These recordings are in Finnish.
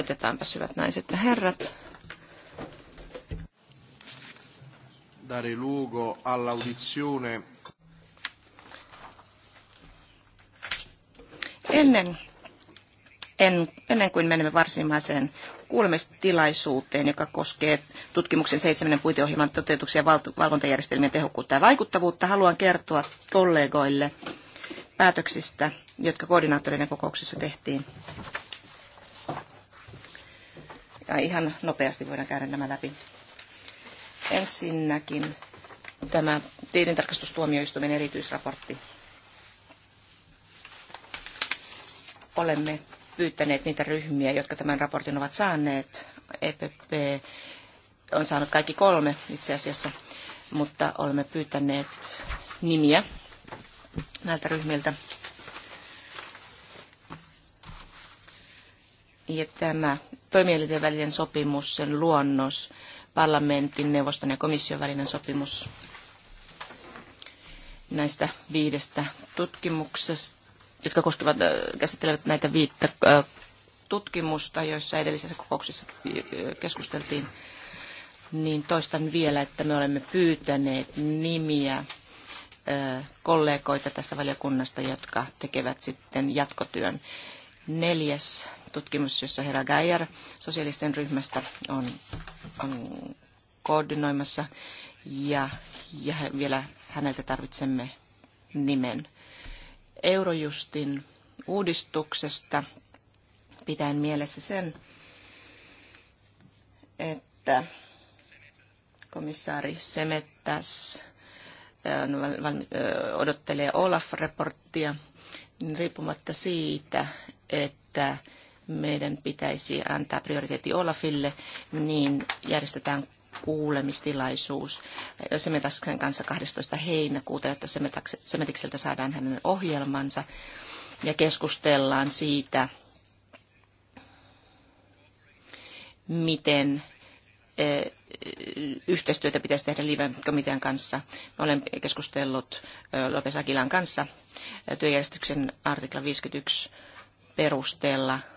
Otetaanpa syvät naiset ja herrat. Dare luogo all'audizione. Ennen, en, ennen kuin menemme varsinaiseen kuulemistilaisuuteen, joka koskee tutkimuksen seitsemännen puiteohjelman toteutuksia val- valvontajärjestelmien tehokkuutta ja vaikuttavuutta, haluan kertoa kollegoille päätöksistä, jotka koordinaattorien kokouksessa tehtiin tai ihan nopeasti voidaan käydä nämä läpi. Ensinnäkin tämä tilintarkastustuomioistuimen erityisraportti. Olemme pyytäneet niitä ryhmiä, jotka tämän raportin ovat saaneet. EPP on saanut kaikki kolme itse asiassa, mutta olemme pyytäneet nimiä näiltä ryhmiltä. Ja tämä toimielinten välinen sopimus, sen luonnos, parlamentin, neuvoston ja komission välinen sopimus näistä viidestä tutkimuksesta, jotka koskevat, äh, käsittelevät näitä viittä äh, tutkimusta, joissa edellisessä kokouksissa äh, keskusteltiin, niin toistan vielä, että me olemme pyytäneet nimiä kollegoita tästä valiokunnasta, jotka tekevät sitten jatkotyön. Neljäs tutkimus, jossa herra Geijer sosiaalisten ryhmästä on, on koordinoimassa. Ja, ja vielä häneltä tarvitsemme nimen. Eurojustin uudistuksesta pitäen mielessä sen, että komissaari Semettäs odottelee Olaf-raporttia riippumatta siitä, että meidän pitäisi antaa prioriteetti Olafille, niin järjestetään kuulemistilaisuus Semetaksen kanssa 12. heinäkuuta, jotta Semetikseltä saadaan hänen ohjelmansa ja keskustellaan siitä, miten eh, yhteistyötä pitäisi tehdä Live-komitean kanssa. olen keskustellut eh, Lopes Akilan kanssa eh, työjärjestyksen artikla 51 perusteella –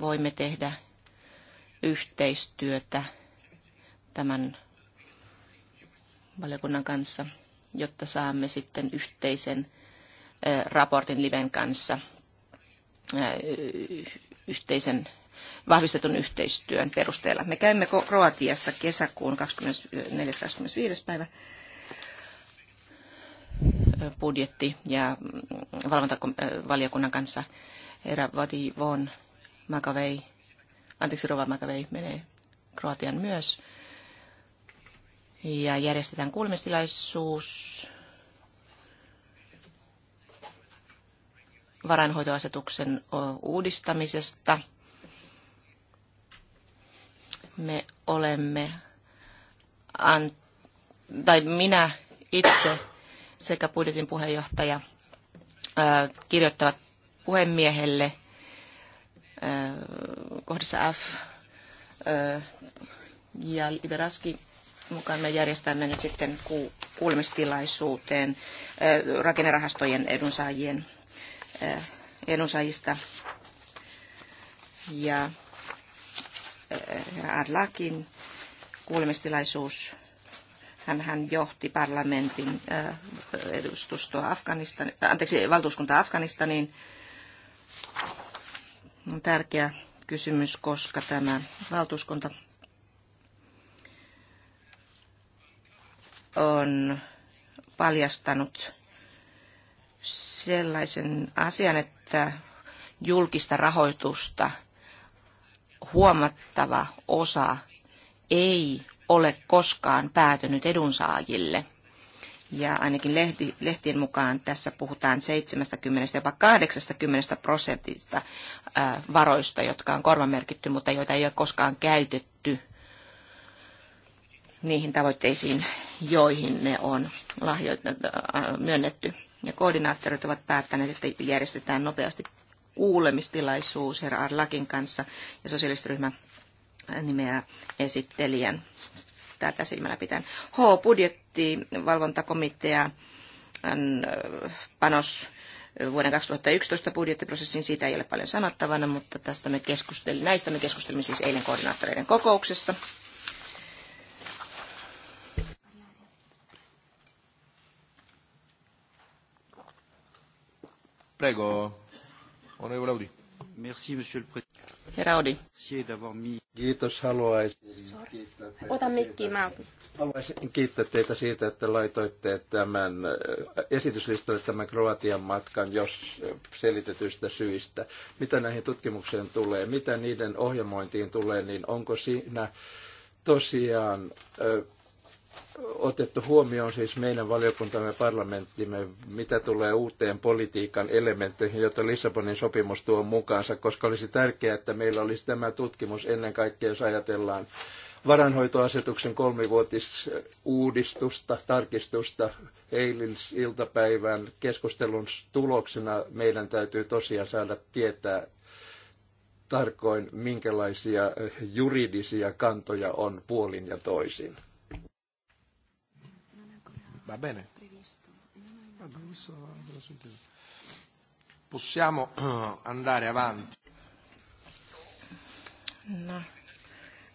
voimme tehdä yhteistyötä tämän valiokunnan kanssa, jotta saamme sitten yhteisen raportin liven kanssa yhteisen vahvistetun yhteistyön perusteella. Me käymme Kroatiassa kesäkuun 24.25. päivä budjetti- ja valvontavaliokunnan kanssa. Herra Vadi Von Makavei, anteeksi Rova Makavei menee Kroatian myös. Ja järjestetään kuulemistilaisuus varainhoitoasetuksen uudistamisesta. Me olemme, an, tai minä itse sekä budjetin puheenjohtaja kirjoittavat puhemiehelle – Äh, kohdassa F äh, ja Liberaski mukaan me järjestämme nyt sitten kuulemistilaisuuteen äh, rakennerahastojen edunsaajien edunsaajista. Ja herra Adlakin kuulemistilaisuus, hän, hän johti parlamentin edustustoa Afganistan, anteeksi, valtuuskunta Afganistaniin on tärkeä kysymys, koska tämä valtuuskunta on paljastanut sellaisen asian, että julkista rahoitusta huomattava osa ei ole koskaan päätynyt edunsaajille – ja ainakin lehti, lehtien mukaan tässä puhutaan 70 jopa 80 prosentista äh, varoista, jotka on korvamerkitty, mutta joita ei ole koskaan käytetty niihin tavoitteisiin, joihin ne on lahjo- äh, myönnetty. Ja koordinaattorit ovat päättäneet, että järjestetään nopeasti kuulemistilaisuus herra Arlakin kanssa ja sosiaalistryhmä nimeää esittelijän tätä silmällä pitäen. h valvontakomitea, ähm, panos vuoden 2011 budjettiprosessin, siitä ei ole paljon sanottavana, mutta tästä me keskustelin, näistä me keskustelimme siis eilen koordinaattoreiden kokouksessa. Prego, onorevole Audi. Merci, monsieur le Kiitos, haluaisin Sorry. kiittää teitä Ota mikki, mä Haluaisin kiittää teitä siitä, että laitoitte tämän äh, esityslistalle tämän Kroatian matkan, jos äh, selitetystä syistä. Mitä näihin tutkimukseen tulee, mitä niiden ohjelmointiin tulee, niin onko siinä tosiaan äh, otettu huomioon siis meidän valiokuntamme parlamenttimme, mitä tulee uuteen politiikan elementteihin, jota Lissabonin sopimus tuo mukaansa, koska olisi tärkeää, että meillä olisi tämä tutkimus ennen kaikkea, jos ajatellaan varanhoitoasetuksen kolmivuotisuudistusta, uudistusta tarkistusta eilisiltapäivän keskustelun tuloksena meidän täytyy tosiaan saada tietää tarkoin, minkälaisia juridisia kantoja on puolin ja toisin. Va bene? Previsto. Va ah, previsto Possiamo eh, andare avanti. No,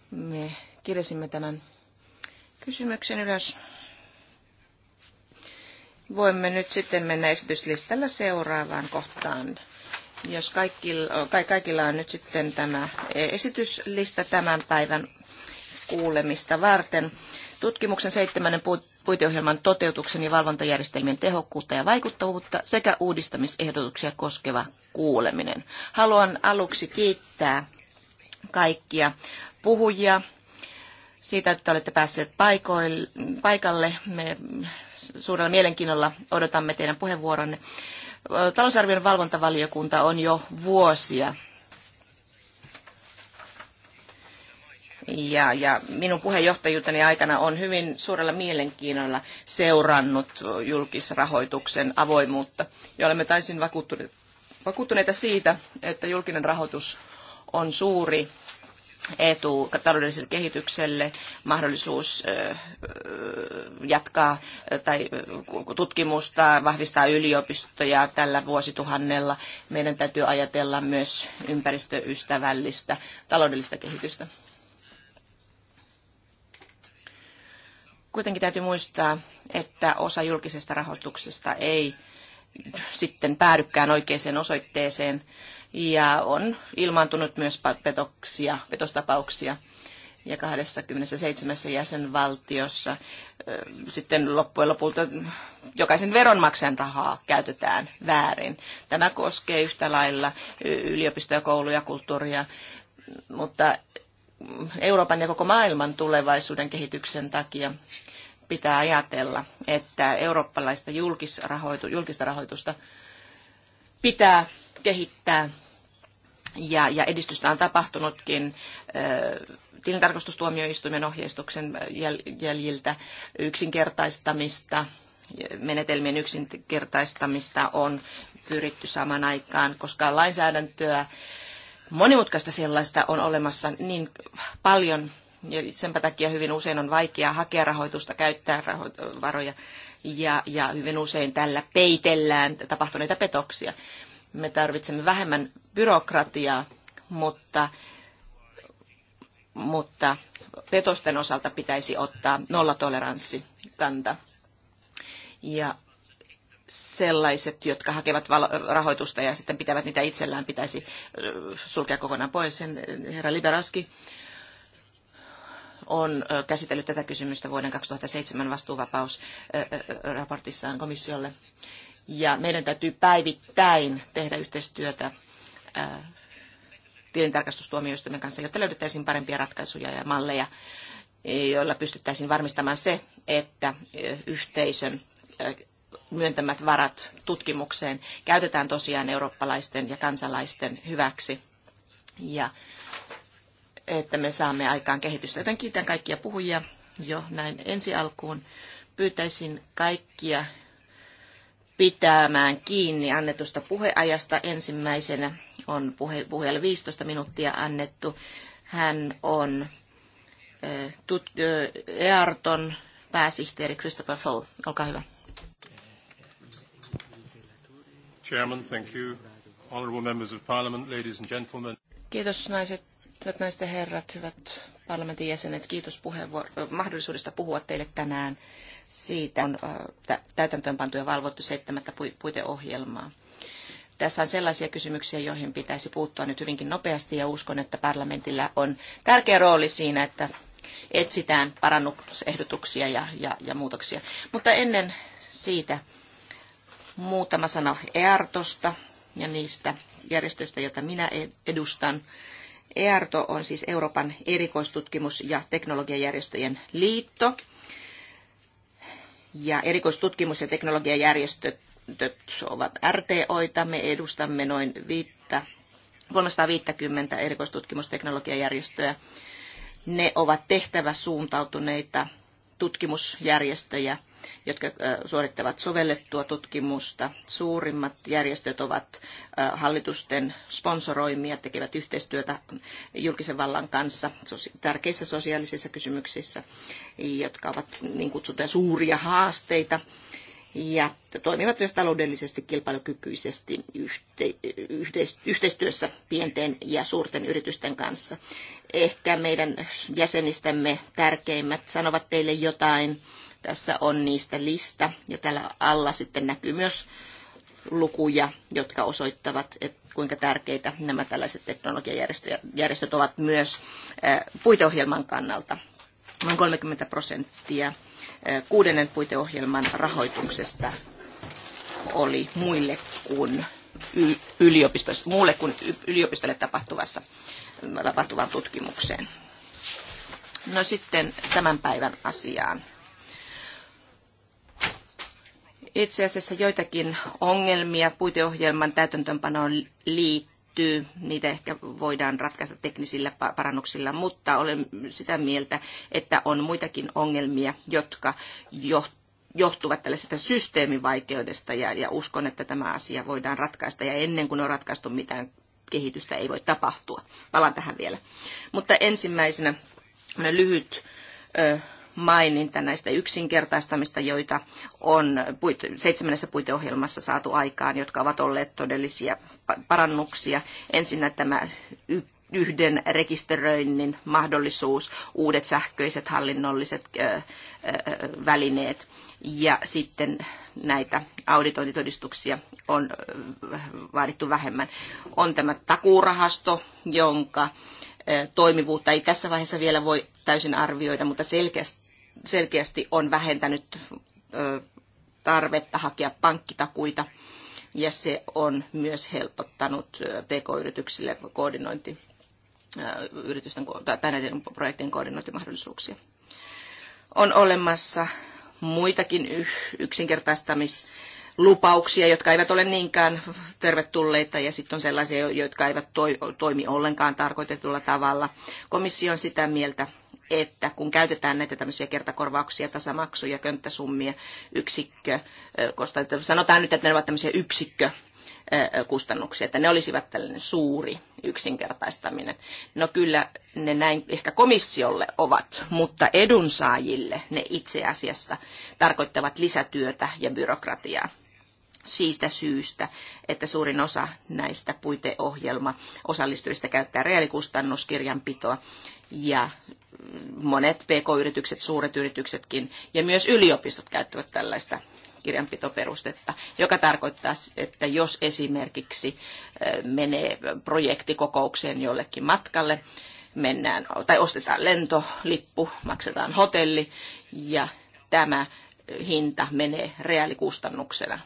me kirjasimme tämän kysymyksen ylös. Voimme nyt sitten mennä esityslistalla seuraavaan kohtaan. Jos kaikilla, kaikilla on nyt sitten tämä esityslista tämän päivän kuulemista varten. Tutkimuksen seitsemännen puiteohjelman toteutuksen ja valvontajärjestelmien tehokkuutta ja vaikuttavuutta sekä uudistamisehdotuksia koskeva kuuleminen. Haluan aluksi kiittää kaikkia puhujia siitä, että olette päässeet paikalle. Me suurella mielenkiinnolla odotamme teidän puheenvuoronne. Talousarvion valvontavaliokunta on jo vuosia Ja, ja minun puheenjohtajuuteni aikana on hyvin suurella mielenkiinnolla seurannut julkisrahoituksen avoimuutta. Ja olemme täysin vakuuttuneita siitä, että julkinen rahoitus on suuri etu taloudelliselle kehitykselle, mahdollisuus jatkaa tai tutkimusta, vahvistaa yliopistoja tällä vuosituhannella. Meidän täytyy ajatella myös ympäristöystävällistä taloudellista kehitystä. Kuitenkin täytyy muistaa, että osa julkisesta rahoituksesta ei sitten päädykään oikeaan osoitteeseen ja on ilmaantunut myös petoksia, petostapauksia ja 27 jäsenvaltiossa sitten loppujen lopulta jokaisen veronmaksajan rahaa käytetään väärin. Tämä koskee yhtä lailla yliopistoja, kouluja, kulttuuria, mutta Euroopan ja koko maailman tulevaisuuden kehityksen takia pitää ajatella, että eurooppalaista julkisrahoitu, julkista rahoitusta pitää kehittää ja, ja edistystä on tapahtunutkin tilintarkastustuomioistuimen ohjeistuksen jäljiltä yksinkertaistamista, menetelmien yksinkertaistamista on pyritty saman aikaan, koska lainsäädäntöä monimutkaista sellaista on olemassa niin paljon, ja sen takia hyvin usein on vaikea hakea rahoitusta, käyttää raho- varoja, ja, ja hyvin usein tällä peitellään tapahtuneita petoksia. Me tarvitsemme vähemmän byrokratiaa, mutta, mutta petosten osalta pitäisi ottaa nollatoleranssi kanta. Ja sellaiset, jotka hakevat rahoitusta ja sitten pitävät niitä itsellään, pitäisi sulkea kokonaan pois. Sen herra Liberaski on käsitellyt tätä kysymystä vuoden 2007 vastuuvapausraportissaan komissiolle. Ja meidän täytyy päivittäin tehdä yhteistyötä tilintarkastustuomioistuimen kanssa, jotta löydettäisiin parempia ratkaisuja ja malleja, joilla pystyttäisiin varmistamaan se, että yhteisön myöntämät varat tutkimukseen käytetään tosiaan eurooppalaisten ja kansalaisten hyväksi ja että me saamme aikaan kehitystä. Joten kiitän kaikkia puhujia jo näin ensi alkuun. Pyytäisin kaikkia pitämään kiinni annetusta puheajasta. Ensimmäisenä on puhe, puhujalle 15 minuuttia annettu. Hän on tut, Earton pääsihteeri Christopher Fall. Olkaa hyvä. Chairman, thank you. Honorable members of parliament, ladies and gentlemen. Kiitos naiset, hyvät naiset ja herrat, hyvät parlamentin jäsenet. Kiitos mahdollisuudesta puhua teille tänään siitä on täytäntöönpantu ja valvottu seitsemättä puiteohjelmaa. Tässä on sellaisia kysymyksiä, joihin pitäisi puuttua nyt hyvinkin nopeasti ja uskon, että parlamentilla on tärkeä rooli siinä, että etsitään parannusehdotuksia ja, ja, ja muutoksia. Mutta ennen siitä Muutama sana EARTosta ja niistä järjestöistä, joita minä e- edustan. EARTO on siis Euroopan erikoistutkimus- ja teknologiajärjestöjen liitto. Ja erikoistutkimus- ja teknologiajärjestöt ovat RTOita. Me edustamme noin 350 erikoistutkimusteknologiajärjestöä. Ne ovat tehtäväsuuntautuneita tutkimusjärjestöjä – jotka suorittavat sovellettua tutkimusta. Suurimmat järjestöt ovat hallitusten sponsoroimia, tekevät yhteistyötä julkisen vallan kanssa tärkeissä sosiaalisissa kysymyksissä, jotka ovat niin kutsuttuja suuria haasteita ja toimivat myös taloudellisesti kilpailukykyisesti yhteistyössä pienten ja suurten yritysten kanssa. Ehkä meidän jäsenistämme tärkeimmät sanovat teille jotain tässä on niistä lista ja täällä alla sitten näkyy myös lukuja, jotka osoittavat, että kuinka tärkeitä nämä tällaiset teknologiajärjestöt ovat myös äh, puiteohjelman kannalta. Noin 30 prosenttia äh, kuudennen puiteohjelman rahoituksesta oli muille kuin yliopistossa, muulle kuin yliopistolle tapahtuvassa, tapahtuvaan tutkimukseen. No sitten tämän päivän asiaan itse asiassa joitakin ongelmia puiteohjelman täytäntöönpanoon liittyy. Niitä ehkä voidaan ratkaista teknisillä parannuksilla, mutta olen sitä mieltä, että on muitakin ongelmia, jotka johtuvat tällaisesta systeemivaikeudesta ja, ja uskon, että tämä asia voidaan ratkaista ja ennen kuin on ratkaistu mitään kehitystä ei voi tapahtua. Palaan tähän vielä. Mutta ensimmäisenä lyhyt ö, maininta näistä yksinkertaistamista, joita on seitsemännessä puiteohjelmassa saatu aikaan, jotka ovat olleet todellisia parannuksia. Ensinnä tämä yhden rekisteröinnin mahdollisuus, uudet sähköiset hallinnolliset välineet ja sitten näitä auditointitodistuksia on vaadittu vähemmän. On tämä takuurahasto, jonka toimivuutta ei tässä vaiheessa vielä voi täysin arvioida, mutta selkeästi selkeästi on vähentänyt tarvetta hakea pankkitakuita ja se on myös helpottanut pk-yrityksille koordinointi, yritysten tai näiden projektien koordinointimahdollisuuksia. On olemassa muitakin yksinkertaistamislupauksia, lupauksia, jotka eivät ole niinkään tervetulleita ja sitten on sellaisia, jotka eivät toimi ollenkaan tarkoitetulla tavalla. Komissio on sitä mieltä, että kun käytetään näitä tämmöisiä kertakorvauksia, tasamaksuja, könttäsummia, yksikkö, koska sanotaan nyt, että ne ovat tämmöisiä yksikkö, kustannuksia, että ne olisivat tällainen suuri yksinkertaistaminen. No kyllä ne näin ehkä komissiolle ovat, mutta edunsaajille ne itse asiassa tarkoittavat lisätyötä ja byrokratiaa. Siitä syystä, että suurin osa näistä puiteohjelma osallistujista käyttää reaalikustannuskirjanpitoa ja monet pk-yritykset, suuret yrityksetkin ja myös yliopistot käyttävät tällaista kirjanpitoperustetta, joka tarkoittaa, että jos esimerkiksi menee projektikokoukseen jollekin matkalle, mennään tai ostetaan lentolippu, maksetaan hotelli ja tämä hinta menee reaalikustannuksena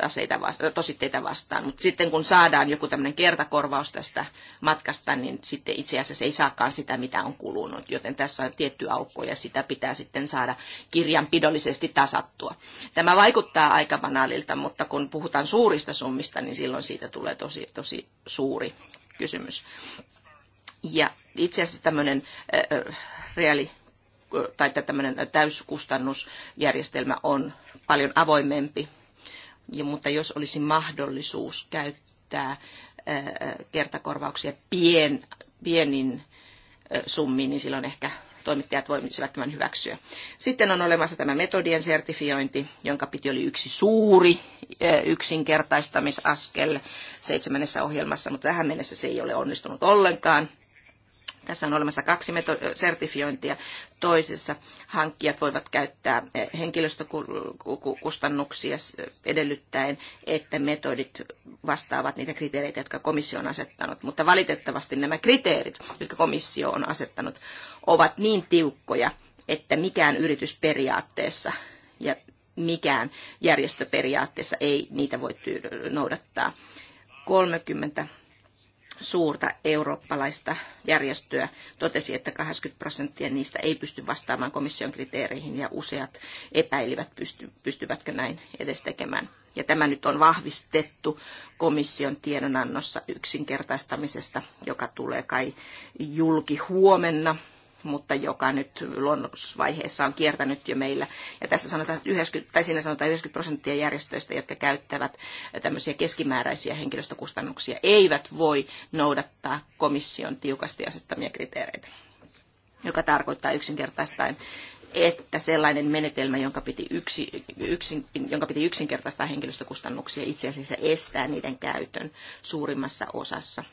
taseita, tositteita vastaan. Mutta sitten kun saadaan joku tämmöinen kertakorvaus tästä matkasta, niin sitten itse asiassa ei saakaan sitä, mitä on kulunut. Joten tässä on tietty aukko ja sitä pitää sitten saada kirjanpidollisesti tasattua. Tämä vaikuttaa aika banaalilta, mutta kun puhutaan suurista summista, niin silloin siitä tulee tosi, tosi suuri kysymys. Ja itse asiassa tämmöinen äh, reaali tai tämmöinen täyskustannusjärjestelmä on paljon avoimempi ja, mutta jos olisi mahdollisuus käyttää kertakorvauksia pien, pienin summiin, niin silloin ehkä toimittajat voimisivat tämän hyväksyä. Sitten on olemassa tämä metodien sertifiointi, jonka piti oli yksi suuri yksinkertaistamisaskel seitsemännessä ohjelmassa, mutta tähän mennessä se ei ole onnistunut ollenkaan. Tässä on olemassa kaksi sertifiointia. Toisessa hankkijat voivat käyttää eh, henkilöstökustannuksia edellyttäen, että metodit vastaavat niitä kriteereitä, jotka komissio on asettanut. Mutta valitettavasti nämä kriteerit, jotka komissio on asettanut, ovat niin tiukkoja, että mikään yritys periaatteessa ja mikään järjestöperiaatteessa ei niitä voi noudattaa. 30 suurta eurooppalaista järjestöä totesi, että 80 prosenttia niistä ei pysty vastaamaan komission kriteereihin ja useat epäilivät, pysty, pystyvätkö näin edes tekemään. Ja tämä nyt on vahvistettu komission tiedonannossa yksinkertaistamisesta, joka tulee kai julki huomenna mutta joka nyt luonnosvaiheessa on kiertänyt jo meillä. Ja tässä sanotaan, että 90, tai siinä sanotaan 90 prosenttia järjestöistä, jotka käyttävät tämmöisiä keskimääräisiä henkilöstökustannuksia, eivät voi noudattaa komission tiukasti asettamia kriteereitä, joka tarkoittaa yksinkertaistaen että sellainen menetelmä, jonka piti, yksi, yksin, jonka piti yksinkertaistaa henkilöstökustannuksia, itse asiassa estää niiden käytön suurimmassa osassa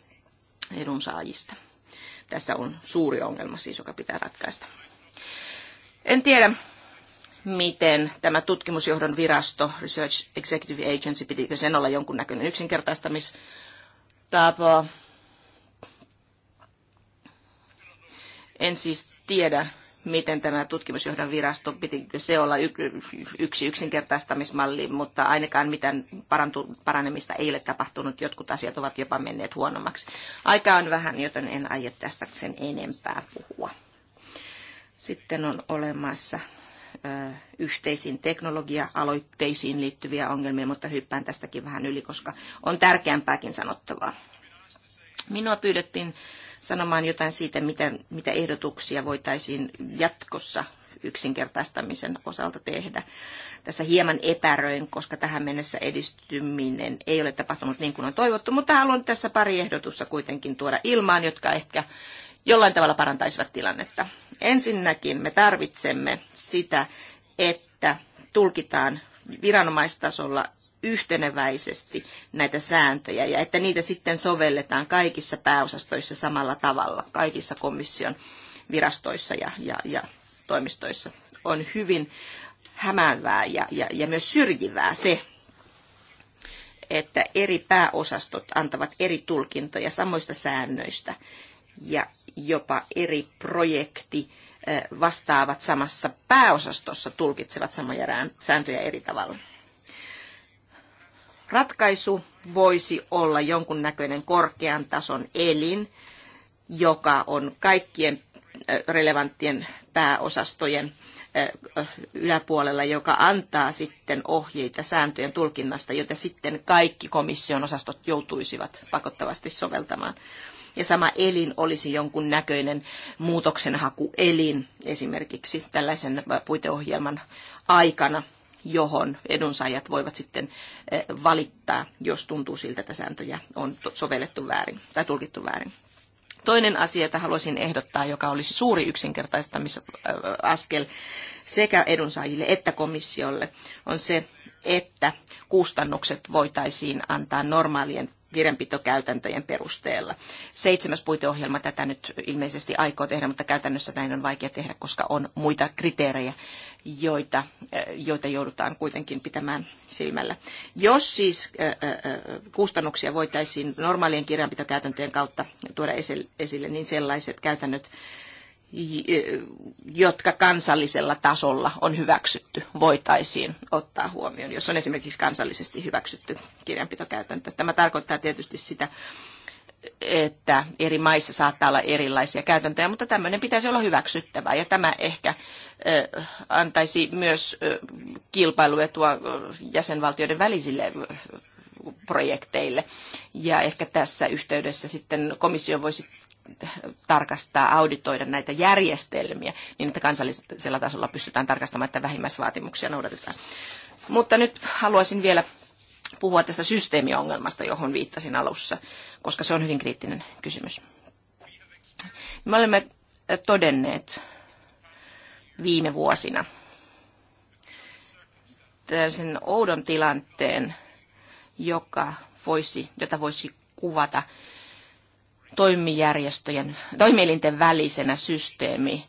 edunsaajista. Tässä on suuri ongelma siis, joka pitää ratkaista. En tiedä, miten tämä tutkimusjohdon virasto, Research Executive Agency, pitikö sen olla jonkunnäköinen yksinkertaistamistapa. En siis tiedä, miten tämä tutkimusjohdon virasto, pitikö se olla yksi yksinkertaistamismalli, mutta ainakaan mitään parantu, paranemista ei ole tapahtunut. Jotkut asiat ovat jopa menneet huonommaksi. Aika on vähän, joten en aie tästä sen enempää puhua. Sitten on olemassa yhteisiin teknologia-aloitteisiin liittyviä ongelmia, mutta hyppään tästäkin vähän yli, koska on tärkeämpääkin sanottavaa. Minua pyydettiin sanomaan jotain siitä, mitä, mitä ehdotuksia voitaisiin jatkossa yksinkertaistamisen osalta tehdä. Tässä hieman epäröin, koska tähän mennessä edistyminen ei ole tapahtunut niin kuin on toivottu, mutta haluan tässä pari ehdotusta kuitenkin tuoda ilmaan, jotka ehkä jollain tavalla parantaisivat tilannetta. Ensinnäkin me tarvitsemme sitä, että tulkitaan viranomaistasolla yhteneväisesti näitä sääntöjä ja että niitä sitten sovelletaan kaikissa pääosastoissa samalla tavalla, kaikissa komission virastoissa ja, ja, ja toimistoissa. On hyvin hämäävää ja, ja, ja myös syrjivää se, että eri pääosastot antavat eri tulkintoja samoista säännöistä ja jopa eri projekti eh, vastaavat samassa pääosastossa tulkitsevat samoja sääntöjä eri tavalla. Ratkaisu voisi olla jonkunnäköinen korkean tason elin, joka on kaikkien relevanttien pääosastojen yläpuolella, joka antaa sitten ohjeita sääntöjen tulkinnasta, jota sitten kaikki komission osastot joutuisivat pakottavasti soveltamaan. Ja sama elin olisi jonkun näköinen muutoksenhakuelin esimerkiksi tällaisen puiteohjelman aikana – johon edunsaajat voivat sitten eh, valittaa, jos tuntuu siltä, että sääntöjä on sovellettu väärin tai tulkittu väärin. Toinen asia, jota haluaisin ehdottaa, joka olisi suuri yksinkertaistamisaskel eh, sekä edunsaajille että komissiolle, on se, että kustannukset voitaisiin antaa normaalien kirjanpitokäytäntöjen perusteella. Seitsemäs puiteohjelma tätä nyt ilmeisesti aikoo tehdä, mutta käytännössä näin on vaikea tehdä, koska on muita kriteerejä, joita, eh, joita joudutaan kuitenkin pitämään silmällä. Jos siis eh, eh, kustannuksia voitaisiin normaalien kirjanpitokäytäntöjen kautta tuoda esille, niin sellaiset käytännöt jotka kansallisella tasolla on hyväksytty, voitaisiin ottaa huomioon, jos on esimerkiksi kansallisesti hyväksytty kirjanpitokäytäntö. Tämä tarkoittaa tietysti sitä, että eri maissa saattaa olla erilaisia käytäntöjä, mutta tämmöinen pitäisi olla hyväksyttävää. Ja tämä ehkä antaisi myös kilpailuetua jäsenvaltioiden välisille projekteille. Ja ehkä tässä yhteydessä sitten komissio voisi tarkastaa, auditoida näitä järjestelmiä niin, että kansallisella tasolla pystytään tarkastamaan, että vähimmäisvaatimuksia noudatetaan. Mutta nyt haluaisin vielä puhua tästä systeemiongelmasta, johon viittasin alussa, koska se on hyvin kriittinen kysymys. Me olemme todenneet viime vuosina sen oudon tilanteen, joka voisi, jota voisi kuvata toimijärjestöjen, toimielinten välisenä systeemi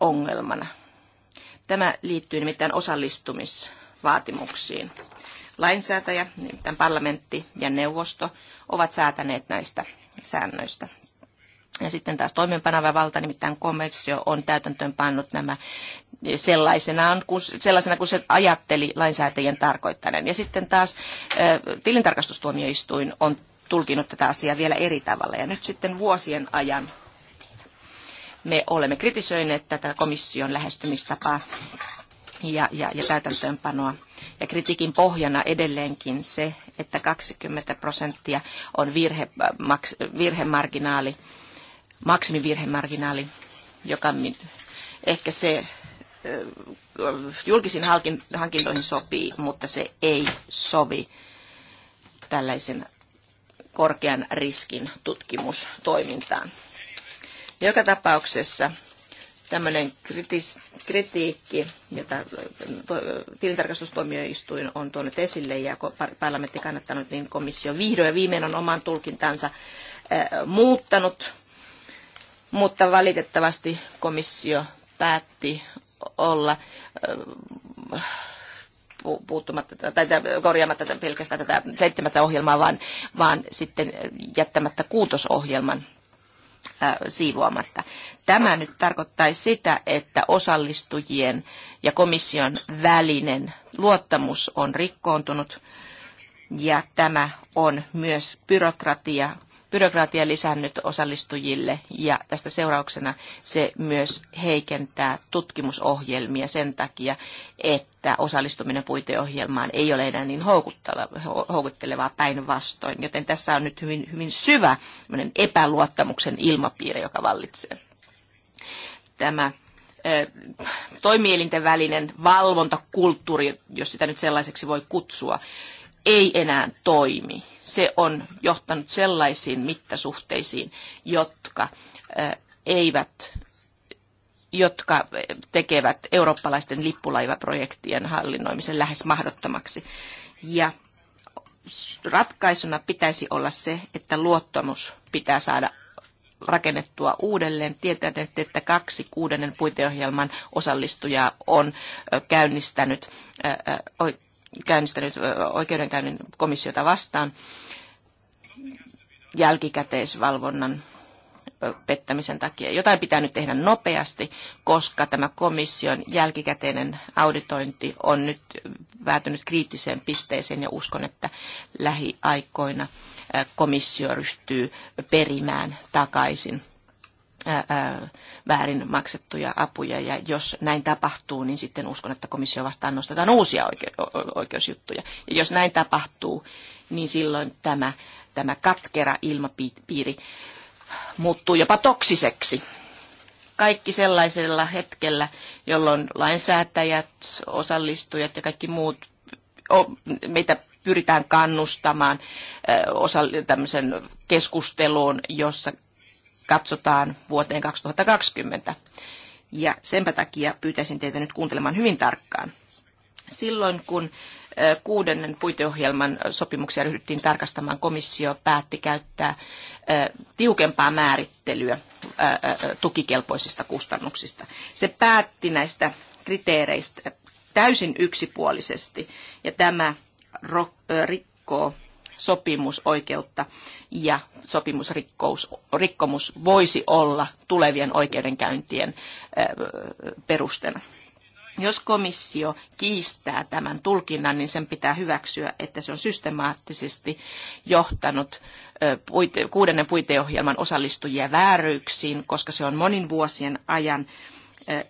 ongelmana. Tämä liittyy nimittäin osallistumisvaatimuksiin. Lainsäätäjä, nimittäin parlamentti ja neuvosto ovat säätäneet näistä säännöistä. Ja sitten taas toimeenpanava valta, nimittäin komissio, on täytäntöön pannut nämä sellaisenaan, kun, sellaisena kuin se ajatteli lainsäätäjien tarkoittaneen. Ja sitten taas tilintarkastustuomioistuin on tulkinut tätä asiaa vielä eri tavalla. Ja nyt sitten vuosien ajan me olemme kritisoineet tätä komission lähestymistapaa ja, ja, ja täytäntöönpanoa. Ja kritiikin pohjana edelleenkin se, että 20 prosenttia on virhe, maks, virhemarginaali, maksimivirhemarginaali, joka ehkä se julkisiin hankintoihin sopii, mutta se ei sovi tällaisen korkean riskin tutkimustoimintaan. Joka tapauksessa tämmöinen kritis, kritiikki, jota tilintarkastustuomioistuin on tuonut esille ja parlamentti kannattanut, niin komissio vihdoin ja viimein on oman tulkintansa muuttanut, mutta valitettavasti komissio päätti olla puuttumatta tai korjaamatta pelkästään tätä seitsemättä ohjelmaa, vaan, vaan sitten jättämättä kuutosohjelman siivoamatta. Tämä nyt tarkoittaisi sitä, että osallistujien ja komission välinen luottamus on rikkoontunut ja tämä on myös byrokratia byrokratia lisännyt osallistujille ja tästä seurauksena se myös heikentää tutkimusohjelmia sen takia, että osallistuminen puiteohjelmaan ei ole enää niin houkuttelevaa päinvastoin. Joten tässä on nyt hyvin, hyvin syvä epäluottamuksen ilmapiiri, joka vallitsee. Tämä toimielinten välinen valvontakulttuuri, jos sitä nyt sellaiseksi voi kutsua, ei enää toimi se on johtanut sellaisiin mittasuhteisiin, jotka eivät jotka tekevät eurooppalaisten lippulaivaprojektien hallinnoimisen lähes mahdottomaksi. Ja ratkaisuna pitäisi olla se, että luottamus pitää saada rakennettua uudelleen. Tietää, että kaksi kuudennen puiteohjelman osallistujaa on käynnistänyt käynnistänyt oikeudenkäynnin komissiota vastaan jälkikäteisvalvonnan pettämisen takia. Jotain pitää nyt tehdä nopeasti, koska tämä komission jälkikäteinen auditointi on nyt päätynyt kriittiseen pisteeseen ja uskon, että lähiaikoina komissio ryhtyy perimään takaisin väärin maksettuja apuja. Ja jos näin tapahtuu, niin sitten uskon, että komissio vastaan nostetaan uusia oikeusjuttuja. Ja jos näin tapahtuu, niin silloin tämä, tämä katkera ilmapiiri muuttuu jopa toksiseksi. Kaikki sellaisella hetkellä, jolloin lainsäätäjät, osallistujat ja kaikki muut, meitä pyritään kannustamaan osa, tämmöisen keskusteluun, jossa katsotaan vuoteen 2020. Ja senpä takia pyytäisin teitä nyt kuuntelemaan hyvin tarkkaan. Silloin kun kuudennen puiteohjelman sopimuksia ryhdyttiin tarkastamaan, komissio päätti käyttää tiukempaa määrittelyä tukikelpoisista kustannuksista. Se päätti näistä kriteereistä täysin yksipuolisesti ja tämä rikkoo sopimusoikeutta ja sopimusrikkomus voisi olla tulevien oikeudenkäyntien perustena. Jos komissio kiistää tämän tulkinnan, niin sen pitää hyväksyä, että se on systemaattisesti johtanut kuudennen puiteohjelman osallistujia vääryyksiin, koska se on monin vuosien ajan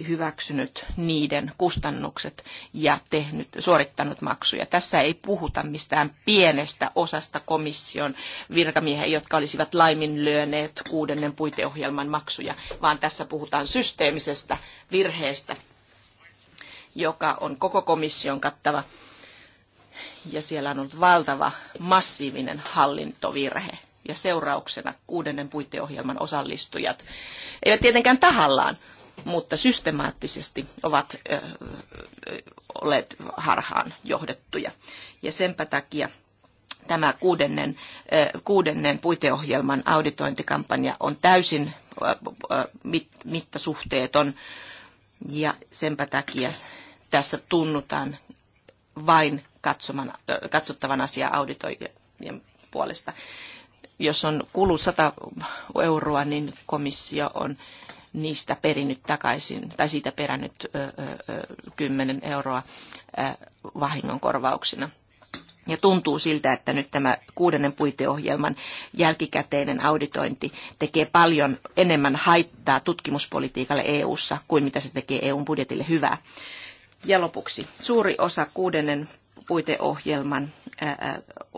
hyväksynyt niiden kustannukset ja tehnyt, suorittanut maksuja. Tässä ei puhuta mistään pienestä osasta komission virkamiehiä, jotka olisivat laiminlyöneet kuudennen puiteohjelman maksuja, vaan tässä puhutaan systeemisestä virheestä, joka on koko komission kattava. Ja siellä on ollut valtava, massiivinen hallintovirhe ja seurauksena kuudennen puiteohjelman osallistujat eivät tietenkään tahallaan, mutta systemaattisesti ovat olleet harhaan johdettuja. Ja senpä takia tämä kuudennen, kuudennen puiteohjelman auditointikampanja on täysin mittasuhteeton ja senpä takia tässä tunnutaan vain katsoman, katsottavan asiaa auditoijien puolesta. Jos on kulu 100 euroa, niin komissio on niistä perinnyt takaisin, tai siitä perännyt 10 euroa vahingonkorvauksina. Ja tuntuu siltä, että nyt tämä kuudennen puiteohjelman jälkikäteinen auditointi tekee paljon enemmän haittaa tutkimuspolitiikalle EU:ssa kuin mitä se tekee EUn budjetille hyvää. Ja lopuksi, suuri osa kuudennen puiteohjelman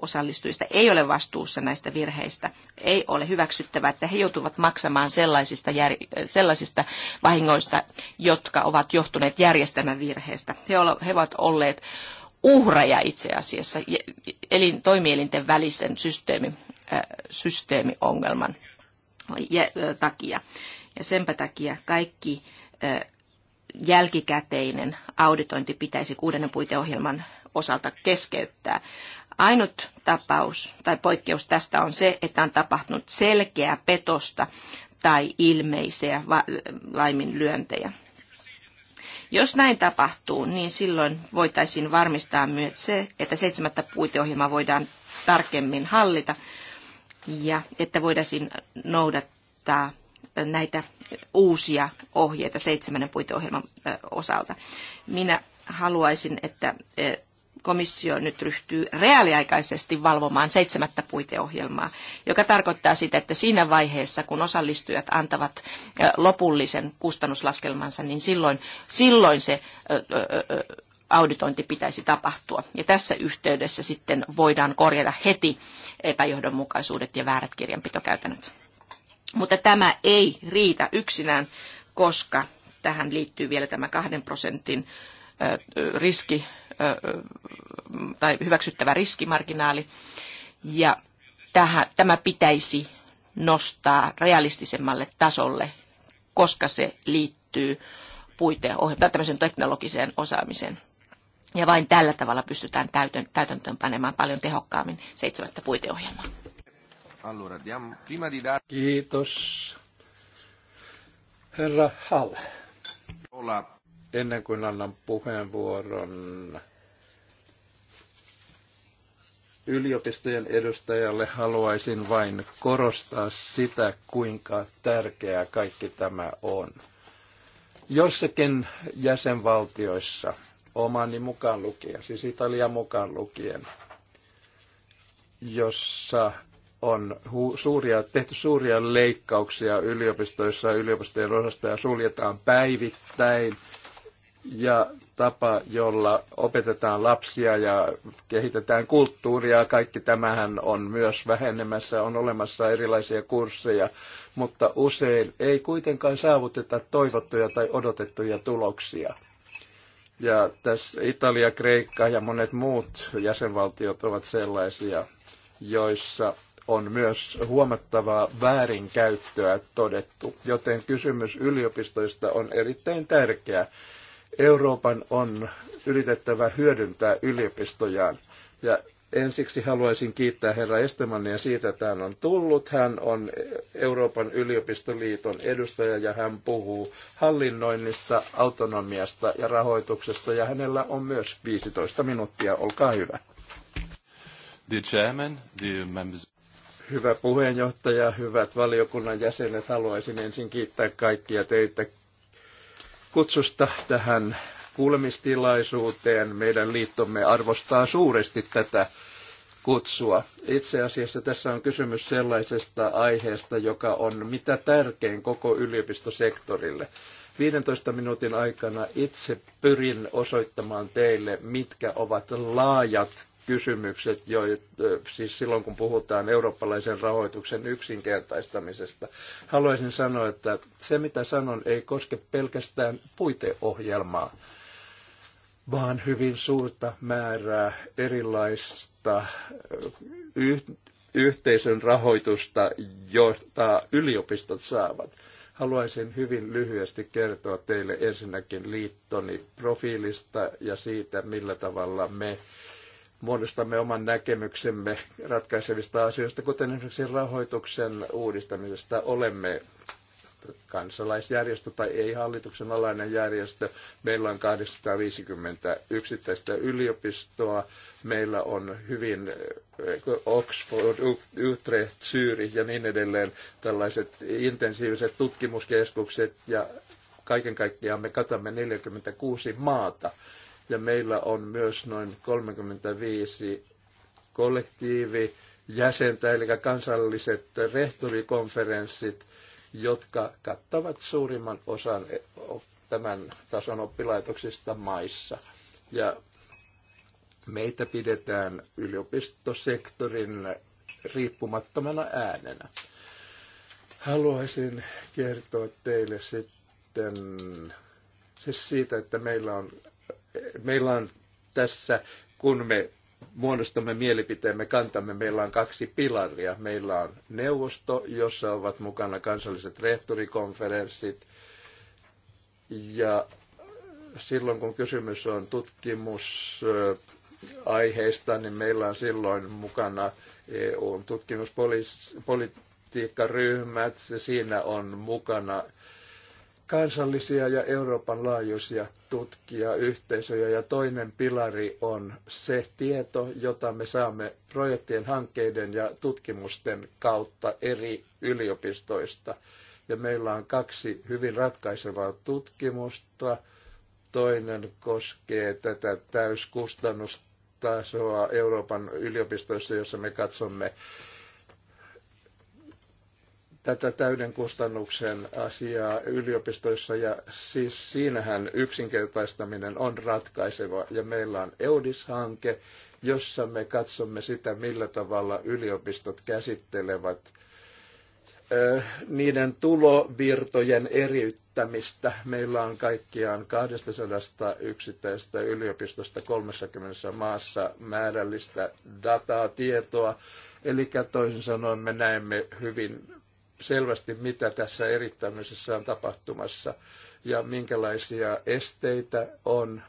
osallistujista ei ole vastuussa näistä virheistä. Ei ole hyväksyttävää, että he joutuvat maksamaan sellaisista, jär, sellaisista vahingoista, jotka ovat johtuneet järjestelmän virheestä. He, ole, he ovat olleet uhreja itse asiassa elin, toimielinten välisen systeemi, systeemiongelman takia. Ja senpä takia kaikki jälkikäteinen auditointi pitäisi kuudennen puiteohjelman osalta keskeyttää. Ainut tapaus tai poikkeus tästä on se, että on tapahtunut selkeää petosta tai ilmeisiä laiminlyöntejä. Jos näin tapahtuu, niin silloin voitaisiin varmistaa myös se, että seitsemättä puiteohjelmaa voidaan tarkemmin hallita ja että voitaisiin noudattaa näitä uusia ohjeita seitsemännen puiteohjelman osalta. Minä haluaisin, että komissio nyt ryhtyy reaaliaikaisesti valvomaan seitsemättä puiteohjelmaa, joka tarkoittaa sitä, että siinä vaiheessa, kun osallistujat antavat lopullisen kustannuslaskelmansa, niin silloin, silloin se auditointi pitäisi tapahtua. Ja tässä yhteydessä sitten voidaan korjata heti epäjohdonmukaisuudet ja väärät kirjanpitokäytännöt. Mutta tämä ei riitä yksinään, koska tähän liittyy vielä tämä kahden prosentin riski tai hyväksyttävä riskimarginaali. Ja tähän, tämä pitäisi nostaa realistisemmalle tasolle, koska se liittyy puiteohjelmaan, teknologiseen osaamiseen. Ja vain tällä tavalla pystytään täytäntöönpanemaan paljon tehokkaammin seitsemättä puiteohjelmaa. Kiitos. Herra Hall. Ennen kuin annan puheenvuoron yliopistojen edustajalle haluaisin vain korostaa sitä, kuinka tärkeää kaikki tämä on. Jossakin jäsenvaltioissa, omani mukaan lukien, siis Italia mukaan lukien, jossa on suuria, tehty suuria leikkauksia yliopistoissa, yliopistojen osastoja suljetaan päivittäin ja tapa, jolla opetetaan lapsia ja kehitetään kulttuuria. Kaikki tämähän on myös vähenemässä, on olemassa erilaisia kursseja, mutta usein ei kuitenkaan saavuteta toivottuja tai odotettuja tuloksia. Ja tässä Italia, Kreikka ja monet muut jäsenvaltiot ovat sellaisia, joissa on myös huomattavaa väärinkäyttöä todettu, joten kysymys yliopistoista on erittäin tärkeä Euroopan on yritettävä hyödyntää yliopistojaan. Ja ensiksi haluaisin kiittää herra Estemannia siitä, että hän on tullut. Hän on Euroopan yliopistoliiton edustaja ja hän puhuu hallinnoinnista, autonomiasta ja rahoituksesta. Ja hänellä on myös 15 minuuttia. Olkaa hyvä. The chairman, the members. Hyvä puheenjohtaja, hyvät valiokunnan jäsenet, haluaisin ensin kiittää kaikkia teitä kutsusta tähän kuulemistilaisuuteen. Meidän liittomme arvostaa suuresti tätä kutsua. Itse asiassa tässä on kysymys sellaisesta aiheesta, joka on mitä tärkein koko yliopistosektorille. 15 minuutin aikana itse pyrin osoittamaan teille, mitkä ovat laajat kysymykset, jo, siis silloin kun puhutaan eurooppalaisen rahoituksen yksinkertaistamisesta. Haluaisin sanoa, että se mitä sanon ei koske pelkästään puiteohjelmaa, vaan hyvin suurta määrää erilaista yh, yhteisön rahoitusta, jota yliopistot saavat haluaisin hyvin lyhyesti kertoa teille ensinnäkin liittoni profiilista ja siitä, millä tavalla me muodostamme oman näkemyksemme ratkaisevista asioista, kuten esimerkiksi rahoituksen uudistamisesta olemme kansalaisjärjestö tai ei-hallituksen alainen järjestö. Meillä on viisikymmentä yksittäistä yliopistoa. Meillä on hyvin eh, Oxford, Utrecht, Zürich ja niin edelleen tällaiset intensiiviset tutkimuskeskukset ja kaiken kaikkiaan me katamme 46 maata. Ja meillä on myös noin 35 kollektiivi jäsentä, eli kansalliset rehtorikonferenssit, jotka kattavat suurimman osan eh, tämän tason oppilaitoksista maissa. Ja meitä pidetään yliopistosektorin riippumattomana äänenä. Haluaisin kertoa teille sitten siis siitä, että meillä on meillä on tässä, kun me muodostamme mielipiteemme kantamme, meillä on kaksi pilaria. Meillä on neuvosto, jossa ovat mukana kansalliset rehtorikonferenssit. Ja silloin kun kysymys on tutkimusaiheista, niin meillä on silloin mukana eu tutkimuspolitiikkaryhmät. Siinä on mukana kansallisia ja Euroopan laajuisia tutkijayhteisöjä ja toinen pilari on se tieto, jota me saamme projektien, hankkeiden ja tutkimusten kautta eri yliopistoista. Ja meillä on kaksi hyvin ratkaisevaa tutkimusta. Toinen koskee tätä täyskustannustasoa Euroopan yliopistoissa, jossa me katsomme tätä täyden kustannuksen asiaa yliopistoissa ja siis siinähän yksinkertaistaminen on ratkaiseva ja meillä on EUDIS-hanke, jossa me katsomme sitä, millä tavalla yliopistot käsittelevät eh, niiden tulovirtojen eriyttämistä. Meillä on kaikkiaan 200 yksittäistä yliopistosta 30 maassa määrällistä dataa, tietoa. Eli toisin sanoen me näemme hyvin selvästi, mitä tässä erittämisessä on tapahtumassa ja minkälaisia esteitä on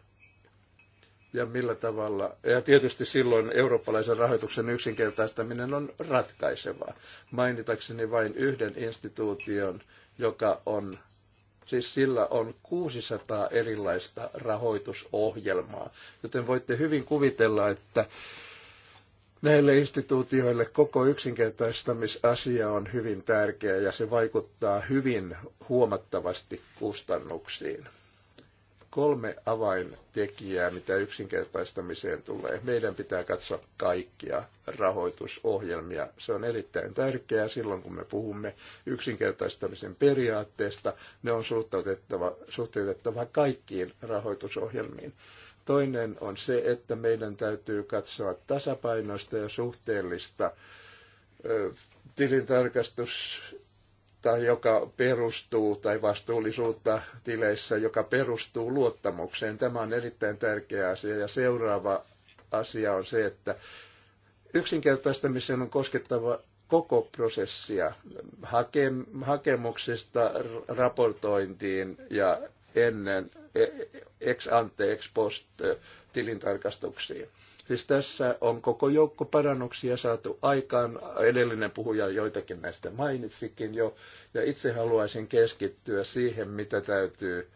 ja millä tavalla. Ja tietysti silloin eurooppalaisen rahoituksen yksinkertaistaminen on ratkaisevaa. Mainitakseni vain yhden instituution, joka on, siis sillä on 600 erilaista rahoitusohjelmaa. Joten voitte hyvin kuvitella, että Näille instituutioille koko yksinkertaistamisasia on hyvin tärkeä ja se vaikuttaa hyvin huomattavasti kustannuksiin. Kolme avaintekijää, mitä yksinkertaistamiseen tulee. Meidän pitää katsoa kaikkia rahoitusohjelmia. Se on erittäin tärkeää silloin, kun me puhumme yksinkertaistamisen periaatteesta. Ne on suhteutettava, suhteutettava kaikkiin rahoitusohjelmiin. Toinen on se, että meidän täytyy katsoa tasapainoista ja suhteellista tilintarkastusta, joka perustuu, tai vastuullisuutta tileissä, joka perustuu luottamukseen. Tämä on erittäin tärkeä asia. Ja seuraava asia on se, että yksinkertaistamisen on koskettava koko prosessia hakemuksesta raportointiin ja ennen E, ex ante, ex post e, tilintarkastuksiin. Siis tässä on koko joukko parannuksia saatu aikaan. Edellinen puhuja joitakin näistä mainitsikin jo. Ja itse haluaisin keskittyä siihen, mitä täytyy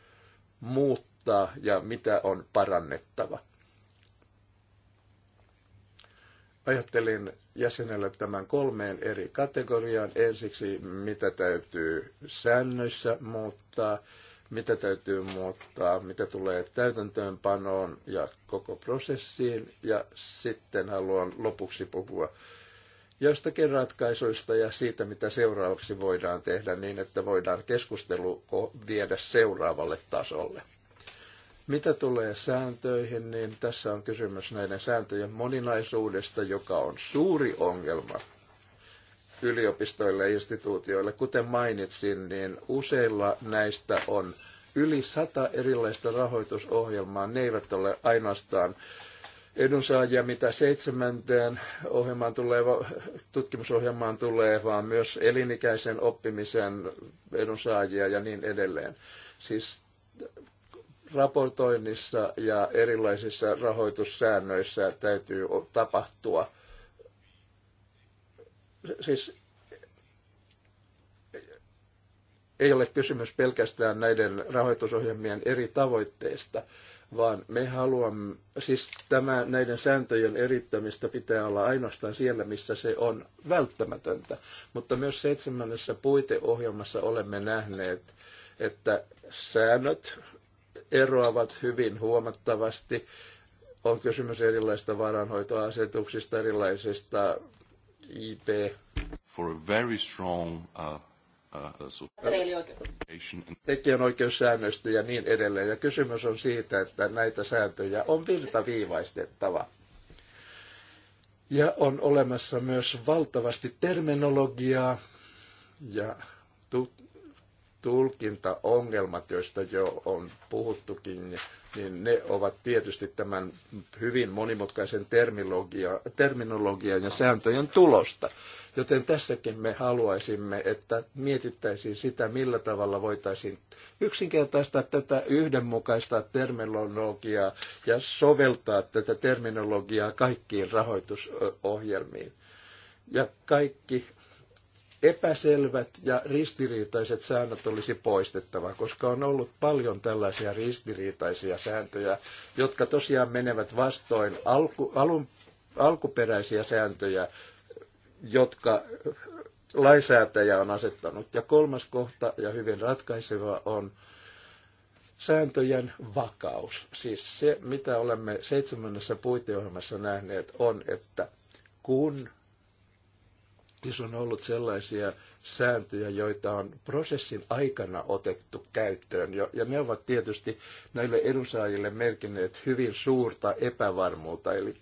muuttaa ja mitä on parannettava. Ajattelin jäsenellä tämän kolmeen eri kategoriaan. Ensiksi, mitä täytyy säännöissä muuttaa – mitä täytyy muuttaa, mitä tulee täytäntöönpanoon ja koko prosessiin. Ja sitten haluan lopuksi puhua joistakin ratkaisuista ja siitä, mitä seuraavaksi voidaan tehdä niin, että voidaan keskustelu viedä seuraavalle tasolle. Mitä tulee sääntöihin, niin tässä on kysymys näiden sääntöjen moninaisuudesta, joka on suuri ongelma yliopistoille ja instituutioille. Kuten mainitsin, niin useilla näistä on yli sata erilaista rahoitusohjelmaa. Ne eivät ole ainoastaan edunsaajia, mitä seitsemänteen ohjelmaan tulee, tutkimusohjelmaan tulee, vaan myös elinikäisen oppimisen edunsaajia ja niin edelleen. Siis raportoinnissa ja erilaisissa rahoitussäännöissä täytyy tapahtua – siis ei ole kysymys pelkästään näiden rahoitusohjelmien eri tavoitteista, vaan me haluamme, siis tämä, näiden sääntöjen erittämistä pitää olla ainoastaan siellä, missä se on välttämätöntä. Mutta myös seitsemännessä puiteohjelmassa olemme nähneet, että säännöt eroavat hyvin huomattavasti. On kysymys erilaisista varanhoitoasetuksista, erilaisista IP. For a very strong uh, uh, uh, tekijänoikeussäännöstö ja niin edelleen. Ja kysymys on siitä, että näitä sääntöjä on virtaviivaistettava. Ja on olemassa myös valtavasti terminologiaa ja tut- tulkintaongelmat, joista jo on puhuttukin, niin ne ovat tietysti tämän hyvin monimutkaisen terminologia, terminologian ja sääntöjen tulosta. Joten tässäkin me haluaisimme, että mietittäisiin sitä, millä tavalla voitaisiin yksinkertaistaa tätä yhdenmukaista terminologiaa ja soveltaa tätä terminologiaa kaikkiin rahoitusohjelmiin. Ja kaikki epäselvät ja ristiriitaiset säännöt olisi poistettava, koska on ollut paljon tällaisia ristiriitaisia sääntöjä, jotka tosiaan menevät vastoin alku, alun, alkuperäisiä sääntöjä, jotka lainsäätäjä on asettanut. Ja kolmas kohta, ja hyvin ratkaiseva, on sääntöjen vakaus. Siis se, mitä olemme seitsemännessä puiteohjelmassa nähneet, on, että kun siis on ollut sellaisia sääntöjä, joita on prosessin aikana otettu käyttöön. Ja ne ovat tietysti näille edunsaajille merkinneet hyvin suurta epävarmuutta, eli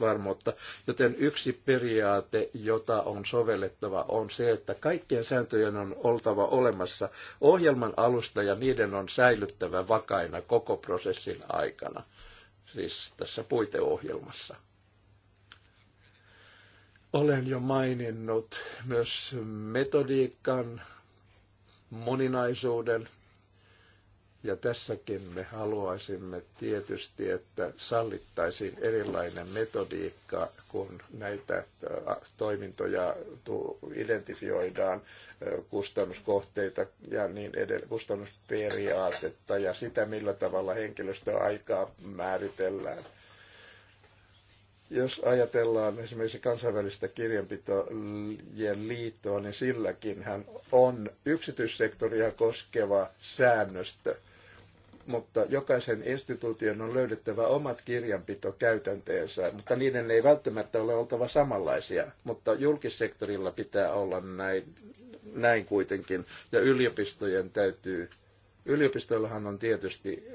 varmuutta. Joten yksi periaate, jota on sovellettava, on se, että kaikkien sääntöjen on oltava olemassa ohjelman alusta ja niiden on säilyttävä vakaina koko prosessin aikana, siis tässä puiteohjelmassa. Olen jo maininnut myös metodiikan moninaisuuden. Ja tässäkin me haluaisimme tietysti, että sallittaisiin erilainen metodiikka, kun näitä toimintoja identifioidaan, kustannuskohteita ja niin edelleen, kustannusperiaatetta ja sitä, millä tavalla henkilöstöaikaa määritellään – jos ajatellaan esimerkiksi kansainvälistä kirjanpitojen liittoa, niin silläkin hän on yksityissektoria koskeva säännöstö. Mutta jokaisen instituution on löydettävä omat kirjanpitokäytänteensä, mutta niiden ei välttämättä ole oltava samanlaisia. Mutta julkissektorilla pitää olla näin, näin kuitenkin, ja yliopistojen täytyy Yliopistoillahan on tietysti,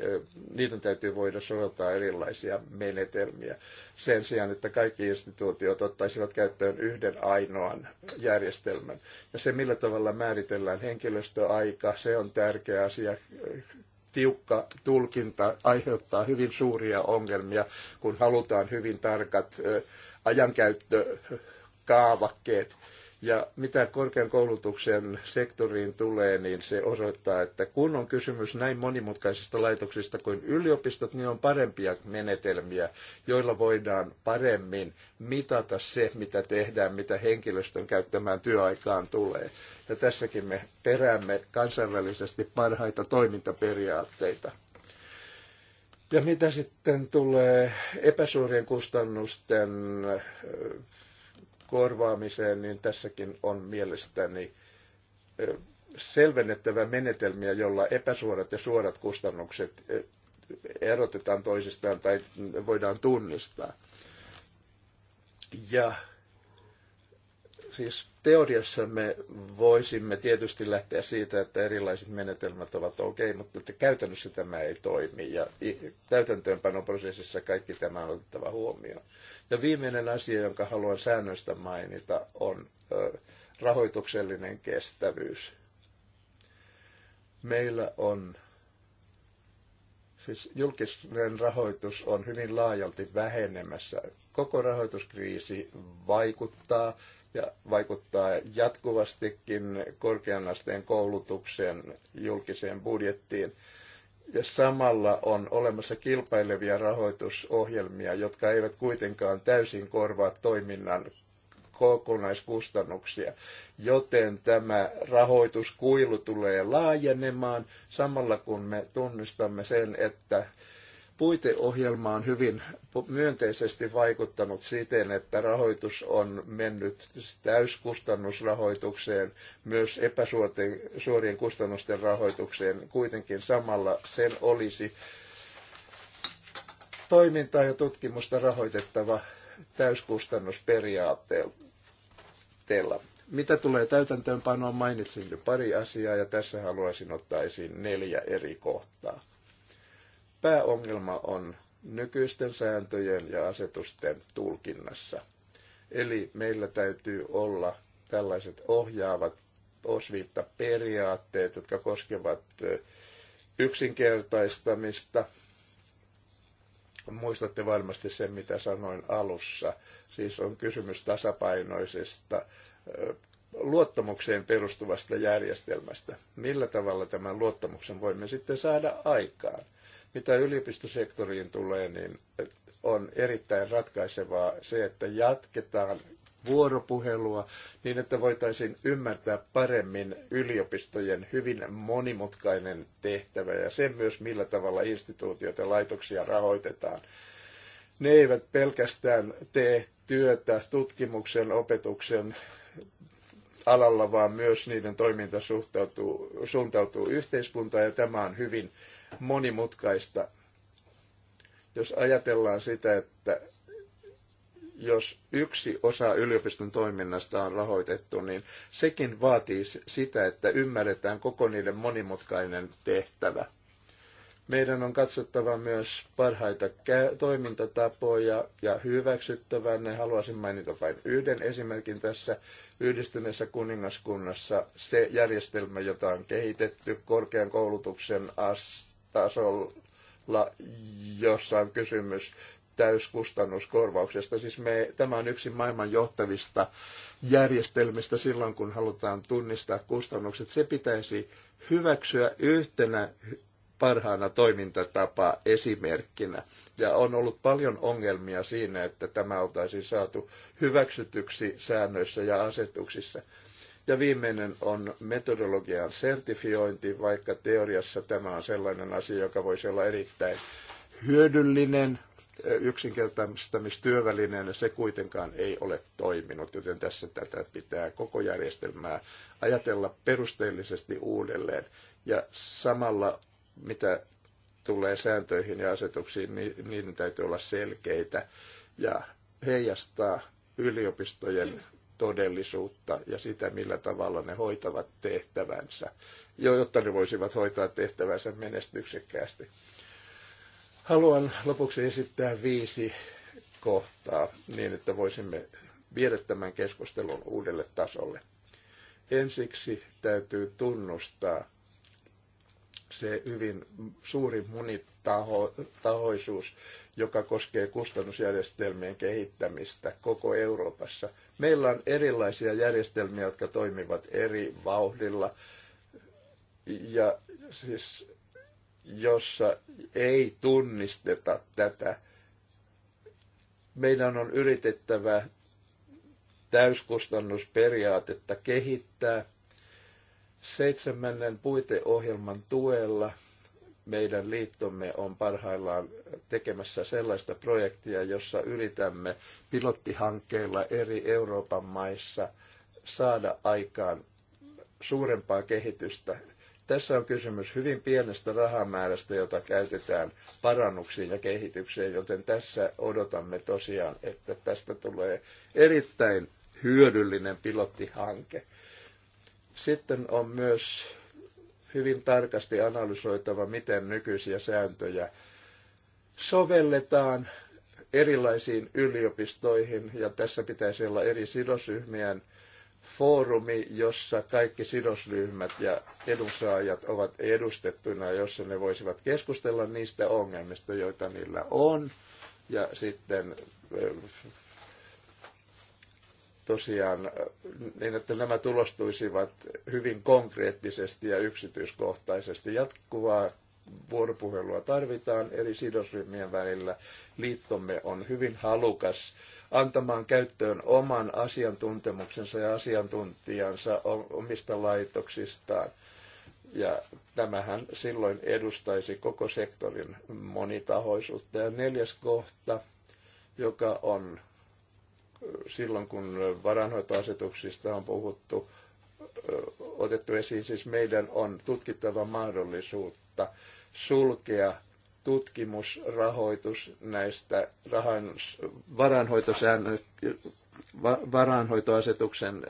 niiden täytyy voida soveltaa erilaisia menetelmiä sen sijaan, että kaikki instituutiot ottaisivat käyttöön yhden ainoan järjestelmän. Ja se, millä tavalla määritellään henkilöstöaika, se on tärkeä asia. Tiukka tulkinta aiheuttaa hyvin suuria ongelmia, kun halutaan hyvin tarkat ajankäyttökaavakkeet ja mitä korkean koulutuksen sektoriin tulee, niin se osoittaa, että kun on kysymys näin monimutkaisista laitoksista kuin yliopistot, niin on parempia menetelmiä, joilla voidaan paremmin mitata se, mitä tehdään, mitä henkilöstön käyttämään työaikaan tulee. Ja tässäkin me peräämme kansainvälisesti parhaita toimintaperiaatteita. Ja mitä sitten tulee epäsuorien kustannusten korvaamiseen, niin tässäkin on mielestäni selvennettävä menetelmiä, jolla epäsuorat ja suorat kustannukset erotetaan toisistaan tai voidaan tunnistaa. Ja siis teoriassa me voisimme tietysti lähteä siitä, että erilaiset menetelmät ovat okei, okay, mutta että käytännössä tämä ei toimi ja täytäntöönpanoprosessissa kaikki tämä on otettava huomioon. Ja viimeinen asia, jonka haluan säännöistä mainita, on rahoituksellinen kestävyys. Meillä on Siis julkinen rahoitus on hyvin laajalti vähenemässä. Koko rahoituskriisi vaikuttaa ja vaikuttaa jatkuvastikin korkean asteen koulutuksen julkiseen budjettiin. Ja samalla on olemassa kilpailevia rahoitusohjelmia, jotka eivät kuitenkaan täysin korvaa toiminnan kokonaiskustannuksia, joten tämä rahoituskuilu tulee laajenemaan samalla kun me tunnistamme sen, että puiteohjelma on hyvin myönteisesti vaikuttanut siten, että rahoitus on mennyt täyskustannusrahoitukseen, myös epäsuorien kustannusten rahoitukseen. Kuitenkin samalla sen olisi toimintaa ja tutkimusta rahoitettava täyskustannusperiaatteella. Mitä tulee täytäntöönpanoon, mainitsin jo pari asiaa ja tässä haluaisin ottaa esiin neljä eri kohtaa. Pääongelma on nykyisten sääntöjen ja asetusten tulkinnassa. Eli meillä täytyy olla tällaiset ohjaavat osviittaperiaatteet, jotka koskevat yksinkertaistamista. Muistatte varmasti sen, mitä sanoin alussa. Siis on kysymys tasapainoisesta luottamukseen perustuvasta järjestelmästä. Millä tavalla tämän luottamuksen voimme sitten saada aikaan? Mitä yliopistosektoriin tulee, niin on erittäin ratkaisevaa se, että jatketaan vuoropuhelua niin, että voitaisiin ymmärtää paremmin yliopistojen hyvin monimutkainen tehtävä ja sen myös, millä tavalla instituutioita ja laitoksia rahoitetaan. Ne eivät pelkästään tee työtä tutkimuksen, opetuksen, alalla, vaan myös niiden toiminta suhtautuu, suuntautuu yhteiskuntaan ja tämä on hyvin monimutkaista. Jos ajatellaan sitä, että jos yksi osa yliopiston toiminnasta on rahoitettu, niin sekin vaatii sitä, että ymmärretään koko niiden monimutkainen tehtävä. Meidän on katsottava myös parhaita toimintatapoja ja hyväksyttävän ne. Haluaisin mainita vain yhden esimerkin tässä yhdistyneessä kuningaskunnassa. Se järjestelmä, jota on kehitetty korkean koulutuksen tasolla, jossa on kysymys täyskustannuskorvauksesta. Siis me, tämä on yksi maailman johtavista järjestelmistä silloin, kun halutaan tunnistaa kustannukset. Se pitäisi hyväksyä yhtenä parhaana toimintatapa esimerkkinä. Ja on ollut paljon ongelmia siinä, että tämä oltaisiin saatu hyväksytyksi säännöissä ja asetuksissa. Ja viimeinen on metodologian sertifiointi, vaikka teoriassa tämä on sellainen asia, joka voisi olla erittäin hyödyllinen yksinkertaistamistyövälineen, se kuitenkaan ei ole toiminut, joten tässä tätä pitää koko järjestelmää ajatella perusteellisesti uudelleen ja samalla mitä tulee sääntöihin ja asetuksiin, niin niiden täytyy olla selkeitä ja heijastaa yliopistojen todellisuutta ja sitä, millä tavalla ne hoitavat tehtävänsä, jotta ne voisivat hoitaa tehtävänsä menestyksekkäästi. Haluan lopuksi esittää viisi kohtaa niin, että voisimme viedä tämän keskustelun uudelle tasolle. Ensiksi täytyy tunnustaa, se hyvin suuri monitahoisuus, joka koskee kustannusjärjestelmien kehittämistä koko Euroopassa. Meillä on erilaisia järjestelmiä, jotka toimivat eri vauhdilla. Ja siis jossa ei tunnisteta tätä. Meidän on yritettävä täyskustannusperiaatetta kehittää Seitsemännen puiteohjelman tuella meidän liittomme on parhaillaan tekemässä sellaista projektia, jossa yritämme pilottihankkeilla eri Euroopan maissa saada aikaan suurempaa kehitystä. Tässä on kysymys hyvin pienestä rahamäärästä, jota käytetään parannuksiin ja kehitykseen, joten tässä odotamme tosiaan, että tästä tulee erittäin hyödyllinen pilottihanke – sitten on myös hyvin tarkasti analysoitava, miten nykyisiä sääntöjä sovelletaan erilaisiin yliopistoihin, ja tässä pitäisi olla eri sidosryhmien foorumi, jossa kaikki sidosryhmät ja edunsaajat ovat edustettuina, jossa ne voisivat keskustella niistä ongelmista, joita niillä on, ja sitten tosiaan äh, niin, että nämä tulostuisivat hyvin konkreettisesti ja yksityiskohtaisesti. Jatkuvaa vuoropuhelua tarvitaan eri sidosryhmien välillä. Liittomme on hyvin halukas antamaan käyttöön oman asiantuntemuksensa ja asiantuntijansa omista laitoksistaan. Ja tämähän silloin edustaisi koko sektorin monitahoisuutta. Ja neljäs kohta, joka on silloin, kun varanhoitoasetuksista on puhuttu, otettu esiin, siis meidän on tutkittava mahdollisuutta sulkea tutkimusrahoitus näistä rahan, varanhoitosäännö, varanhoitoasetuksen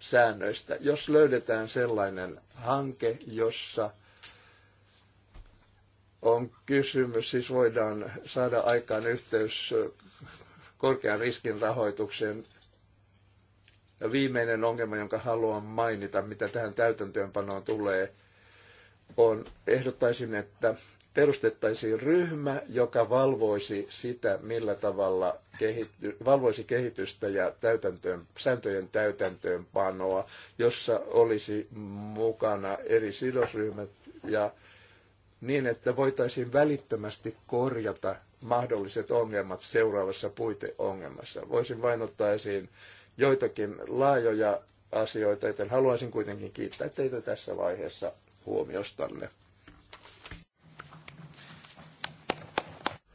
säännöistä, jos löydetään sellainen hanke, jossa on kysymys, siis voidaan saada aikaan yhteys korkean riskin rahoitukseen. Ja viimeinen ongelma, jonka haluan mainita, mitä tähän täytäntöönpanoon tulee, on, ehdottaisin, että perustettaisiin ryhmä, joka valvoisi sitä, millä tavalla valvoisi kehitystä ja täytäntöön, sääntöjen täytäntöönpanoa, jossa olisi mukana eri sidosryhmät ja niin, että voitaisiin välittömästi korjata mahdolliset ongelmat seuraavassa puiteongelmassa. Voisin vain ottaa esiin joitakin laajoja asioita, joten haluaisin kuitenkin kiittää teitä tässä vaiheessa huomiostanne.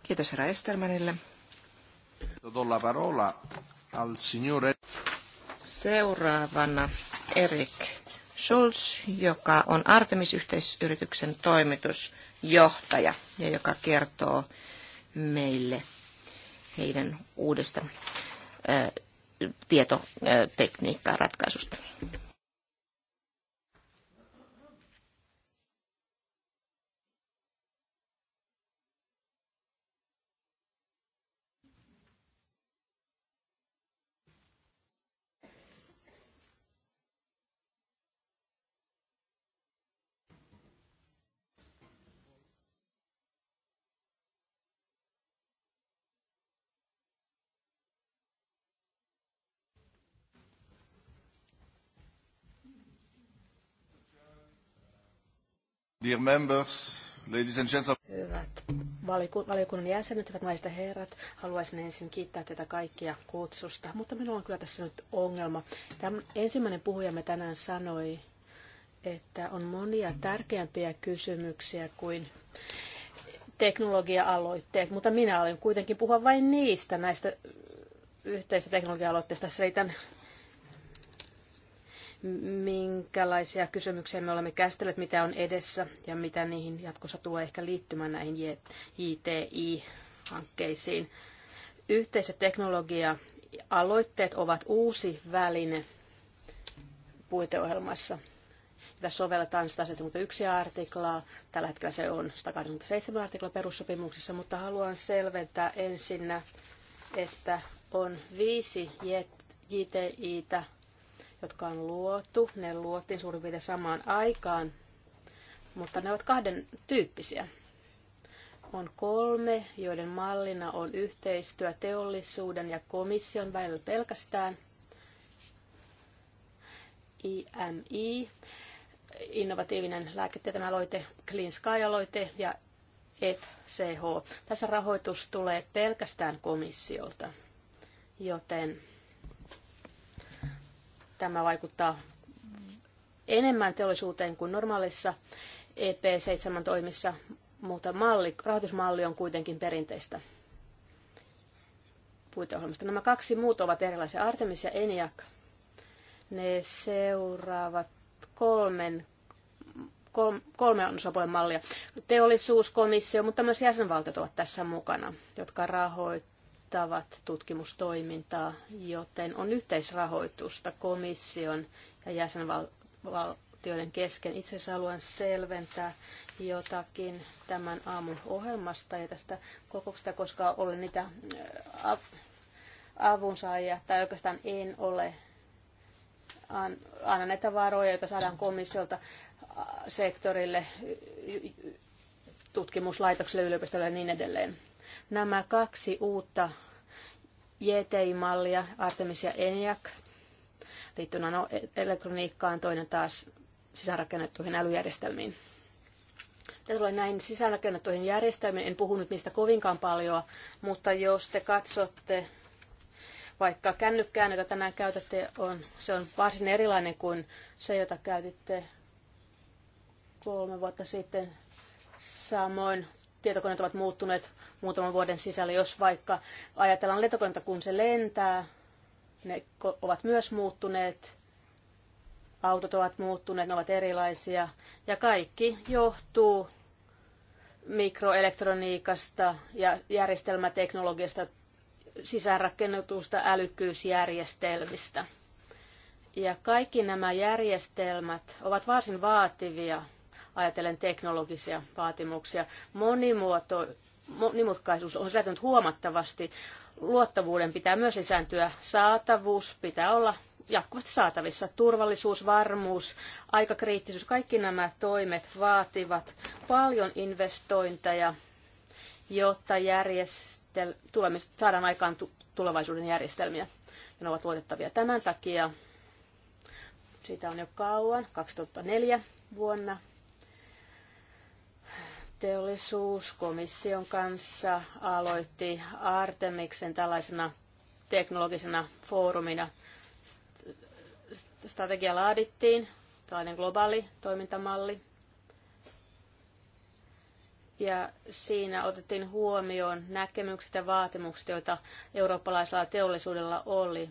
Kiitos herra Estermanille. Seuraavana Erik Schulz, joka on Artemis-yhteisyrityksen toimitusjohtaja ja joka kertoo meille heidän uudesta tietotekniikkaa ratkaisusta. Dear members, ladies and gentlemen. Hyvät valiokunnan jäsenet, hyvät naiset ja herrat, haluaisin ensin kiittää teitä kaikkia kutsusta, mutta minulla on kyllä tässä nyt ongelma. Tämä ensimmäinen puhujamme tänään sanoi, että on monia tärkeämpiä kysymyksiä kuin teknologia-aloitteet, mutta minä olen kuitenkin puhua vain niistä näistä yhteistä teknologia-aloitteista selitän minkälaisia kysymyksiä me olemme käsitelleet, mitä on edessä ja mitä niihin jatkossa tulee ehkä liittymään näihin JTI-hankkeisiin. Yhteiset teknologia-aloitteet ovat uusi väline puiteohjelmassa. Tässä sovelletaan 171 artiklaa. Tällä hetkellä se on 187 artikla perussopimuksessa, mutta haluan selventää ensinnä, että on viisi jti JTItä jotka on luotu. Ne luotiin suurin piirtein samaan aikaan, mutta ne ovat kahden tyyppisiä. On kolme, joiden mallina on yhteistyö teollisuuden ja komission välillä pelkästään. IMI, innovatiivinen lääketieteen aloite, Clean Sky-aloite ja FCH. Tässä rahoitus tulee pelkästään komissiolta, joten Tämä vaikuttaa enemmän teollisuuteen kuin normaalissa EP7-toimissa, mutta malli, rahoitusmalli on kuitenkin perinteistä puiteohjelmasta. Nämä kaksi muuta ovat erilaisia, Artemis ja ENIAC. Ne seuraavat kolmen, kolme, on osapuolen mallia. Teollisuus, komissio, mutta myös jäsenvaltiot ovat tässä mukana, jotka rahoittavat rahoittavat tutkimustoimintaa, joten on yhteisrahoitusta komission ja jäsenvaltioiden kesken. Itse asiassa haluan selventää jotakin tämän aamun ohjelmasta ja tästä kokouksesta, koska olen niitä äh, avunsaajia, tai oikeastaan en ole anna näitä varoja, joita saadaan komissiolta äh, sektorille, tutkimuslaitokselle, yliopistolle ja niin edelleen. Nämä kaksi uutta JTI-mallia, Artemis ja ENIAC, liittyy no, e- elektroniikkaan, toinen taas sisäänrakennettuihin älyjärjestelmiin. Mitä tulee näihin sisäänrakennettuihin järjestelmiin, en puhunut niistä kovinkaan paljon, mutta jos te katsotte vaikka kännykkään, jota tänään käytätte, on, se on varsin erilainen kuin se, jota käytitte kolme vuotta sitten. Samoin tietokoneet ovat muuttuneet muutaman vuoden sisällä. Jos vaikka ajatellaan lentokonetta, kun se lentää, ne ovat myös muuttuneet. Autot ovat muuttuneet, ne ovat erilaisia. Ja kaikki johtuu mikroelektroniikasta ja järjestelmäteknologiasta, sisäänrakennetusta älykkyysjärjestelmistä. Ja kaikki nämä järjestelmät ovat varsin vaativia ajatellen teknologisia vaatimuksia. Monimuoto, monimutkaisuus on lisääntynyt huomattavasti. Luottavuuden pitää myös lisääntyä. Saatavuus pitää olla jatkuvasti saatavissa. Turvallisuus, varmuus, aikakriittisyys, kaikki nämä toimet vaativat paljon investointeja, jotta järjestel... saadaan aikaan tulevaisuuden järjestelmiä. Ja ne ovat luotettavia tämän takia. Siitä on jo kauan, 2004 vuonna teollisuus komission kanssa aloitti Artemiksen tällaisena teknologisena foorumina. Strategia laadittiin, tällainen globaali toimintamalli. Ja siinä otettiin huomioon näkemykset ja vaatimukset, joita eurooppalaisella teollisuudella oli.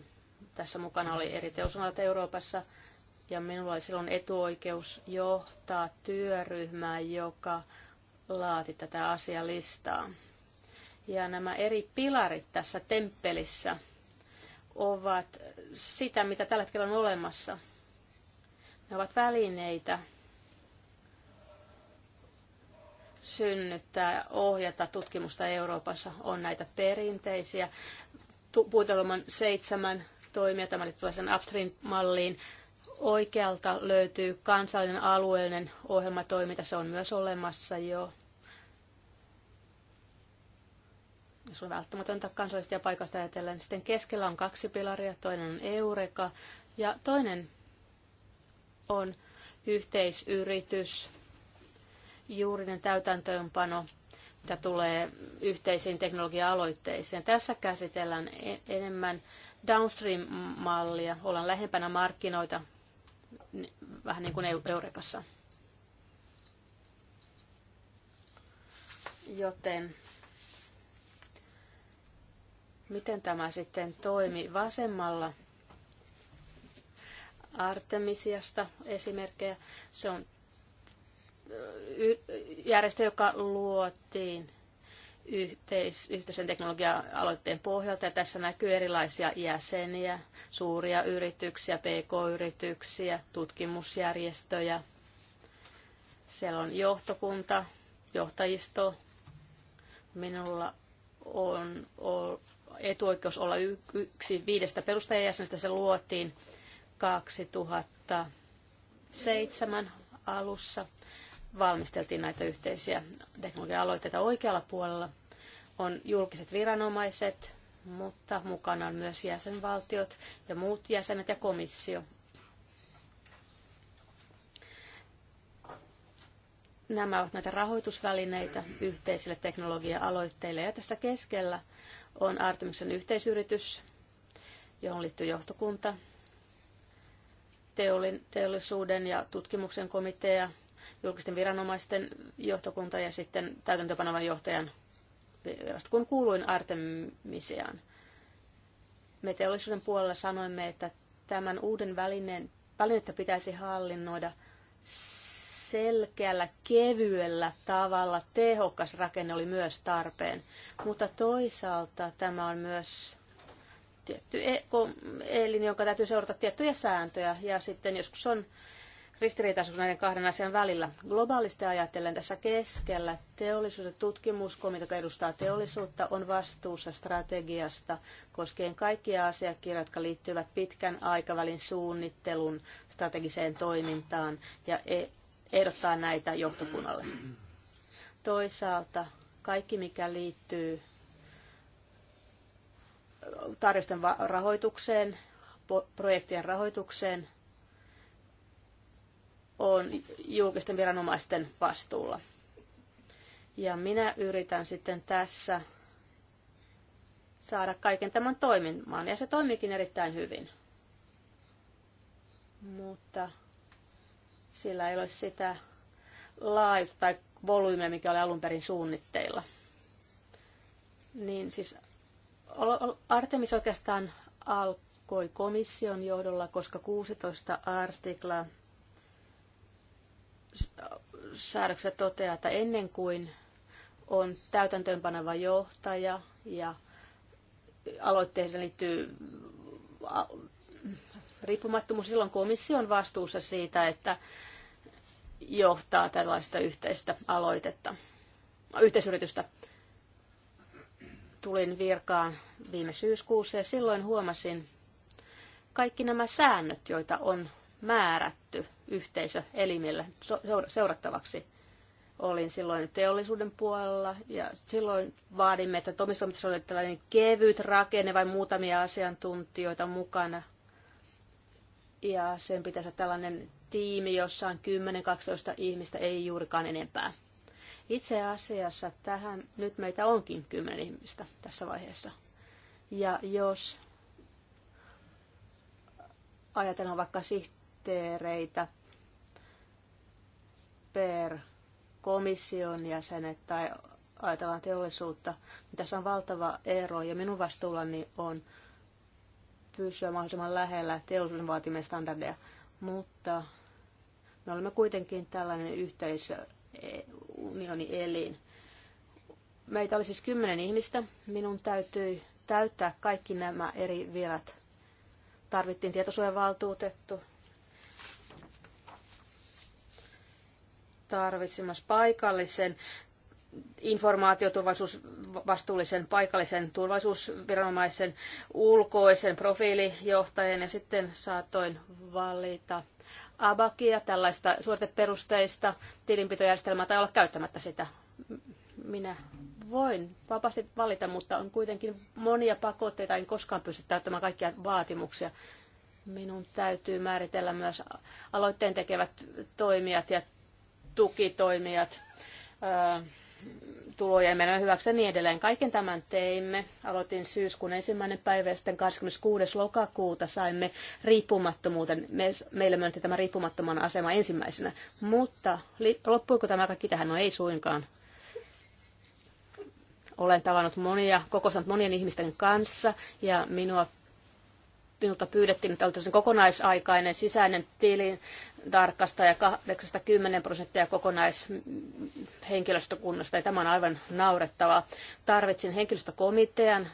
Tässä mukana oli eri teollisuudet Euroopassa ja minulla oli silloin etuoikeus johtaa työryhmää, joka laati tätä asialistaa. Ja nämä eri pilarit tässä temppelissä ovat sitä, mitä tällä hetkellä on olemassa. Ne ovat välineitä synnyttää, ohjata tutkimusta Euroopassa. On näitä perinteisiä. Puitelman seitsemän toimia, tämä liittyy sen upstream-malliin, Oikealta löytyy kansallinen alueellinen ohjelmatoiminta, se on myös olemassa jo. Se on välttämätöntä kansallisesti ja paikasta ajatellen. Sitten keskellä on kaksi pilaria, toinen on Eureka ja toinen on yhteisyritys, juurinen täytäntöönpano, mitä tulee yhteisiin teknologia-aloitteisiin. Tässä käsitellään e- enemmän downstream-mallia, ollaan lähempänä markkinoita, vähän niin kuin Eurekassa. Joten miten tämä sitten toimi vasemmalla Artemisiasta esimerkkejä. Se on järjestö, joka luotiin yhteis- yhteisen teknologia-aloitteen pohjalta. Ja tässä näkyy erilaisia jäseniä, suuria yrityksiä, pk-yrityksiä, tutkimusjärjestöjä. Siellä on johtokunta, johtajisto. Minulla on etuoikeus olla yksi viidestä perustajajäsenestä. Se luotiin 2007 alussa valmisteltiin näitä yhteisiä teknologia-aloitteita oikealla puolella, on julkiset viranomaiset, mutta mukana on myös jäsenvaltiot ja muut jäsenet ja komissio. Nämä ovat näitä rahoitusvälineitä yhteisille teknologia-aloitteille. Ja tässä keskellä on Artemisen yhteisyritys, johon liittyy johtokunta, teollisuuden ja tutkimuksen komitea, julkisten viranomaisten johtokunta ja sitten täytäntöpanovan johtajan virasto, kun kuuluin Artemisiaan. Me teollisuuden puolella sanoimme, että tämän uuden välineen, välinettä pitäisi hallinnoida selkeällä, kevyellä tavalla. Tehokas rakenne oli myös tarpeen, mutta toisaalta tämä on myös tietty e- elin, jonka täytyy seurata tiettyjä sääntöjä. Ja sitten joskus on ristiriitaisuus näiden kahden asian välillä. Globaalisti ajatellen tässä keskellä teollisuus- ja tutkimuskomitea, joka edustaa teollisuutta, on vastuussa strategiasta koskien kaikkia asiakirjoja, jotka liittyvät pitkän aikavälin suunnittelun strategiseen toimintaan ja e- ehdottaa näitä johtokunnalle. Toisaalta kaikki, mikä liittyy tarjousten rahoitukseen, projektien rahoitukseen, on julkisten viranomaisten vastuulla. Ja minä yritän sitten tässä saada kaiken tämän toimimaan, ja se toimiikin erittäin hyvin. Mutta sillä ei ole sitä laajuutta tai volyymiä, mikä oli alun perin suunnitteilla. Niin siis Artemis oikeastaan alkoi komission johdolla, koska 16 artiklaa säädöksessä toteaa, että ennen kuin on täytäntöönpaneva johtaja ja aloitteeseen liittyy riippumattomuus, silloin komissio on vastuussa siitä, että johtaa tällaista yhteistä aloitetta, yhteisyritystä. Tulin virkaan viime syyskuussa ja silloin huomasin kaikki nämä säännöt, joita on määrätty yhteisö elimillä seurattavaksi. Olin silloin teollisuuden puolella ja silloin vaadimme, että omistoimitus oli tällainen kevyt rakenne vai muutamia asiantuntijoita mukana. Ja sen pitäisi olla tällainen tiimi, jossa on 10-12 ihmistä, ei juurikaan enempää. Itse asiassa tähän nyt meitä onkin 10 ihmistä tässä vaiheessa. Ja jos ajatellaan vaikka sihteeriä, kriteereitä per komission jäsenet tai ajatellaan teollisuutta, niin tässä on valtava ero ja minun vastuullani on pysyä mahdollisimman lähellä teollisuuden vaatimia standardeja, mutta me olemme kuitenkin tällainen yhteisunioni e, elin. Meitä oli siis kymmenen ihmistä. Minun täytyi täyttää kaikki nämä eri virat. Tarvittiin tietosuojavaltuutettu, tarvitsemme paikallisen informaatioturvallisuus, vastuullisen paikallisen turvallisuusviranomaisen ulkoisen profiilijohtajan ja sitten saatoin valita abakia, tällaista suoriteperusteista tilinpitojärjestelmää tai olla käyttämättä sitä. Minä voin vapaasti valita, mutta on kuitenkin monia pakotteita, en koskaan pysty täyttämään kaikkia vaatimuksia. Minun täytyy määritellä myös aloitteen tekevät toimijat ja tukitoimijat, tulojen menojen hyväksi ja niin edelleen. Kaiken tämän teimme. Aloitin syyskuun ensimmäinen päivä ja sitten 26. lokakuuta saimme riippumattomuuden. meille myönti tämä riippumattoman asema ensimmäisenä. Mutta loppuiko tämä kaikki tähän? No ei suinkaan. Olen tavannut monia, kokosanut monien ihmisten kanssa ja minua minulta pyydettiin, että oltaisiin kokonaisaikainen sisäinen tilin tarkastaja 80 prosenttia kokonaishenkilöstökunnasta, ja tämä on aivan naurettavaa. Tarvitsin henkilöstökomitean,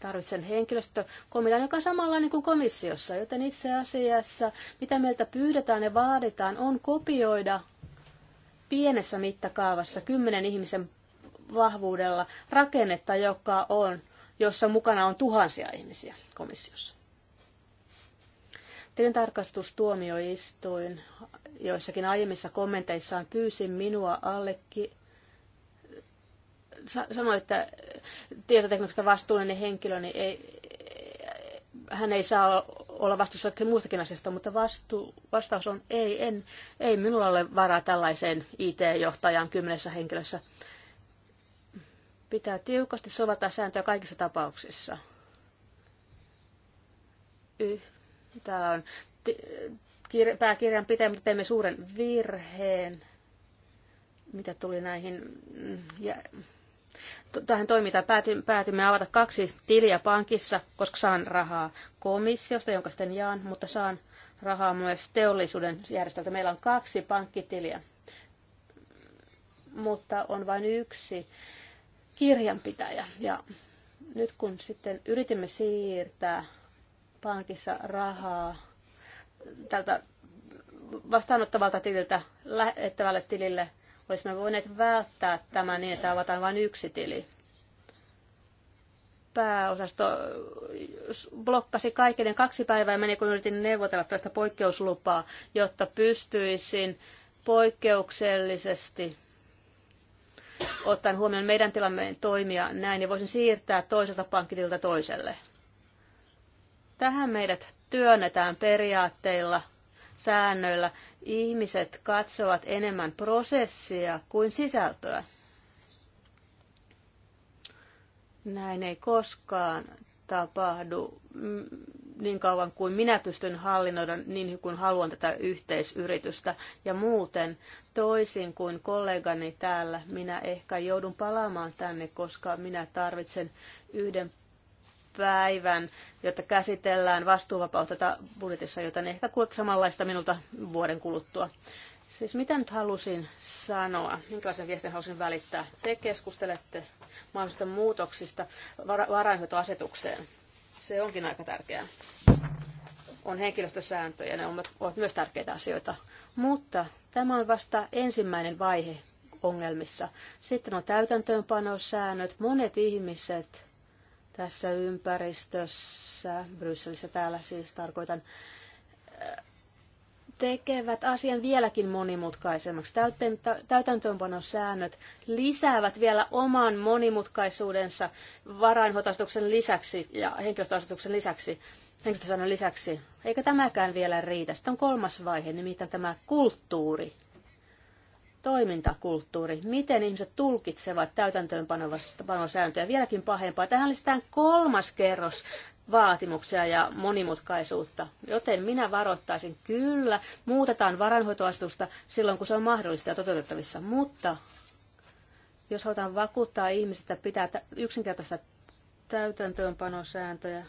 tarvitsen henkilöstökomitean, joka on samalla niin kuin komissiossa, joten itse asiassa mitä meiltä pyydetään ja vaaditaan on kopioida pienessä mittakaavassa kymmenen ihmisen vahvuudella rakennetta, joka on, jossa mukana on tuhansia ihmisiä komissiossa. Tilintarkastustuomioistuin joissakin aiemmissa kommenteissaan pyysi minua allekin sanoi, että tietoteknologista vastuullinen henkilö, niin ei, hän ei saa olla vastuussa muustakin asiasta, mutta vastu, vastaus on ei, en, ei minulla ole varaa tällaiseen it johtajan kymmenessä henkilössä. Pitää tiukasti soveltaa sääntöjä kaikissa tapauksissa. Y- Täällä on pääkirjan pitää, mutta teemme suuren virheen, mitä tuli näihin. Mm, ja, tähän toimintaan päätimme, päätimme avata kaksi tiliä pankissa, koska saan rahaa komissiosta, jonka sitten jaan, mutta saan rahaa myös teollisuuden järjestöltä. Meillä on kaksi pankkitiliä, mutta on vain yksi kirjanpitäjä. Ja nyt kun sitten yritimme siirtää pankissa rahaa tältä vastaanottavalta tililtä lähettävälle tilille, olisimme voineet välttää tämän niin, että avataan vain yksi tili. Pääosasto blokkasi kaiken kaksi päivää meni, kun yritin neuvotella tästä poikkeuslupaa, jotta pystyisin poikkeuksellisesti ottaen huomioon meidän tilamme toimia näin, niin voisin siirtää toiselta pankkitililtä toiselle. Tähän meidät työnnetään periaatteilla, säännöillä. Ihmiset katsovat enemmän prosessia kuin sisältöä. Näin ei koskaan tapahdu mm, niin kauan kuin minä pystyn hallinnoida niin kuin haluan tätä yhteisyritystä. Ja muuten, toisin kuin kollegani täällä, minä ehkä joudun palaamaan tänne, koska minä tarvitsen yhden päivän, jotta käsitellään vastuuvapautta budjetissa, joten ehkä kuulet samanlaista minulta vuoden kuluttua. Siis mitä nyt halusin sanoa? Minkälaisen viestin halusin välittää? Te keskustelette mahdollisista muutoksista varainhoitoasetukseen. Se onkin aika tärkeää. On henkilöstösääntöjä, ne ovat myös tärkeitä asioita. Mutta tämä on vasta ensimmäinen vaihe ongelmissa. Sitten on täytäntöönpanosäännöt. Monet ihmiset tässä ympäristössä, Brysselissä täällä siis tarkoitan, äh, tekevät asian vieläkin monimutkaisemmaksi. Täytäntöönpanosäännöt lisäävät vielä oman monimutkaisuudensa varainhoitoasetuksen lisäksi ja henkilöstöasetuksen lisäksi, henkilöstösäännön lisäksi. Eikä tämäkään vielä riitä. Sitten on kolmas vaihe, nimittäin tämä kulttuuri toimintakulttuuri, miten ihmiset tulkitsevat sääntöjä, Vieläkin pahempaa, tähän lisätään kolmas kerros vaatimuksia ja monimutkaisuutta. Joten minä varoittaisin, kyllä, muutetaan varanhoitoasetusta silloin, kun se on mahdollista ja toteutettavissa, mutta jos halutaan vakuuttaa ihmiset, että pitää yksinkertaista täytäntöönpanosääntöjä,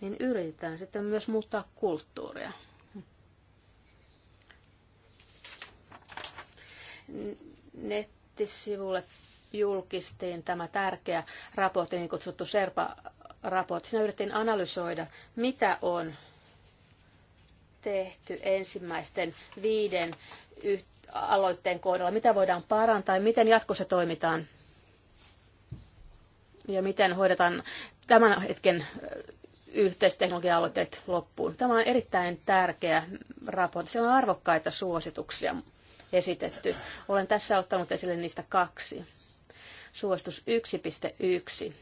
niin yritetään sitten myös muuttaa kulttuuria. nettisivulle julkistiin tämä tärkeä raportti, niin kutsuttu Serpa-raportti. Siinä yritettiin analysoida, mitä on tehty ensimmäisten viiden aloitteen kohdalla, mitä voidaan parantaa ja miten jatkossa toimitaan ja miten hoidetaan tämän hetken yhteisteknologia-aloitteet loppuun. Tämä on erittäin tärkeä raportti. Siellä on arvokkaita suosituksia esitetty. Olen tässä ottanut esille niistä kaksi. Suositus 1.1.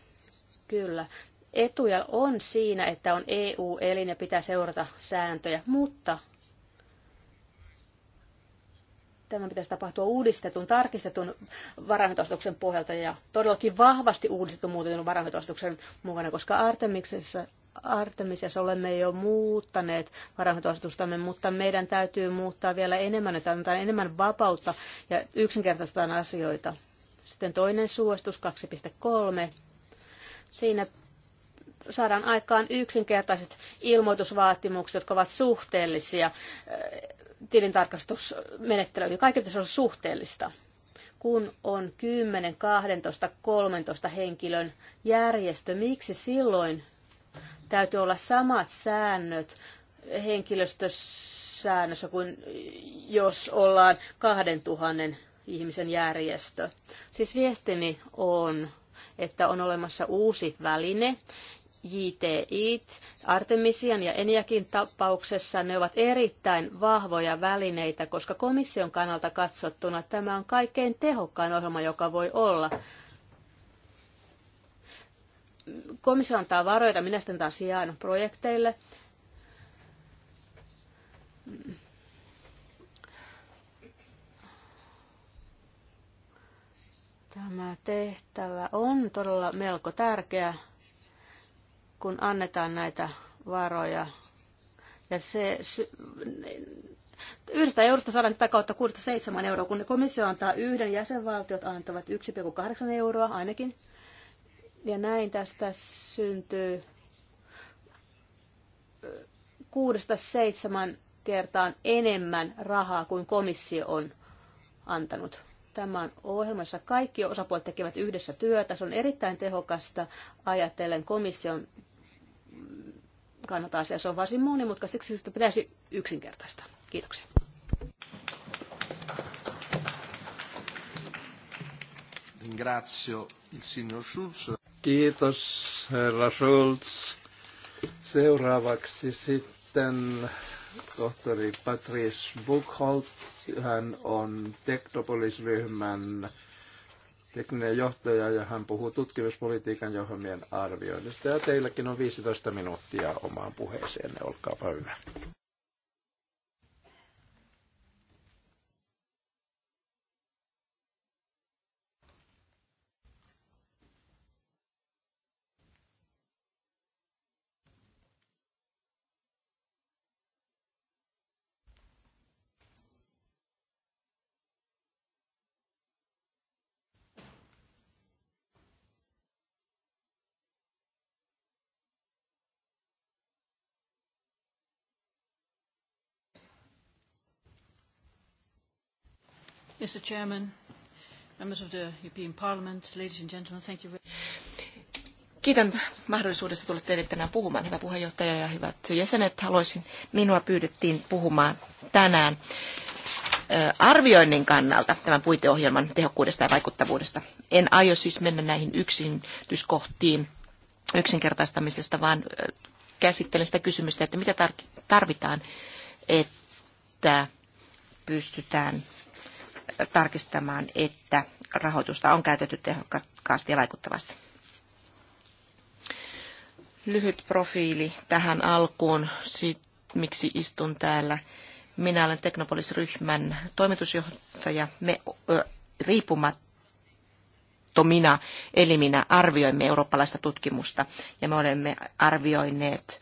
Kyllä, etuja on siinä, että on EU-elin ja pitää seurata sääntöjä, mutta tämän pitäisi tapahtua uudistetun, tarkistetun varainhoitoasetuksen pohjalta ja todellakin vahvasti uudistetun muutetun varainhoitoasetuksen mukana, koska Artemiksessa Artemisessa olemme jo muuttaneet varainhoitoasetustamme, mutta meidän täytyy muuttaa vielä enemmän, että antaa enemmän vapautta ja yksinkertaistetaan asioita. Sitten toinen suositus 2.3. Siinä saadaan aikaan yksinkertaiset ilmoitusvaatimukset, jotka ovat suhteellisia äh, tilintarkastusmenettelyyn. Kaikki pitäisi olla suhteellista. Kun on 10, 12, 13 henkilön järjestö, miksi silloin täytyy olla samat säännöt henkilöstösäännössä kuin jos ollaan 2000 ihmisen järjestö. Siis viestini on, että on olemassa uusi väline, JTI, Artemisian ja Eniakin tapauksessa ne ovat erittäin vahvoja välineitä, koska komission kannalta katsottuna tämä on kaikkein tehokkain ohjelma, joka voi olla komissio antaa varoja, minä sitten taas jään projekteille. Tämä tehtävä on todella melko tärkeä, kun annetaan näitä varoja. Ja se, yhdestä eurosta saadaan tätä kautta 6-7 euroa, kun komissio antaa yhden, jäsenvaltiot antavat 1,8 euroa ainakin. Ja näin tästä syntyy kuudesta seitsemän kertaan enemmän rahaa kuin komissio on antanut. Tämä on ohjelmassa. Kaikki osapuolet tekevät yhdessä työtä. Se on erittäin tehokasta ajatellen komission kannalta asia. Se on varsin monimutkaista, siksi sitä pitäisi yksinkertaista. Kiitoksia. Ringrazio il signor Schulz. Kiitos, herra Schulz. Seuraavaksi sitten tohtori Patrice Buchholt. Hän on Teknopolis-ryhmän tekninen johtaja ja hän puhuu tutkimuspolitiikan johtamien arvioinnista. Ja teilläkin on 15 minuuttia omaan puheeseenne. Olkaapa hyvä. Mr. Chairman, members of the European Parliament, ladies and gentlemen, thank you. Kiitän mahdollisuudesta tulla teille tänään puhumaan, hyvä puheenjohtaja ja hyvät jäsenet. Haluaisin, minua pyydettiin puhumaan tänään äh, arvioinnin kannalta tämän puiteohjelman tehokkuudesta ja vaikuttavuudesta. En aio siis mennä näihin yksityiskohtiin yksinkertaistamisesta, vaan äh, käsittelen sitä kysymystä, että mitä tarvitaan, että pystytään tarkistamaan, että rahoitusta on käytetty tehokkaasti ja vaikuttavasti. Lyhyt profiili tähän alkuun, miksi istun täällä. Minä olen Teknopolis-ryhmän toimitusjohtaja. Me riippumattomina eliminä arvioimme eurooppalaista tutkimusta ja me olemme arvioineet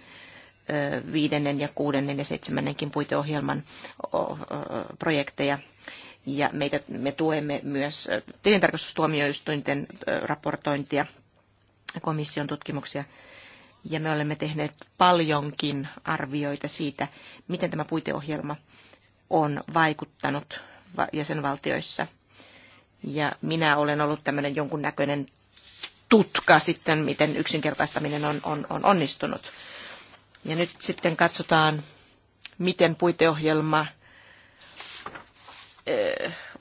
viidennen ja kuudennen ja seitsemännenkin puiteohjelman projekteja ja meitä, me tuemme myös tilintarkastustuomioistuinten raportointia, komission tutkimuksia. Ja me olemme tehneet paljonkin arvioita siitä, miten tämä puiteohjelma on vaikuttanut jäsenvaltioissa. Ja minä olen ollut tämmöinen jonkunnäköinen tutka sitten, miten yksinkertaistaminen on, on, on onnistunut. Ja nyt sitten katsotaan, miten puiteohjelma –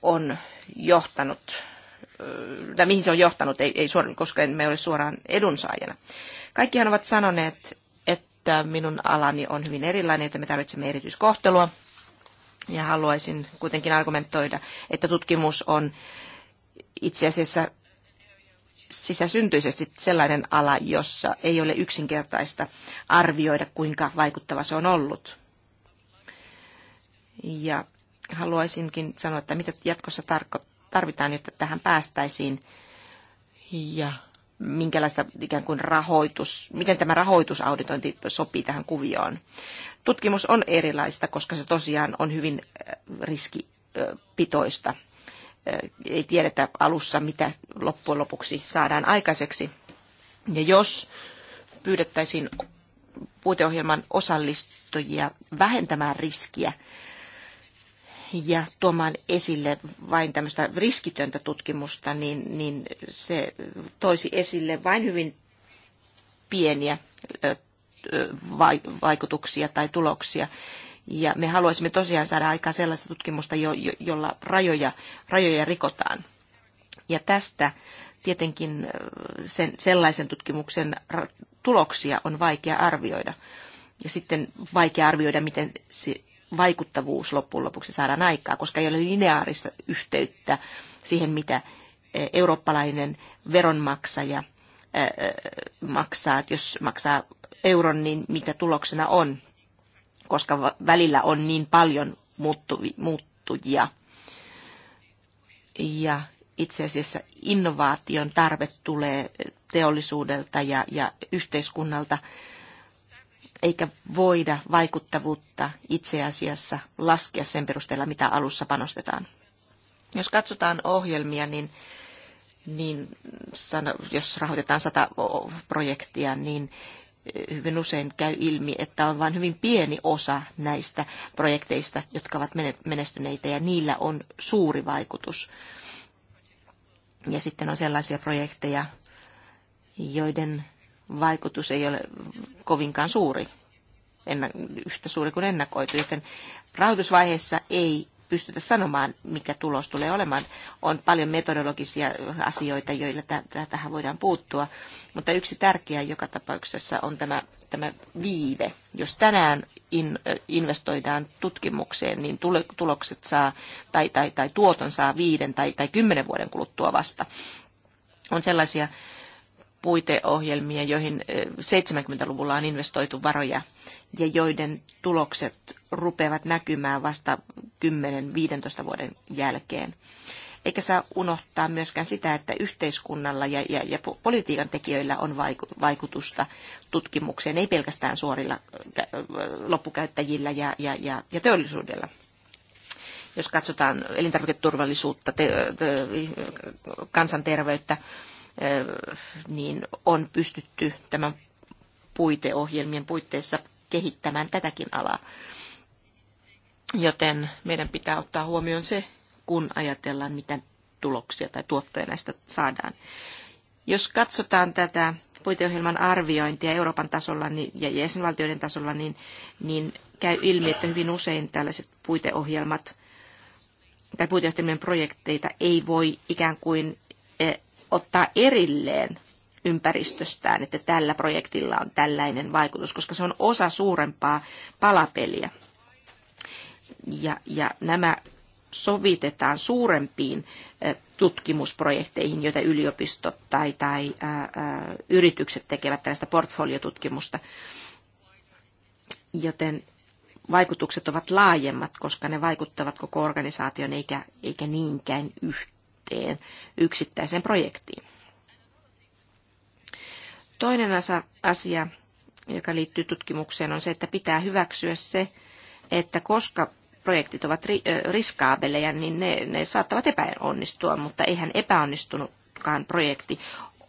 on johtanut tai mihin se on johtanut, ei, ei suoraan, koska me ole suoraan edunsaajana. Kaikkihan ovat sanoneet, että minun alani on hyvin erilainen, että me tarvitsemme erityiskohtelua. Ja haluaisin kuitenkin argumentoida, että tutkimus on itse asiassa sisäsyntyisesti sellainen ala, jossa ei ole yksinkertaista arvioida, kuinka vaikuttava se on ollut. Ja Haluaisinkin sanoa, että mitä jatkossa tarvitaan, jotta tähän päästäisiin ja minkälaista ikään kuin rahoitus, miten tämä rahoitusauditointi sopii tähän kuvioon. Tutkimus on erilaista, koska se tosiaan on hyvin äh, riskipitoista. Äh, ei tiedetä alussa, mitä loppujen lopuksi saadaan aikaiseksi. Ja jos pyydettäisiin puiteohjelman osallistujia vähentämään riskiä, ja tuomaan esille vain tämmöistä riskitöntä tutkimusta, niin, niin se toisi esille vain hyvin pieniä vaikutuksia tai tuloksia. Ja me haluaisimme tosiaan saada aikaan sellaista tutkimusta, jo, jo, jolla rajoja, rajoja rikotaan. Ja tästä tietenkin sen, sellaisen tutkimuksen tuloksia on vaikea arvioida. Ja sitten vaikea arvioida, miten se vaikuttavuus loppujen lopuksi saadaan aikaa, koska ei ole lineaarista yhteyttä siihen, mitä e, eurooppalainen veronmaksaja e, e, maksaa. Että jos maksaa euron, niin mitä tuloksena on, koska välillä on niin paljon muuttujia. Ja itse asiassa innovaation tarve tulee teollisuudelta ja, ja yhteiskunnalta eikä voida vaikuttavuutta itse asiassa laskea sen perusteella, mitä alussa panostetaan. Jos katsotaan ohjelmia, niin, niin jos rahoitetaan sata projektia, niin eh, hyvin usein käy ilmi, että on vain hyvin pieni osa näistä projekteista, jotka ovat menestyneitä ja niillä on suuri vaikutus. Ja sitten on sellaisia projekteja, joiden vaikutus ei ole kovinkaan suuri, ennä, yhtä suuri kuin ennakoitu, joten rahoitusvaiheessa ei pystytä sanomaan, mikä tulos tulee olemaan. On paljon metodologisia asioita, joilla tähän voidaan puuttua, mutta yksi tärkeä joka tapauksessa on tämä, tämä viive. Jos tänään in, investoidaan tutkimukseen, niin tulokset saa tai, tai, tai tuoton saa viiden tai, tai kymmenen vuoden kuluttua vasta. On sellaisia puiteohjelmia, joihin 70-luvulla eh, on investoitu varoja ja joiden tulokset rupeavat näkymään vasta 10-15 vuoden jälkeen. Eikä saa unohtaa myöskään sitä, että yhteiskunnalla ja, ja, ja politiikan tekijöillä on vaikutusta tutkimukseen, ei pelkästään suorilla loppukäyttäjillä ja, ja, ja, ja teollisuudella jos katsotaan elintarviketurvallisuutta, te, te, kansanterveyttä, niin on pystytty tämän puiteohjelmien puitteissa kehittämään tätäkin alaa. Joten meidän pitää ottaa huomioon se, kun ajatellaan, mitä tuloksia tai tuottoja näistä saadaan. Jos katsotaan tätä puiteohjelman arviointia Euroopan tasolla niin- ja jäsenvaltioiden tasolla, niin, niin käy ilmi, että hyvin usein tällaiset puiteohjelmat tai puiteohjelmien projekteita ei voi ikään kuin eh, ottaa erilleen ympäristöstään, että tällä projektilla on tällainen vaikutus, koska se on osa suurempaa palapeliä. Ja, ja nämä sovitetaan suurempiin tutkimusprojekteihin, joita yliopistot tai, tai ää, ää, yritykset tekevät tällaista portfoliotutkimusta. Joten vaikutukset ovat laajemmat, koska ne vaikuttavat koko organisaation eikä, eikä niinkään yhteen yhteen yksittäiseen projektiin. Toinen asia, joka liittyy tutkimukseen, on se, että pitää hyväksyä se, että koska projektit ovat riskaabeleja, niin ne, ne saattavat epäonnistua, mutta eihän epäonnistunutkaan projekti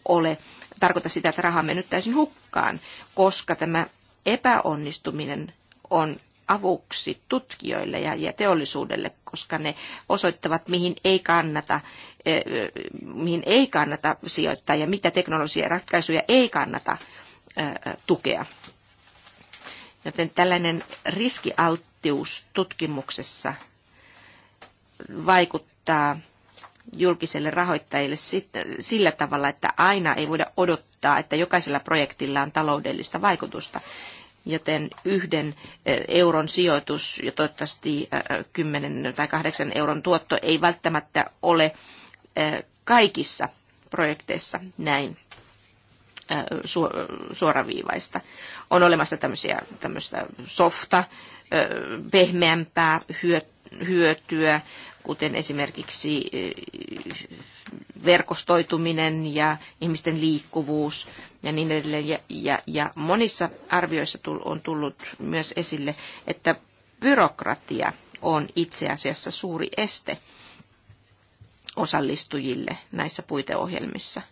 ole, tarkoita sitä, että raha mennyt täysin hukkaan, koska tämä epäonnistuminen on avuksi tutkijoille ja, teollisuudelle, koska ne osoittavat, mihin ei kannata, eh, mihin ei kannata sijoittaa ja mitä teknologisia ratkaisuja ei kannata eh, tukea. Joten tällainen riskialttius tutkimuksessa vaikuttaa julkiselle rahoittajille sillä tavalla, että aina ei voida odottaa, että jokaisella projektilla on taloudellista vaikutusta joten yhden eh, euron sijoitus ja toivottavasti 10 eh, tai 8 euron tuotto ei välttämättä ole eh, kaikissa projekteissa näin suoraviivaista. On olemassa tämmöistä softa, pehmeämpää hyötyä hyötyä, kuten esimerkiksi eh, verkostoituminen ja ihmisten liikkuvuus ja niin edelleen. Ja, ja, ja monissa arvioissa on tullut myös esille, että byrokratia on itse asiassa suuri este osallistujille näissä puiteohjelmissa.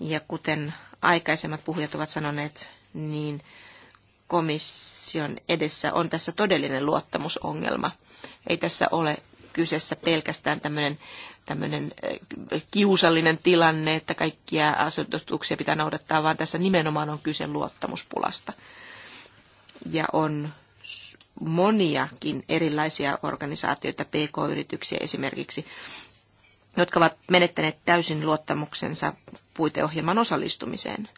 Ja kuten aikaisemmat puhujat ovat sanoneet, niin komission edessä on tässä todellinen luottamusongelma – ei tässä ole kyseessä pelkästään tämmöinen tämmöinen kiusallinen tilanne, että kaikkia asetuksia pitää noudattaa, vaan tässä nimenomaan on kyse luottamuspulasta. Ja on moniakin erilaisia organisaatioita, pk-yrityksiä esimerkiksi, jotka ovat menettäneet täysin luottamuksensa puiteohjelman osallistumiseen.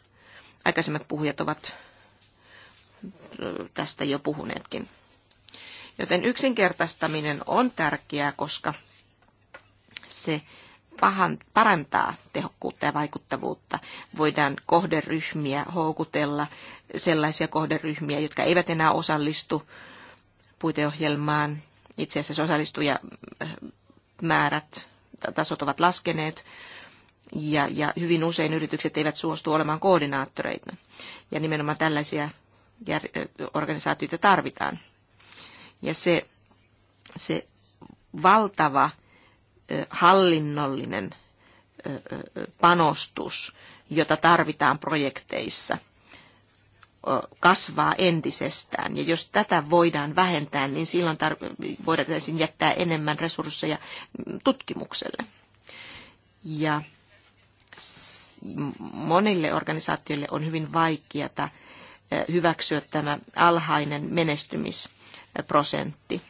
Aikaisemmat puhujat ovat tästä jo puhuneetkin. Joten yksinkertaistaminen on tärkeää, koska se pahan, parantaa tehokkuutta ja vaikuttavuutta. Voidaan kohderyhmiä houkutella, sellaisia kohderyhmiä, jotka eivät enää osallistu puiteohjelmaan. Itse asiassa osallistujamäärät, äh, tasot ovat laskeneet ja, ja hyvin usein yritykset eivät suostu olemaan koordinaattoreita. Ja nimenomaan tällaisia äh, organisaatioita tarvitaan. Ja se, se valtava hallinnollinen panostus, jota tarvitaan projekteissa, kasvaa entisestään. Ja jos tätä voidaan vähentää, niin silloin tar- voidaan jättää enemmän resursseja tutkimukselle. Ja monille organisaatioille on hyvin vaikeata hyväksyä tämä alhainen menestymis prosentti.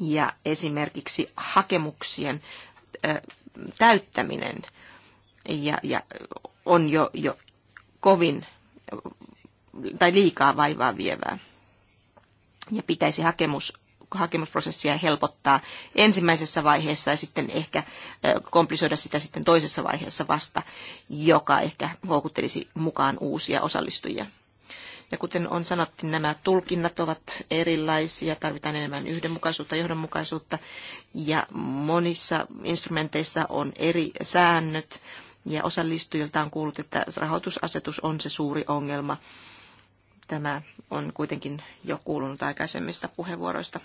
Ja esimerkiksi hakemuksien täyttäminen ja, ja on jo, jo kovin tai liikaa vaivaa vievää. Ja pitäisi hakemus, hakemusprosessia helpottaa ensimmäisessä vaiheessa ja sitten ehkä komplisoida sitä sitten toisessa vaiheessa vasta, joka ehkä houkuttelisi mukaan uusia osallistujia. Ja kuten on sanottu, nämä tulkinnat ovat erilaisia, tarvitaan enemmän yhdenmukaisuutta, johdonmukaisuutta ja monissa instrumenteissa on eri säännöt ja osallistujilta on kuullut, että rahoitusasetus on se suuri ongelma. Tämä on kuitenkin jo kuulunut aikaisemmista puheenvuoroista.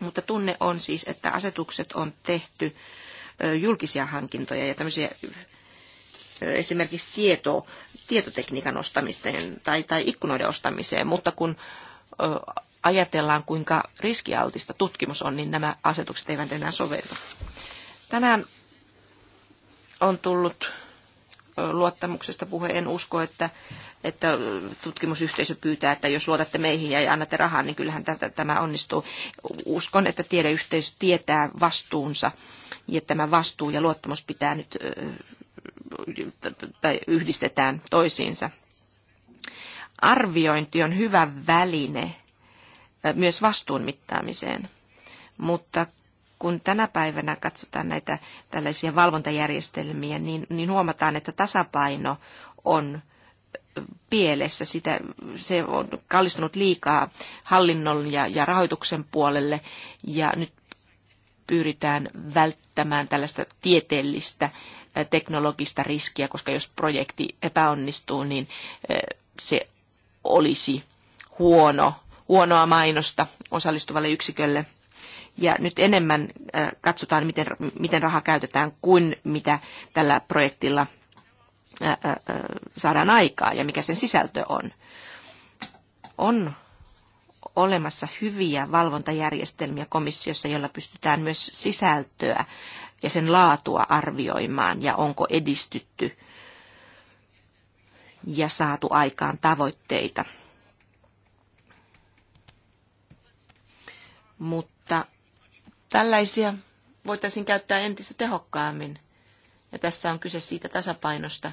Mutta tunne on siis, että asetukset on tehty julkisia hankintoja ja tämmöisiä esimerkiksi tieto, tietotekniikan ostamiseen tai, tai ikkunoiden ostamiseen, mutta kun ajatellaan, kuinka riskialtista tutkimus on, niin nämä asetukset eivät enää sovellu. Tänään on tullut luottamuksesta puhe. En usko, että, että tutkimusyhteisö pyytää, että jos luotatte meihin ja annatte rahaa, niin kyllähän tätä, tämä onnistuu. Uskon, että tiedeyhteisö tietää vastuunsa ja tämä vastuu ja luottamus pitää nyt tai yhdistetään toisiinsa. Arviointi on hyvä väline myös vastuun mittaamiseen, mutta kun tänä päivänä katsotaan näitä tällaisia valvontajärjestelmiä, niin, niin huomataan, että tasapaino on pielessä. Sitä, se on kallistunut liikaa hallinnon ja, ja rahoituksen puolelle ja nyt pyritään välttämään tällaista tieteellistä teknologista riskiä, koska jos projekti epäonnistuu, niin eh, se olisi huono, huonoa mainosta osallistuvalle yksikölle. Ja nyt enemmän eh, katsotaan, miten, miten raha käytetään, kuin mitä tällä projektilla eh, saadaan aikaa ja mikä sen sisältö on. On olemassa hyviä valvontajärjestelmiä komissiossa, joilla pystytään myös sisältöä ja sen laatua arvioimaan ja onko edistytty ja saatu aikaan tavoitteita. Mutta tällaisia voitaisiin käyttää entistä tehokkaammin. Ja tässä on kyse siitä tasapainosta,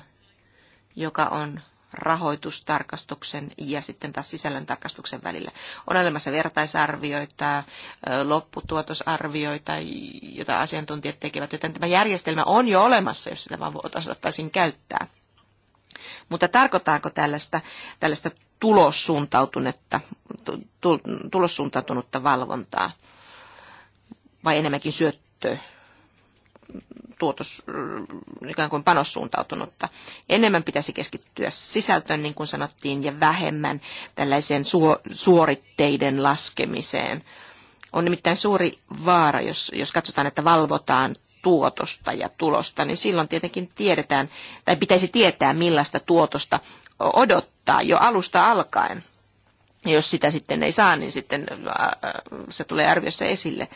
joka on rahoitustarkastuksen ja sitten taas sisällön tarkastuksen välillä. On olemassa vertaisarvioita, lopputuotosarvioita, joita asiantuntijat tekevät, joten tämä järjestelmä on jo olemassa, jos sitä vaan voitaisiin käyttää. Mutta tarkoittaako tällaista, tällaista tulossuuntautunutta, tulossuuntautunutta valvontaa vai enemmänkin syöttöä? tuotos, mm, ikään kuin panossuuntautunutta. Enemmän pitäisi keskittyä sisältöön, niin kuin sanottiin, ja vähemmän tällaiseen suoritteiden laskemiseen. On nimittäin suuri vaara, jos, jos katsotaan, että valvotaan tuotosta ja tulosta, niin silloin tietenkin tiedetään, tai pitäisi tietää, millaista tuotosta odottaa jo alusta alkaen. Ja jos sitä sitten ei saa, niin sitten se tulee arviossa esille.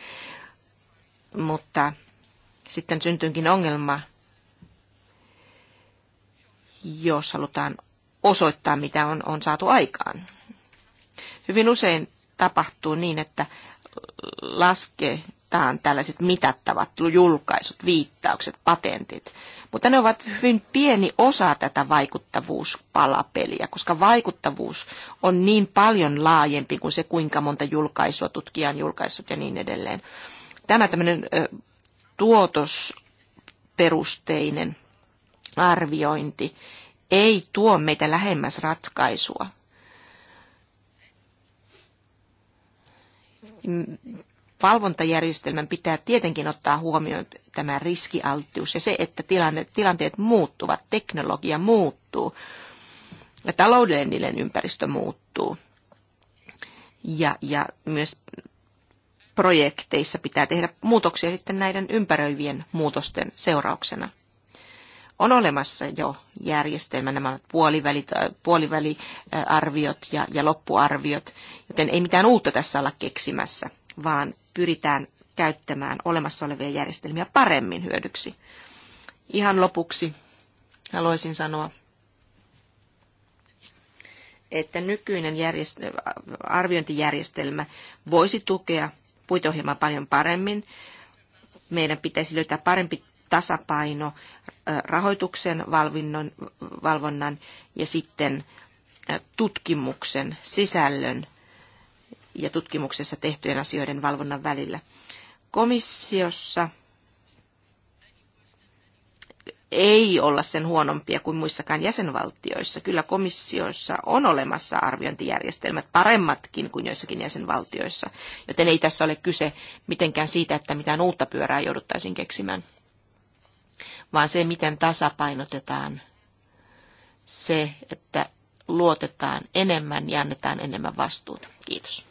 Mutta sitten syntyykin ongelma, jos halutaan osoittaa, mitä on, on saatu aikaan. Hyvin usein tapahtuu niin, että lasketaan tällaiset mitattavat julkaisut, viittaukset, patentit, mutta ne ovat hyvin pieni osa tätä vaikuttavuuspalapeliä, koska vaikuttavuus on niin paljon laajempi kuin se, kuinka monta julkaisua tutkijan julkaisut ja niin edelleen. Tämä tämmöinen tuotosperusteinen arviointi ei tuo meitä lähemmäs ratkaisua. Valvontajärjestelmän pitää tietenkin ottaa huomioon tämä riskialttius ja se, että tilanne, tilanteet muuttuvat, teknologia muuttuu ja taloudellinen ympäristö muuttuu. Ja, ja myös projekteissa pitää tehdä muutoksia sitten näiden ympäröivien muutosten seurauksena. On olemassa jo järjestelmä, nämä puolivälit, äh, puoliväliarviot ja, ja loppuarviot, joten ei mitään uutta tässä olla keksimässä, vaan pyritään käyttämään olemassa olevia järjestelmiä paremmin hyödyksi. Ihan lopuksi haluaisin sanoa, että nykyinen arviointijärjestelmä voisi tukea puiteohjelmaa paljon paremmin. Meidän pitäisi löytää parempi tasapaino rahoituksen, valvonnan ja sitten tutkimuksen sisällön ja tutkimuksessa tehtyjen asioiden valvonnan välillä. Komissiossa ei olla sen huonompia kuin muissakaan jäsenvaltioissa. Kyllä komissiossa on olemassa arviointijärjestelmät paremmatkin kuin joissakin jäsenvaltioissa, joten ei tässä ole kyse mitenkään siitä, että mitään uutta pyörää jouduttaisiin keksimään, vaan se, miten tasapainotetaan se, että luotetaan enemmän ja annetaan enemmän vastuuta. Kiitos.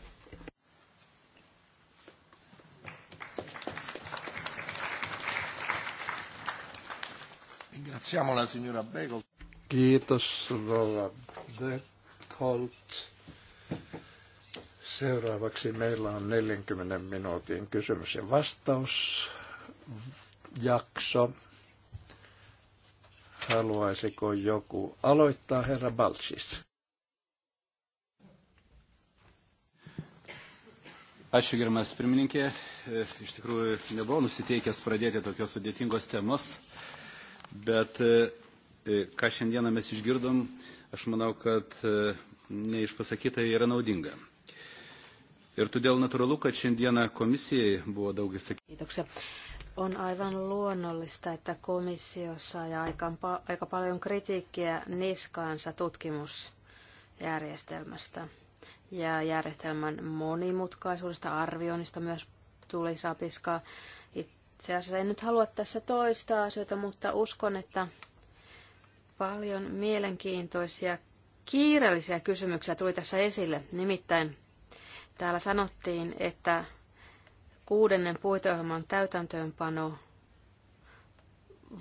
Ringraziamo la signora Begolt. Kiitos Rova Begolt. Seuraavaksi meillä on 40 minuutin kysymys- ja vastausjakso. Haluaisiko joku aloittaa, herra Balchis? Ačiū gerbiamas pirmininkė. Iš tikrųjų nebuvau nusiteikęs pradėti tokios sudėtingos temos. Bet e, ką šiandieną mes išgirdom, aš manau, kad e, neišpasakytai yra naudinga. Ir todėl natūralu, kad šiandieną komisijai buvo daug įsakymų. Kiitoksia. On aivan luonnollista, että komissio sai aika, aika paljon kritiikkiä niskaansa tutkimusjärjestelmästä ja järjestelmän monimutkaisuudesta, arvioinnista myös tuli sapiskaa itse asiassa. En nyt halua tässä toistaa asioita, mutta uskon, että paljon mielenkiintoisia kiireellisiä kysymyksiä tuli tässä esille. Nimittäin täällä sanottiin, että kuudennen puiteohjelman täytäntöönpano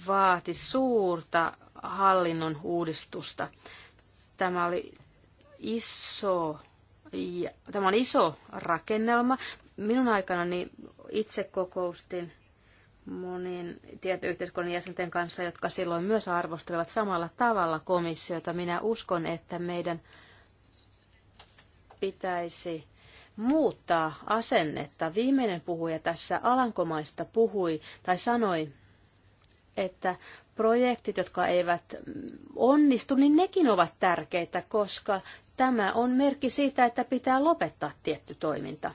vaati suurta hallinnon uudistusta. Tämä oli iso, tämä on iso rakennelma. Minun aikana itse kokoustin monien yhteiskunnan jäsenten kanssa, jotka silloin myös arvostelevat samalla tavalla komissiota. Minä uskon, että meidän pitäisi muuttaa asennetta. Viimeinen puhuja tässä Alankomaista puhui tai sanoi, että projektit, jotka eivät onnistu, niin nekin ovat tärkeitä, koska tämä on merkki siitä, että pitää lopettaa tietty toiminta.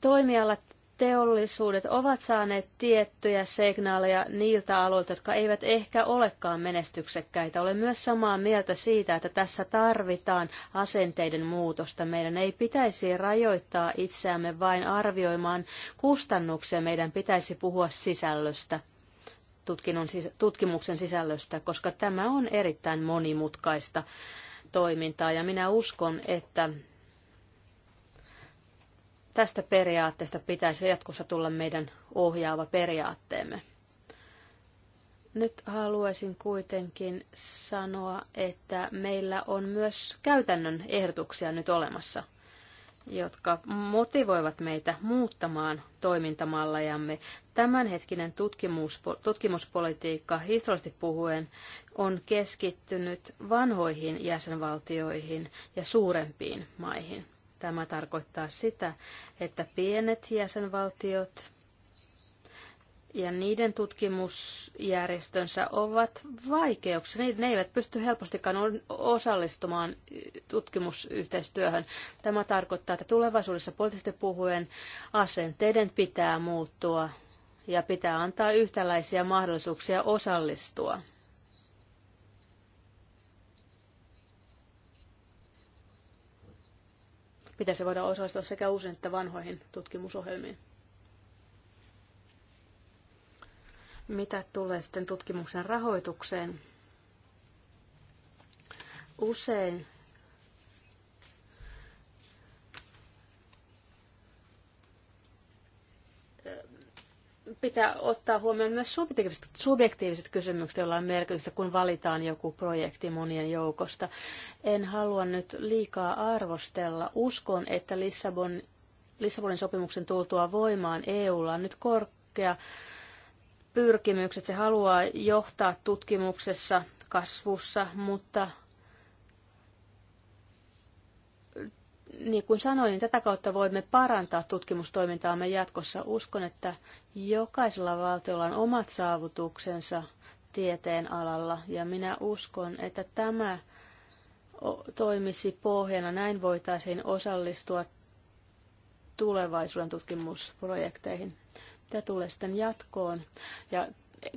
Toimialat teollisuudet ovat saaneet tiettyjä signaaleja niiltä aloilta, jotka eivät ehkä olekaan menestyksekkäitä. Olen myös samaa mieltä siitä, että tässä tarvitaan asenteiden muutosta. Meidän ei pitäisi rajoittaa itseämme vain arvioimaan kustannuksia. Meidän pitäisi puhua sisällöstä, tutkimuksen sisällöstä, koska tämä on erittäin monimutkaista toimintaa ja minä uskon, että Tästä periaatteesta pitäisi jatkossa tulla meidän ohjaava periaatteemme. Nyt haluaisin kuitenkin sanoa, että meillä on myös käytännön ehdotuksia nyt olemassa, jotka motivoivat meitä muuttamaan toimintamallejamme. Tämänhetkinen tutkimuspolitiikka historiallisesti puhuen on keskittynyt vanhoihin jäsenvaltioihin ja suurempiin maihin. Tämä tarkoittaa sitä, että pienet jäsenvaltiot ja niiden tutkimusjärjestönsä ovat vaikeuksia. Ne eivät pysty helpostikaan osallistumaan tutkimusyhteistyöhön. Tämä tarkoittaa, että tulevaisuudessa poliittisesti puhuen asenteiden pitää muuttua ja pitää antaa yhtäläisiä mahdollisuuksia osallistua Pitäisi voida osallistua sekä uusiin että vanhoihin tutkimusohjelmiin. Mitä tulee sitten tutkimuksen rahoitukseen? Usein pitää ottaa huomioon myös subjektiiviset, subjektiiviset kysymykset, joilla on merkitystä, kun valitaan joku projekti monien joukosta. En halua nyt liikaa arvostella. Uskon, että Lissabon, Lissabonin sopimuksen tultua voimaan EUlla on nyt korkea pyrkimykset. Se haluaa johtaa tutkimuksessa, kasvussa, mutta niin kuin sanoin, niin tätä kautta voimme parantaa tutkimustoimintaamme jatkossa. Uskon, että jokaisella valtiolla on omat saavutuksensa tieteen alalla ja minä uskon, että tämä toimisi pohjana. Näin voitaisiin osallistua tulevaisuuden tutkimusprojekteihin. Mitä tulee sitten jatkoon ja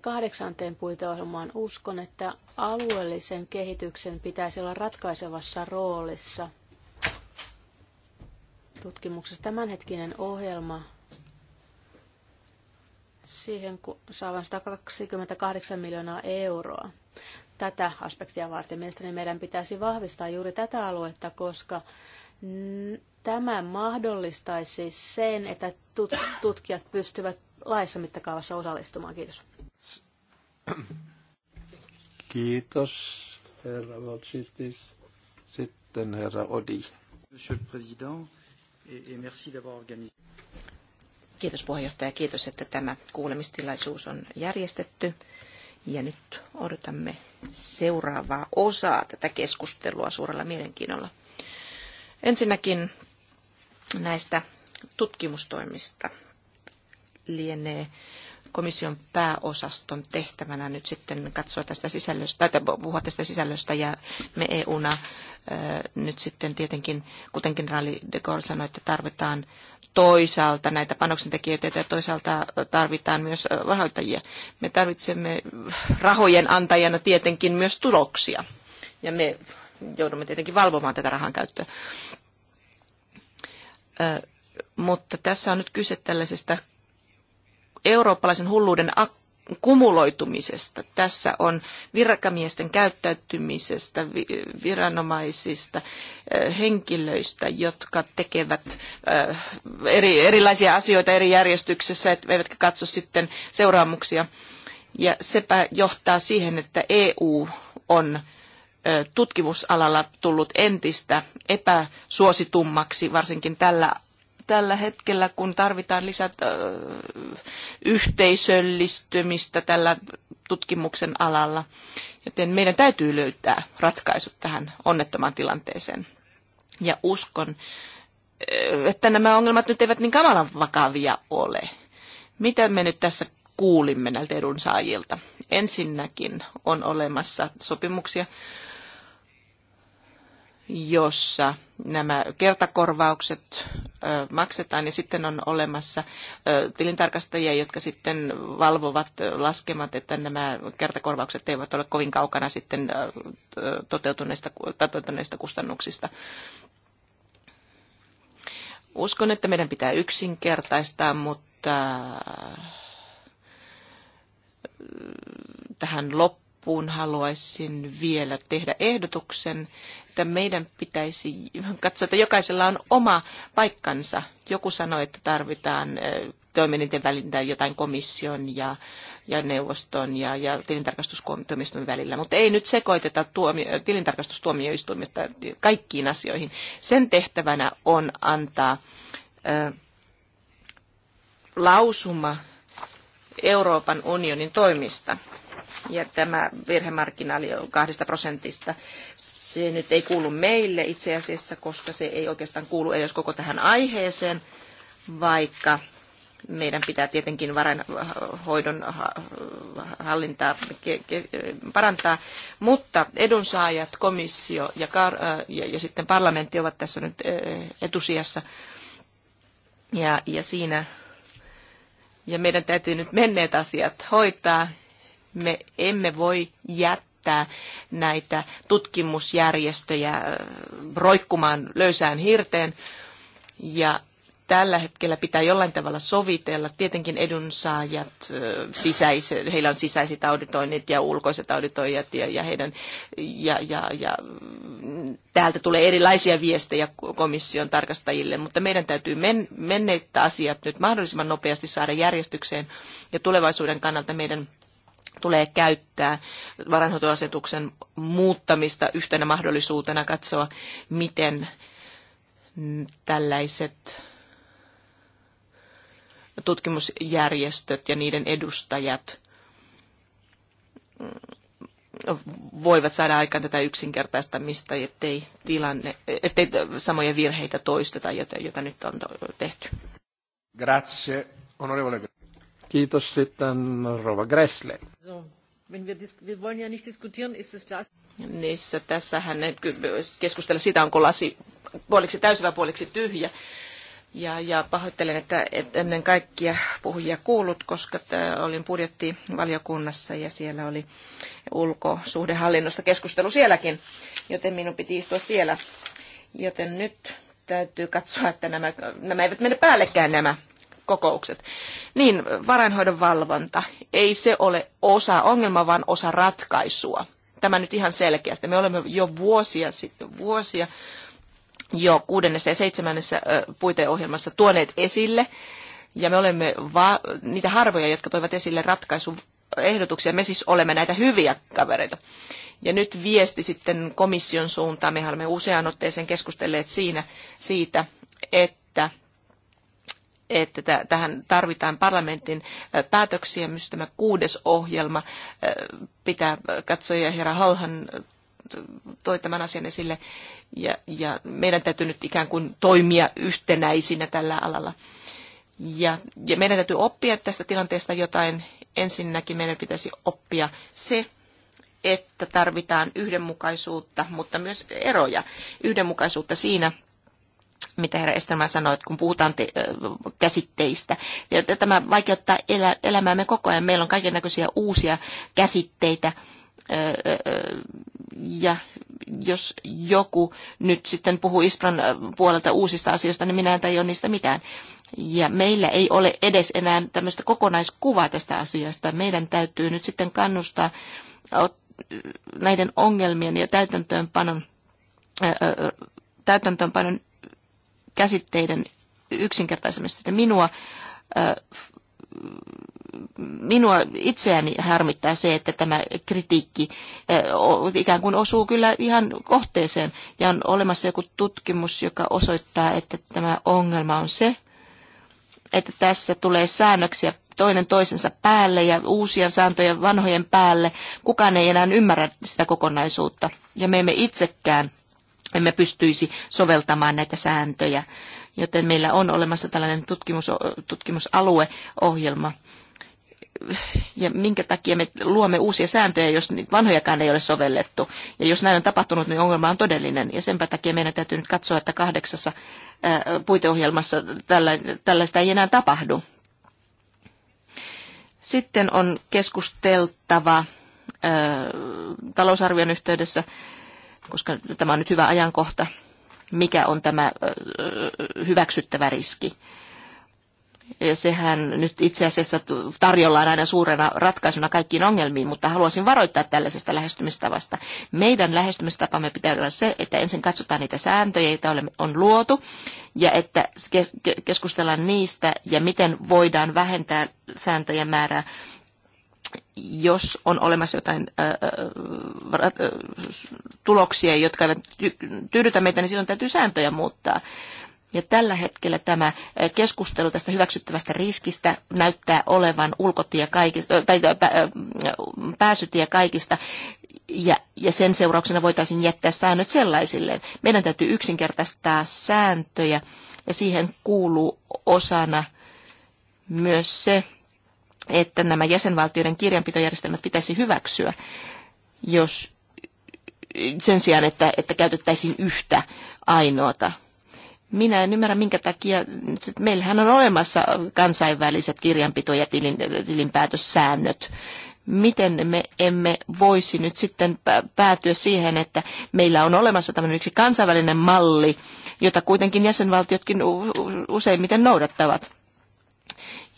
kahdeksanteen puiteohjelmaan uskon, että alueellisen kehityksen pitäisi olla ratkaisevassa roolissa – tutkimuksessa. Tämänhetkinen ohjelma, siihen saavan 128 miljoonaa euroa. Tätä aspektia varten mielestäni meidän pitäisi vahvistaa juuri tätä aluetta, koska tämä mahdollistaisi sen, että tutkijat pystyvät laissa mittakaavassa osallistumaan. Kiitos. Kiitos, herra Votsitis. Sitten herra Odi. Monsieur le Président, Kiitos puheenjohtaja, kiitos, että tämä kuulemistilaisuus on järjestetty. Ja nyt odotamme seuraavaa osaa tätä keskustelua suurella mielenkiinnolla. Ensinnäkin näistä tutkimustoimista lienee komission pääosaston tehtävänä nyt sitten katsoa tästä sisällöstä, tai puhua tästä sisällöstä, ja me EUna nyt sitten tietenkin, kuten kenraali de Gaulle sanoi, että tarvitaan toisaalta näitä panoksentekijöitä ja toisaalta tarvitaan myös rahoittajia. Me tarvitsemme rahojen antajana tietenkin myös tuloksia ja me joudumme tietenkin valvomaan tätä rahan käyttöä. Mutta tässä on nyt kyse tällaisesta eurooppalaisen hulluuden kumuloitumisesta. Tässä on virkamiesten käyttäytymisestä, viranomaisista, henkilöistä, jotka tekevät eri, erilaisia asioita eri järjestyksessä, eivätkä katso sitten seuraamuksia. Ja sepä johtaa siihen, että EU on tutkimusalalla tullut entistä epäsuositummaksi, varsinkin tällä tällä hetkellä, kun tarvitaan lisät yhteisöllistymistä tällä tutkimuksen alalla. Joten meidän täytyy löytää ratkaisut tähän onnettomaan tilanteeseen. Ja uskon, että nämä ongelmat nyt eivät niin kamalan vakavia ole. Mitä me nyt tässä kuulimme näiltä edunsaajilta? Ensinnäkin on olemassa sopimuksia, jossa nämä kertakorvaukset maksetaan ja niin sitten on olemassa tilintarkastajia, jotka sitten valvovat laskemat, että nämä kertakorvaukset eivät ole kovin kaukana sitten toteutuneista, toteutuneista kustannuksista. Uskon, että meidän pitää yksinkertaistaa, mutta tähän loppuun loppuun haluaisin vielä tehdä ehdotuksen, että meidän pitäisi katsoa, että jokaisella on oma paikkansa. Joku sanoi, että tarvitaan toiminnan välillä jotain komission ja, ja neuvoston ja, ja tilintarkastustuomioistuimen välillä, mutta ei nyt sekoiteta tuomio, tilintarkastustuomioistuimista kaikkiin asioihin. Sen tehtävänä on antaa äh, lausuma Euroopan unionin toimista ja tämä virhemarginaali on kahdesta prosentista. Se nyt ei kuulu meille itse asiassa, koska se ei oikeastaan kuulu edes koko tähän aiheeseen, vaikka meidän pitää tietenkin varainhoidon hallintaa parantaa, mutta edunsaajat, komissio ja, ja, ja sitten parlamentti ovat tässä nyt etusijassa. Ja, ja siinä ja meidän täytyy nyt menneet asiat hoitaa me emme voi jättää näitä tutkimusjärjestöjä roikkumaan löysään hirteen. Ja tällä hetkellä pitää jollain tavalla sovitella. Tietenkin edunsaajat, sisäiset heillä on sisäiset auditoinnit ja ulkoiset auditoijat ja, ja, heidän, ja, ja, ja täältä tulee erilaisia viestejä komission tarkastajille, mutta meidän täytyy men, menneitä asiat nyt mahdollisimman nopeasti saada järjestykseen ja tulevaisuuden kannalta meidän tulee käyttää varainhoitoasetuksen muuttamista yhtenä mahdollisuutena katsoa, miten tällaiset tutkimusjärjestöt ja niiden edustajat voivat saada aikaan tätä yksinkertaistamista, ettei, tilanne, ettei samoja virheitä toisteta, jota, jota nyt on tehty. Grazie, onorevole. Kiitos sitten Rova Gressle. So, wenn wir, wir wollen ja nicht diskutieren, ist es Glas. Niissä tässähän ne keskustella siitä, onko lasi puoliksi täysi vai puoliksi tyhjä. Ja, ja pahoittelen, että et ennen kaikkia puhujia kuullut, koska olin budjettivaliokunnassa ja siellä oli ulkosuhdehallinnosta keskustelu sielläkin, joten minun piti istua siellä. Joten nyt täytyy katsoa, että nämä, nämä eivät mene päällekkäin nämä kokoukset. Niin, varainhoidon valvonta. Ei se ole osa ongelma, vaan osa ratkaisua. Tämä nyt ihan selkeästi. Me olemme jo vuosia, vuosia jo kuudennessa ja seitsemännessä puiteohjelmassa tuoneet esille, ja me olemme va- niitä harvoja, jotka toivat esille ratkaisuehdotuksia. Me siis olemme näitä hyviä kavereita. Ja nyt viesti sitten komission suuntaan. Me olemme useaan otteeseen keskustelleet siinä, siitä, että että tähän tarvitaan parlamentin päätöksiä. Myös tämä kuudes ohjelma pitää katsoa, ja herra Halhan toi tämän asian esille, ja, ja meidän täytyy nyt ikään kuin toimia yhtenäisinä tällä alalla. Ja, ja meidän täytyy oppia tästä tilanteesta jotain. Ensinnäkin meidän pitäisi oppia se, että tarvitaan yhdenmukaisuutta, mutta myös eroja. Yhdenmukaisuutta siinä, mitä herra Estelman sanoi, että kun puhutaan te, käsitteistä. Ja tämä vaikeuttaa elä, elämäämme koko ajan. Meillä on kaiken näköisiä uusia käsitteitä. Ja jos joku nyt sitten puhuu Ispran puolelta uusista asioista, niin minä en tajua niistä mitään. Ja meillä ei ole edes enää tämmöistä kokonaiskuvaa tästä asiasta. Meidän täytyy nyt sitten kannustaa näiden ongelmien ja täytäntöönpanon täytäntöönpanon käsitteiden yksinkertaisemmin minua minua itseäni harmittaa se, että tämä kritiikki ikään kuin osuu kyllä ihan kohteeseen. Ja on olemassa joku tutkimus, joka osoittaa, että tämä ongelma on se, että tässä tulee säännöksiä toinen toisensa päälle ja uusia sääntöjä vanhojen päälle. Kukaan ei enää ymmärrä sitä kokonaisuutta. Ja me emme itsekään emme pystyisi soveltamaan näitä sääntöjä. Joten meillä on olemassa tällainen tutkimus, tutkimusalueohjelma. Ja minkä takia me luomme uusia sääntöjä, jos vanhojakaan ei ole sovellettu. Ja jos näin on tapahtunut, niin ongelma on todellinen. Ja senpä takia meidän täytyy nyt katsoa, että kahdeksassa puiteohjelmassa tällaista ei enää tapahdu. Sitten on keskusteltava talousarvion yhteydessä koska tämä on nyt hyvä ajankohta, mikä on tämä hyväksyttävä riski. Ja sehän nyt itse asiassa tarjollaan aina suurena ratkaisuna kaikkiin ongelmiin, mutta haluaisin varoittaa tällaisesta lähestymistavasta. Meidän lähestymistapamme pitää olla se, että ensin katsotaan niitä sääntöjä, joita on luotu, ja että keskustellaan niistä ja miten voidaan vähentää sääntöjen määrää jos on olemassa jotain ää, ää, tuloksia, jotka eivät tyydytä meitä, niin silloin täytyy sääntöjä muuttaa. Ja tällä hetkellä tämä keskustelu tästä hyväksyttävästä riskistä näyttää olevan ulkotie kaikista, tai pääsytie kaikista, ja, ja sen seurauksena voitaisiin jättää säännöt sellaisilleen. Meidän täytyy yksinkertaistaa sääntöjä, ja siihen kuuluu osana myös se, että nämä jäsenvaltioiden kirjanpitojärjestelmät pitäisi hyväksyä, jos sen sijaan, että, että käytettäisiin yhtä ainoata. Minä en ymmärrä, minkä takia, meillähän on olemassa kansainväliset kirjanpito- ja tilin, tilinpäätössäännöt, miten me emme voisi nyt sitten päätyä siihen, että meillä on olemassa tämmöinen yksi kansainvälinen malli, jota kuitenkin jäsenvaltiotkin useimmiten noudattavat.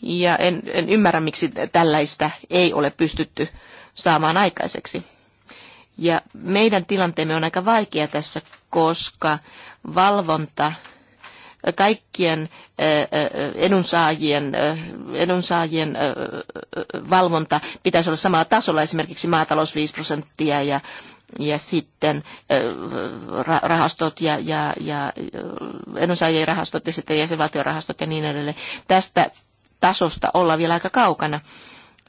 Ja en, en ymmärrä, miksi tällaista ei ole pystytty saamaan aikaiseksi. Ja meidän tilanteemme on aika vaikea tässä, koska valvonta kaikkien edunsaajien, edunsaajien valvonta pitäisi olla samalla tasolla, esimerkiksi maatalous 5 prosenttia ja, ja sitten rahastot ja, ja, ja edunsaajien rahastot ja sitten jäsenvaltiorahastot ja niin edelleen. Tästä tasosta olla vielä aika kaukana.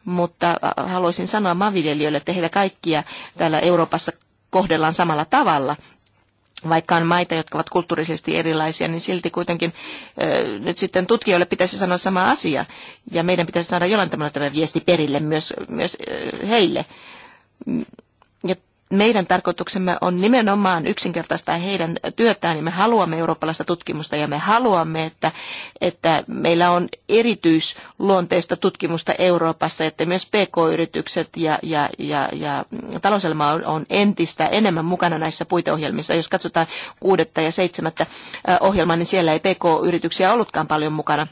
Mutta äh, haluaisin sanoa maanviljelijöille, että heitä kaikkia täällä Euroopassa kohdellaan samalla tavalla. Vaikka on maita, jotka ovat kulttuurisesti erilaisia, niin silti kuitenkin ö, äh, nyt sitten tutkijoille pitäisi sanoa sama asia. Ja meidän pitäisi saada jollain tavalla tämä viesti perille myös, myös ö, äh, heille meidän tarkoituksemme on nimenomaan yksinkertaistaa heidän työtään, niin me haluamme eurooppalaista tutkimusta ja me haluamme, että, että meillä on erityisluonteista tutkimusta Euroopassa, että myös PK-yritykset ja, ja, ja, ja talouselämä on, on entistä enemmän mukana näissä puiteohjelmissa. Jos katsotaan kuudetta ja seitsemättä ohjelmaa, niin siellä ei PK-yrityksiä ollutkaan paljon mukana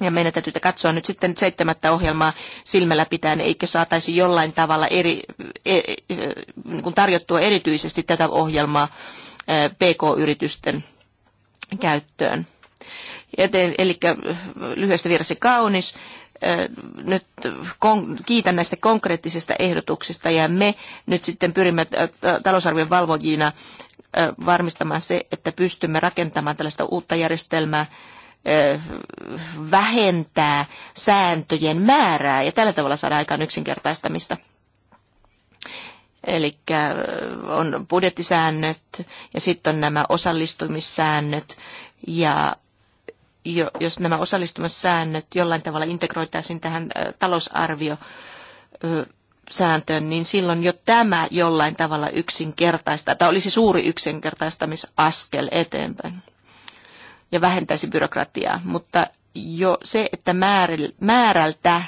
ja meidän täytyy katsoa nyt sitten seitsemättä ohjelmaa silmällä pitäen, eikä saataisi jollain tavalla eri, e, e, niin kuin tarjottua erityisesti tätä ohjelmaa e, PK-yritysten käyttöön. Joten, eli lyhyesti virsi kaunis. E, nyt kiitän näistä konkreettisista ehdotuksista ja me nyt sitten pyrimme talousarvion valvojina e, varmistamaan se, että pystymme rakentamaan tällaista uutta järjestelmää, vähentää sääntöjen määrää ja tällä tavalla saada aikaan yksinkertaistamista. Eli on budjettisäännöt ja sitten on nämä osallistumissäännöt ja jos nämä osallistumissäännöt jollain tavalla integroitaisiin tähän talousarvio sääntöön, niin silloin jo tämä jollain tavalla yksinkertaista, tai olisi suuri yksinkertaistamisaskel eteenpäin ja vähentäisi byrokratiaa, mutta jo se, että määrältä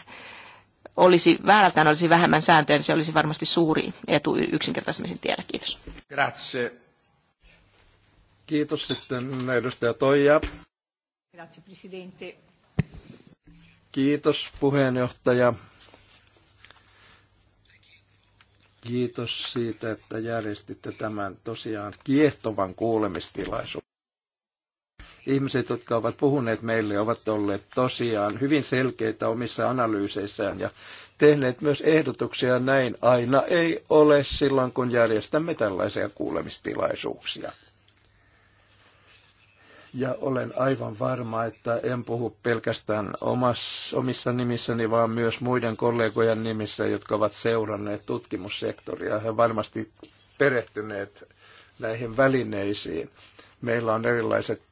olisi, väärältään olisi vähemmän sääntöjä, niin se olisi varmasti suuri etu yksinkertaisemmin tiellä. Kiitos. Grazie. Kiitos sitten edustaja Toija. Grazie, presidente. Kiitos puheenjohtaja. Kiitos siitä, että järjestitte tämän tosiaan kiehtovan kuulemistilaisuuden ihmiset, jotka ovat puhuneet meille, ovat olleet tosiaan hyvin selkeitä omissa analyyseissään ja tehneet myös ehdotuksia näin aina ei ole silloin, kun järjestämme tällaisia kuulemistilaisuuksia. Ja olen aivan varma, että en puhu pelkästään omas, omissa nimissäni, vaan myös muiden kollegojen nimissä, jotka ovat seuranneet tutkimussektoria. He varmasti perehtyneet näihin välineisiin Meillä on erilaiset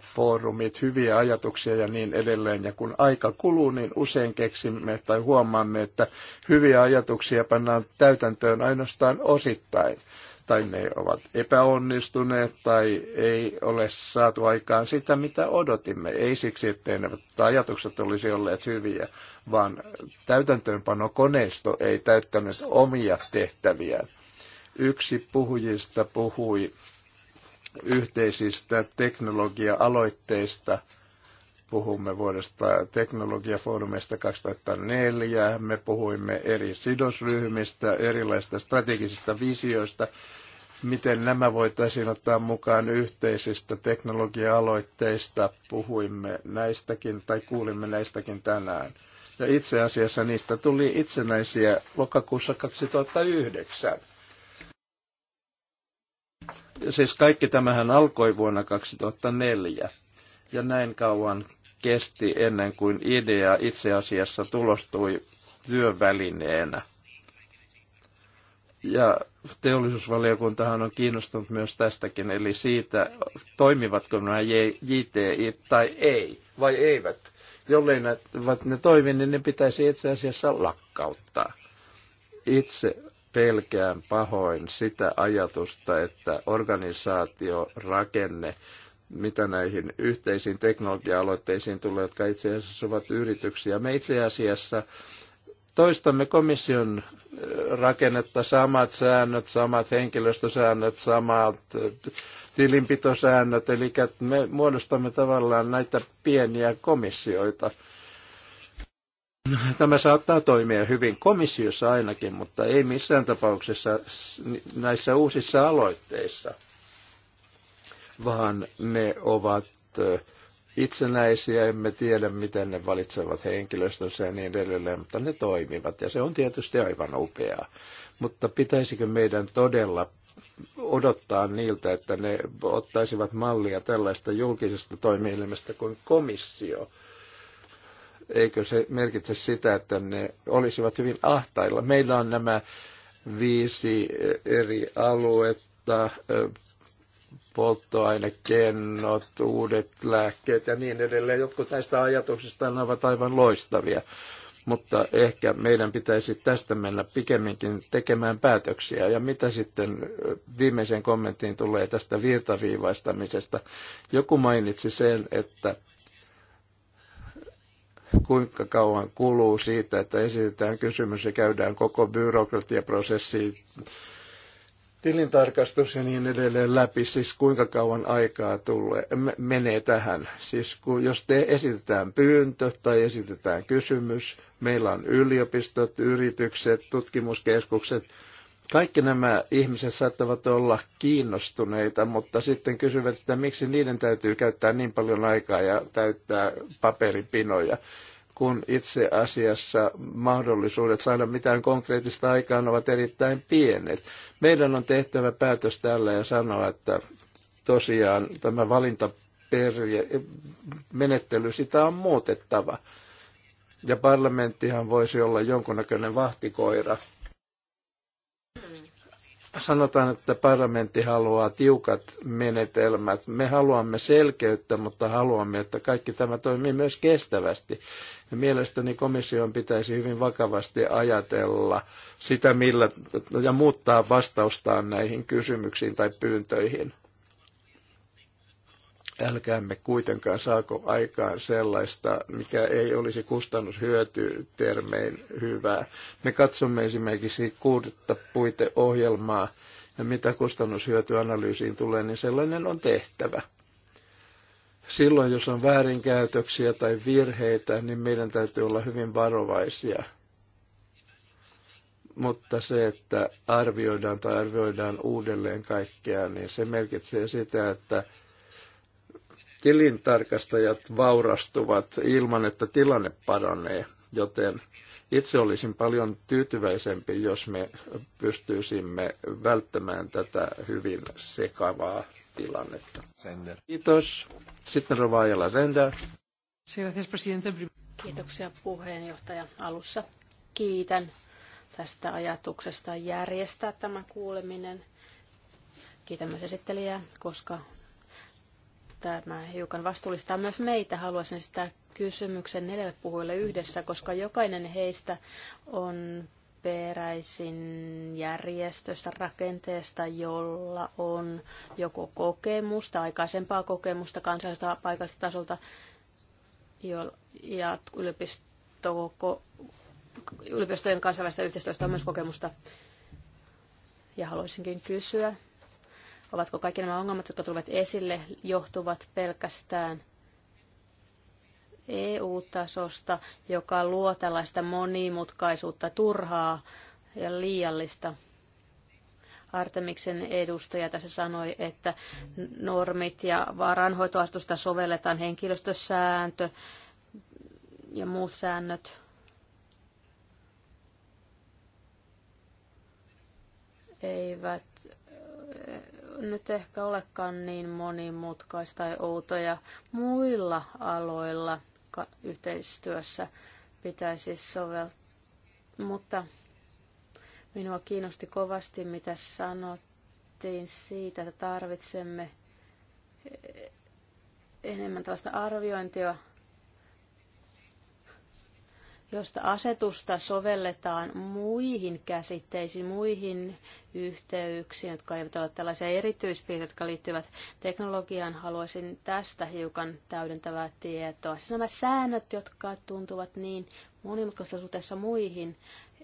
foorumit, hyviä ajatuksia ja niin edelleen. Ja kun aika kuluu, niin usein keksimme tai huomaamme, että hyviä ajatuksia pannaan täytäntöön ainoastaan osittain tai ne ovat epäonnistuneet tai ei ole saatu aikaan sitä, mitä odotimme. Ei siksi, ettei ne ajatukset olisi olleet hyviä, vaan täytäntöönpanokoneisto ei täyttänyt omia tehtäviään. Yksi puhujista puhui yhteisistä teknologia-aloitteista. Puhumme vuodesta teknologiafoorumeista 2004. Me puhuimme eri sidosryhmistä, erilaisista strategisista visioista, miten nämä voitaisiin ottaa mukaan yhteisistä teknologia-aloitteista. Puhuimme näistäkin tai kuulimme näistäkin tänään. Ja itse asiassa niistä tuli itsenäisiä lokakuussa 2009. Siis kaikki tämähän alkoi vuonna 2004 ja näin kauan kesti ennen kuin idea itse asiassa tulostui työvälineenä. Ja teollisuusvaliokuntahan on kiinnostunut myös tästäkin, eli siitä, toimivatko nämä JTI tai ei, vai eivät. Jollei ne, ne toimi, niin ne pitäisi itse asiassa lakkauttaa. Itse pelkään pahoin sitä ajatusta, että organisaatiorakenne, mitä näihin yhteisiin teknologia-aloitteisiin tulee, jotka itse asiassa ovat yrityksiä. Me itse asiassa toistamme komission rakennetta, samat säännöt, samat henkilöstösäännöt, samat tilinpitosäännöt, eli me muodostamme tavallaan näitä pieniä komissioita, Tämä saattaa toimia hyvin komissiossa ainakin, mutta ei missään tapauksessa näissä uusissa aloitteissa, vaan ne ovat itsenäisiä, emme tiedä miten ne valitsevat henkilöstönsä ja niin edelleen, mutta ne toimivat ja se on tietysti aivan upeaa. Mutta pitäisikö meidän todella odottaa niiltä, että ne ottaisivat mallia tällaista julkisesta toimielimestä kuin komissio – eikö se merkitse sitä, että ne olisivat hyvin ahtailla. Meillä on nämä viisi eh, eri aluetta, eh, polttoainekennot, uudet lääkkeet ja niin edelleen. Jotkut näistä ajatuksista ovat aivan loistavia, mutta ehkä meidän pitäisi tästä mennä pikemminkin tekemään päätöksiä. Ja mitä sitten eh, viimeiseen kommenttiin tulee tästä virtaviivaistamisesta? Joku mainitsi sen, että kuinka kauan kuluu siitä, että esitetään kysymys ja käydään koko byrokratiaprosessi, tilintarkastus ja niin edelleen läpi, siis kuinka kauan aikaa tulee, menee tähän. Siis kun, jos te esitetään pyyntö tai esitetään kysymys, meillä on yliopistot, yritykset, tutkimuskeskukset, kaikki nämä ihmiset saattavat olla kiinnostuneita, mutta sitten kysyvät, että miksi niiden täytyy käyttää niin paljon aikaa ja täyttää paperipinoja, kun itse asiassa mahdollisuudet saada mitään konkreettista aikaan ovat erittäin pienet. Meidän on tehtävä päätös tällä ja sanoa, että tosiaan tämä valintamenettely, sitä on muutettava. Ja parlamenttihan voisi olla jonkunnäköinen vahtikoira sanotaan, että parlamentti haluaa tiukat menetelmät. Me haluamme selkeyttä, mutta haluamme, että kaikki tämä toimii myös kestävästi. Ja mielestäni komission pitäisi hyvin vakavasti ajatella sitä, millä, ja muuttaa vastaustaan näihin kysymyksiin tai pyyntöihin älkäämme kuitenkaan saako aikaan sellaista, mikä ei olisi kustannushyötytermein hyvää. Me katsomme esimerkiksi kuudetta puiteohjelmaa ja mitä kustannushyötyanalyysiin tulee, niin sellainen on tehtävä. Silloin, jos on väärinkäytöksiä tai virheitä, niin meidän täytyy olla hyvin varovaisia. Mutta se, että arvioidaan tai arvioidaan uudelleen kaikkea, niin se merkitsee sitä, että tilintarkastajat vaurastuvat ilman, että tilanne paranee, joten itse olisin paljon tyytyväisempi, jos me pystyisimme välttämään tätä hyvin sekavaa tilannetta. Sender. Kiitos. Sitten Rovaajala Sender. Kiitoksia puheenjohtaja alussa. Kiitän tästä ajatuksesta järjestää tämä kuuleminen. Kiitän myös esittelijää, koska Tämä hiukan vastuullistaa myös meitä. Haluaisin sitä kysymyksen neljälle puhujalle yhdessä, koska jokainen heistä on peräisin järjestöstä, rakenteesta, jolla on joko kokemusta, aikaisempaa kokemusta kansallisesta paikallista tasolta ja yliopisto, yliopistojen kansainvälistä yhteistyöstä on myös kokemusta. Ja haluaisinkin kysyä, Ovatko kaikki nämä ongelmat, jotka tulevat esille, johtuvat pelkästään EU-tasosta, joka luo tällaista monimutkaisuutta, turhaa ja liiallista. Artemiksen edustaja tässä sanoi, että normit ja varanhoitoastusta sovelletaan henkilöstösääntö ja muut säännöt. eivät nyt ehkä olekaan niin monimutkaista tai outoja. Muilla aloilla yhteistyössä pitäisi soveltaa. Mutta minua kiinnosti kovasti, mitä sanottiin siitä, että tarvitsemme e- enemmän tällaista arviointia josta asetusta sovelletaan muihin käsitteisiin, muihin yhteyksiin, jotka eivät ole tällaisia erityispiirteitä, jotka liittyvät teknologiaan. Haluaisin tästä hiukan täydentävää tietoa. Siis nämä säännöt, jotka tuntuvat niin monimutkaisessa suhteessa muihin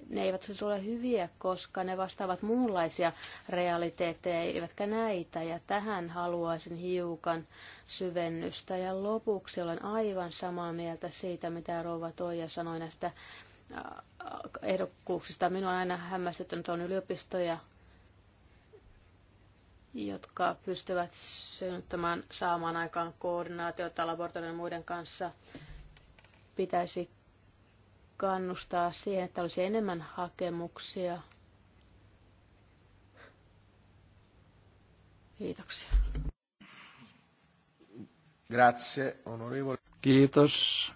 ne eivät siis ole hyviä, koska ne vastaavat muunlaisia realiteetteja, eivätkä näitä. Ja tähän haluaisin hiukan syvennystä. Ja lopuksi olen aivan samaa mieltä siitä, mitä Rouva Toija sanoi näistä ehdokkuuksista. Minua on aina hämmästyttänyt, on yliopistoja, jotka pystyvät synnyttämään saamaan aikaan koordinaatiota laboratorion muiden kanssa. Pitäisi kannustaa siihen, että olisi enemmän hakemuksia. Kiitoksia. Grazie, onorevole. Kiitos.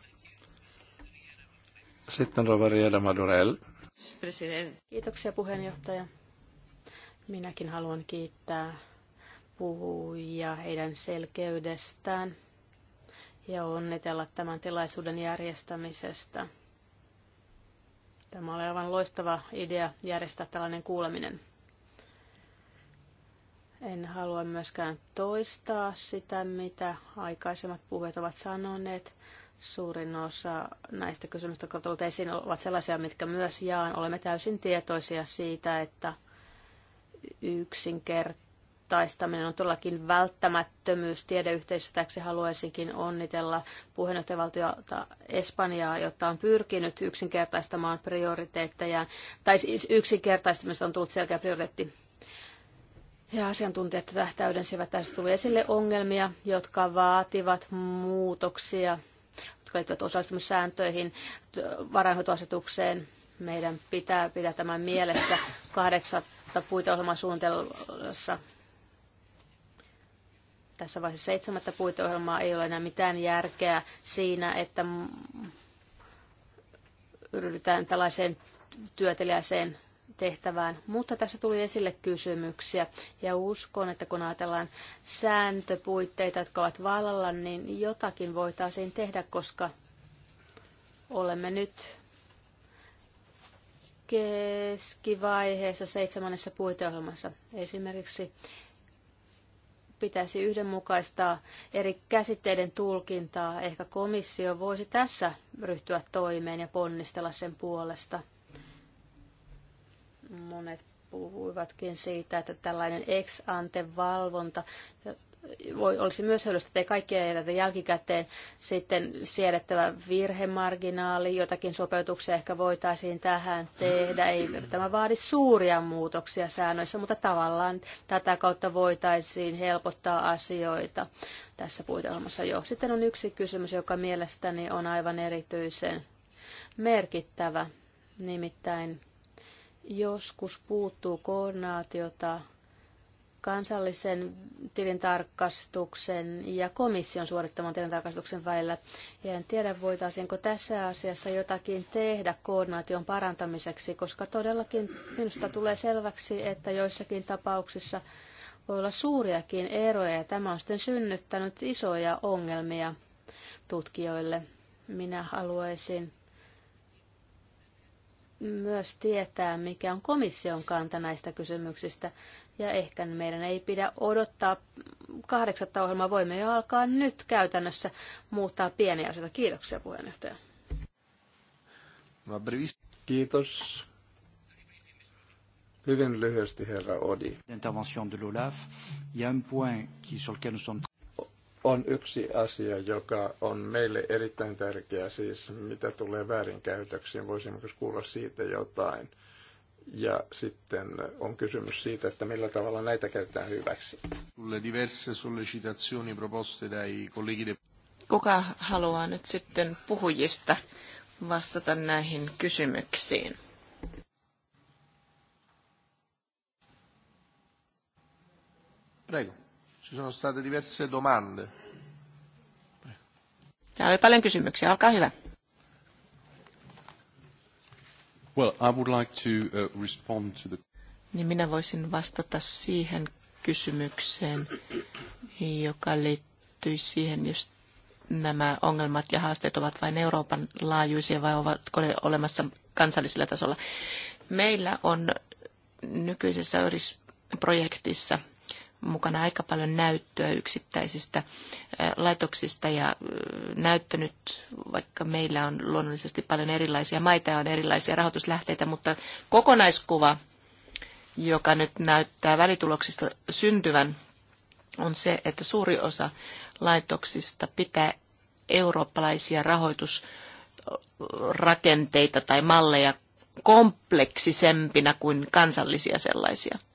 Sitten Rovariera Madurell. President. Kiitoksia puheenjohtaja. Minäkin haluan kiittää puhujia heidän selkeydestään ja onnitella tämän tilaisuuden järjestämisestä. Tämä oli aivan loistava idea järjestää tällainen kuuleminen. En halua myöskään toistaa sitä, mitä aikaisemmat puheet ovat sanoneet. Suurin osa näistä kysymyksistä, jotka ovat esiin, ovat sellaisia, mitkä myös jaan. Olemme täysin tietoisia siitä, että yksinkertaisesti taistaminen on todellakin välttämättömyys Tiedeyhteisötäksi Haluaisinkin onnitella puheenjohtajavaltiota Espanjaa, jotta on pyrkinyt yksinkertaistamaan prioriteettejaan, tai siis yksinkertaistamista on tullut selkeä prioriteetti. Ja asiantuntijat tätä täydensivät. Tässä tuli esille ongelmia, jotka vaativat muutoksia, jotka liittyvät osallistumissääntöihin, varainhoitoasetukseen. Meidän pitää pitää tämän mielessä kahdeksatta puiteohjelman suunnitelmassa tässä vaiheessa seitsemättä puiteohjelmaa ei ole enää mitään järkeä siinä, että ryhdytään tällaiseen työtelijäiseen tehtävään. Mutta tässä tuli esille kysymyksiä ja uskon, että kun ajatellaan sääntöpuitteita, jotka ovat vallalla, niin jotakin voitaisiin tehdä, koska olemme nyt keskivaiheessa seitsemännessä puiteohjelmassa. Esimerkiksi pitäisi yhdenmukaistaa eri käsitteiden tulkintaa. Ehkä komissio voisi tässä ryhtyä toimeen ja ponnistella sen puolesta. Monet puhuivatkin siitä, että tällainen ex-ante-valvonta, voi, olisi myös hyödyllistä, että kaikkia jätetä jälkikäteen sitten siedettävä virhemarginaali, jotakin sopeutuksia ehkä voitaisiin tähän tehdä. Ei tämä vaadi suuria muutoksia säännöissä, mutta tavallaan tätä kautta voitaisiin helpottaa asioita tässä puitelmassa jo. Sitten on yksi kysymys, joka mielestäni on aivan erityisen merkittävä, nimittäin joskus puuttuu koordinaatiota kansallisen tilintarkastuksen ja komission suorittaman tilintarkastuksen välillä. Ja en tiedä, voitaisiinko tässä asiassa jotakin tehdä koordinaation parantamiseksi, koska todellakin minusta tulee selväksi, että joissakin tapauksissa voi olla suuriakin eroja ja tämä on sitten synnyttänyt isoja ongelmia tutkijoille. Minä haluaisin myös tietää, mikä on komission kanta näistä kysymyksistä. Ja ehkä meidän ei pidä odottaa kahdeksatta ohjelmaa. Voimme jo alkaa nyt käytännössä muuttaa pieniä asioita. Kiitoksia puheenjohtaja. Kiitos. Hyvin lyhyesti, herra Odi. Intervention de l'OLAF. Il y a un point qui, sur lequel nous sommes on yksi asia, joka on meille erittäin tärkeä, siis mitä tulee väärinkäytöksiin, voisimmeko kuulla siitä jotain. Ja sitten on kysymys siitä, että millä tavalla näitä käytetään hyväksi. Sulle diverse sollecitazioni proposte dai colleghi de... Kuka haluaa nyt sitten puhujista vastata näihin kysymyksiin? Prego. Ci sono state diverse domande. Täällä oli paljon kysymyksiä, olkaa hyvä. Well, I would like to uh, respond to the... Niin minä voisin vastata siihen kysymykseen, joka liittyy siihen, jos nämä ongelmat ja haasteet ovat vain Euroopan laajuisia vai ovatko ne olemassa kansallisella tasolla. Meillä on nykyisessä YRIS-projektissa mukana aika paljon näyttöä yksittäisistä laitoksista ja nyt, vaikka meillä on luonnollisesti paljon erilaisia maita ja on erilaisia rahoituslähteitä, mutta kokonaiskuva, joka nyt näyttää välituloksista syntyvän, on se, että suuri osa laitoksista pitää eurooppalaisia rahoitusrakenteita tai malleja kompleksisempina kuin kansallisia sellaisia –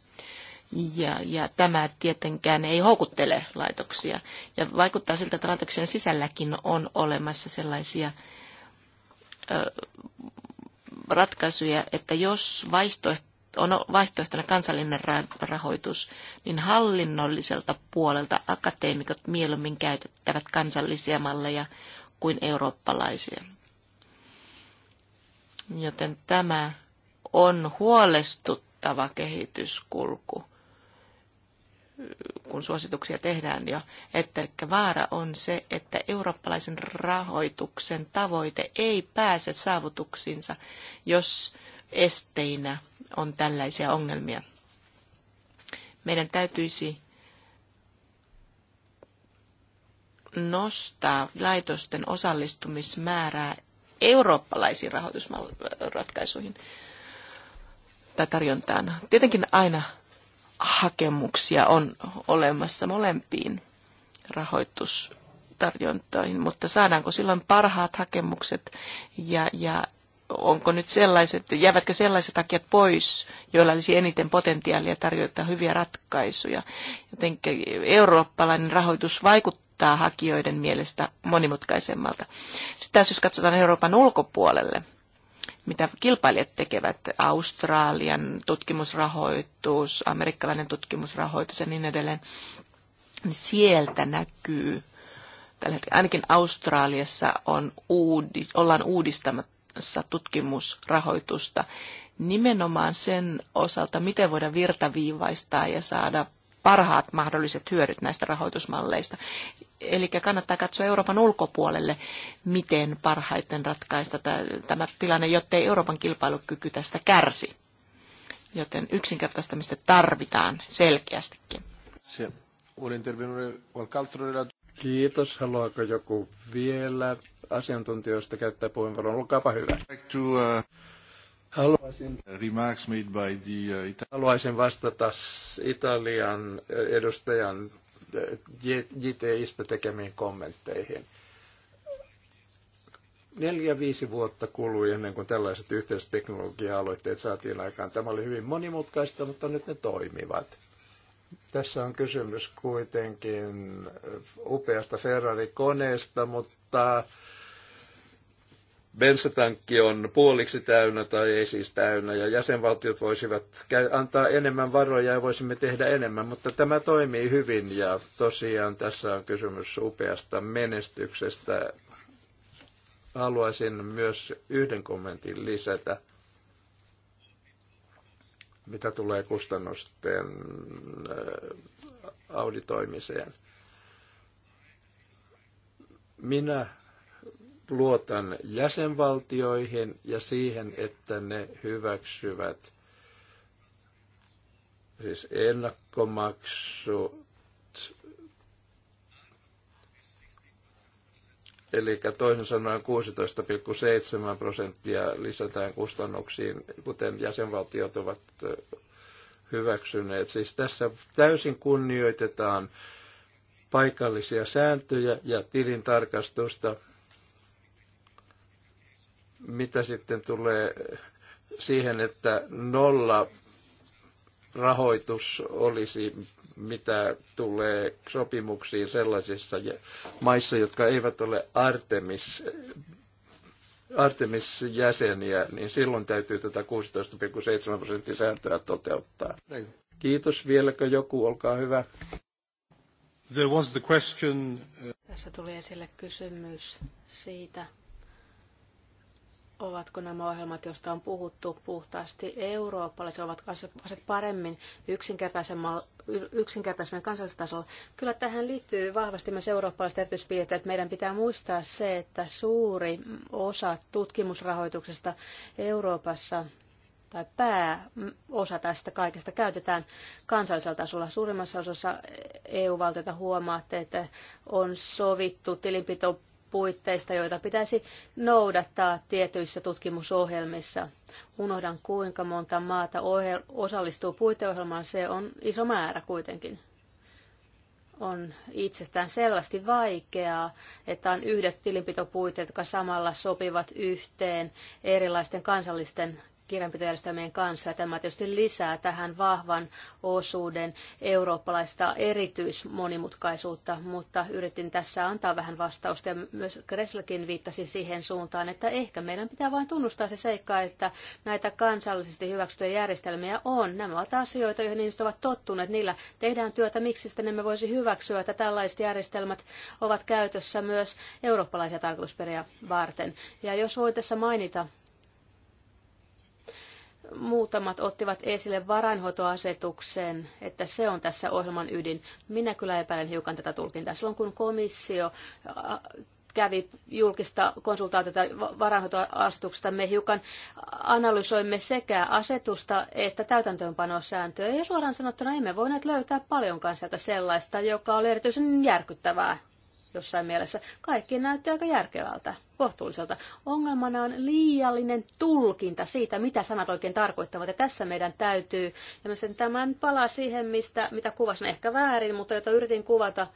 ja, ja tämä tietenkään ei houkuttele laitoksia. Ja vaikuttaa siltä, että laitoksen sisälläkin on olemassa sellaisia ö, ratkaisuja, että jos vaihtoehto on vaihtoehtona kansallinen rahoitus, niin hallinnolliselta puolelta akateemikot mieluummin käytettävät kansallisia malleja kuin eurooppalaisia. Joten tämä on huolestuttava kehityskulku kun suosituksia tehdään jo, että vaara on se, että eurooppalaisen rahoituksen tavoite ei pääse saavutuksiinsa, jos esteinä on tällaisia ongelmia. Meidän täytyisi nostaa laitosten osallistumismäärää eurooppalaisiin rahoitusratkaisuihin tai tarjontaan. Tietenkin aina hakemuksia on olemassa molempiin rahoitustarjontoihin, mutta saadaanko silloin parhaat hakemukset ja, ja onko nyt sellaiset, jäävätkö sellaiset hakijat pois, joilla olisi eniten potentiaalia tarjota hyviä ratkaisuja. Jotenkin eurooppalainen rahoitus vaikuttaa hakijoiden mielestä monimutkaisemmalta. Sitten jos katsotaan Euroopan ulkopuolelle – mitä kilpailijat tekevät, Australian tutkimusrahoitus, amerikkalainen tutkimusrahoitus ja niin edelleen, niin sieltä näkyy, tällä hetkellä, ainakin Australiassa on uudi, ollaan uudistamassa tutkimusrahoitusta nimenomaan sen osalta, miten voidaan virtaviivaistaa ja saada parhaat mahdolliset hyödyt näistä rahoitusmalleista. Eli kannattaa katsoa Euroopan ulkopuolelle, miten parhaiten ratkaista tämä tilanne, jottei Euroopan kilpailukyky tästä kärsi. Joten yksinkertaistamista tarvitaan selkeästikin. Kiitos. Haluaako joku vielä asiantuntijoista käyttää puheenvuoron? Olkaapa hyvä. Uh, haluaisin, uh, haluaisin vastata Italian edustajan JTIstä tekemiin kommentteihin. Neljä-viisi vuotta kului ennen kuin tällaiset yhteisteknologia aloitteet saatiin aikaan. Tämä oli hyvin monimutkaista, mutta nyt ne toimivat. Tässä on kysymys kuitenkin upeasta Ferrari-koneesta, mutta bensatankki on puoliksi täynnä tai ei siis täynnä, ja jäsenvaltiot voisivat antaa enemmän varoja ja voisimme tehdä enemmän, mutta tämä toimii hyvin, ja tosiaan tässä on kysymys upeasta menestyksestä. Haluaisin myös yhden kommentin lisätä, mitä tulee kustannusten äh, auditoimiseen. Minä luotan jäsenvaltioihin ja siihen, että ne hyväksyvät siis ennakkomaksut, eli toisin sanoen 16,7 prosenttia lisätään kustannuksiin, kuten jäsenvaltiot ovat hyväksyneet. Siis tässä täysin kunnioitetaan paikallisia sääntöjä ja tilintarkastusta mitä sitten tulee siihen, että nolla rahoitus olisi, mitä tulee sopimuksiin sellaisissa maissa, jotka eivät ole Artemis Artemis-jäseniä, niin silloin täytyy tätä 16,7 prosentin sääntöä toteuttaa. Kiitos. Vieläkö joku? Olkaa hyvä. There was the question... Uh, Tässä tuli esille kysymys siitä, Ovatko nämä ohjelmat, joista on puhuttu puhtaasti eurooppalaisia, ovat asiat paremmin yksinkertaisemmin kansallistasolla? Kyllä tähän liittyy vahvasti myös eurooppalaiset erityispiirteet. Meidän pitää muistaa se, että suuri osa tutkimusrahoituksesta Euroopassa tai pääosa tästä kaikesta käytetään kansallisella tasolla. Suurimmassa osassa EU-valtioita huomaatte, että on sovittu tilinpito puitteista, joita pitäisi noudattaa tietyissä tutkimusohjelmissa. Unohdan kuinka monta maata osallistuu puiteohjelmaan, se on iso määrä kuitenkin. On itsestään selvästi vaikeaa, että on yhdet tilinpitopuitteet, jotka samalla sopivat yhteen erilaisten kansallisten kirjanpitojärjestelmien kanssa. Ja tämä tietysti lisää tähän vahvan osuuden eurooppalaista erityismonimutkaisuutta, mutta yritin tässä antaa vähän vastausta. Ja myös Kresselkin viittasi siihen suuntaan, että ehkä meidän pitää vain tunnustaa se seikka, että näitä kansallisesti hyväksyttyjä järjestelmiä on. Nämä ovat asioita, joihin ihmiset ovat tottuneet. Niillä tehdään työtä. Miksi sitten emme voisi hyväksyä, että tällaiset järjestelmät ovat käytössä myös eurooppalaisia tarkoitusperiä varten. Ja jos voin tässä mainita muutamat ottivat esille varainhoitoasetuksen, että se on tässä ohjelman ydin. Minä kyllä epäilen hiukan tätä tulkintaa. Silloin kun komissio kävi julkista konsultaatiota varainhoitoasetuksesta, me hiukan analysoimme sekä asetusta että täytäntöönpanosääntöä. Ja suoraan sanottuna emme voineet löytää paljonkaan sieltä sellaista, joka oli erityisen järkyttävää jossain mielessä. Kaikki näytti aika järkevältä, kohtuulliselta. Ongelmana on liiallinen tulkinta siitä, mitä sanat oikein tarkoittavat. Ja tässä meidän täytyy, ja mä sen tämän palaa siihen, mistä, mitä kuvasin ehkä väärin, mutta jota yritin kuvata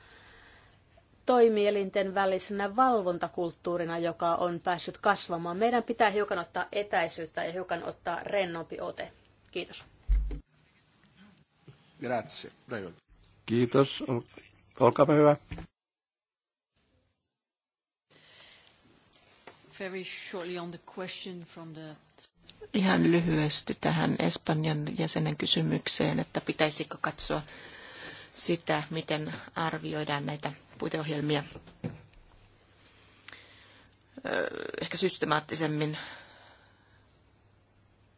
toimielinten välisenä valvontakulttuurina, joka on päässyt kasvamaan. Meidän pitää hiukan ottaa etäisyyttä ja hiukan ottaa rennompi ote. Kiitos. Grazie. Prego. Kiitos. Olkaa hyvä. very shortly on the question from the... Ihan lyhyesti tähän Espanjan jäsenen kysymykseen, että pitäisikö katsoa sitä, miten arvioidaan näitä puiteohjelmia öö, ehkä systemaattisemmin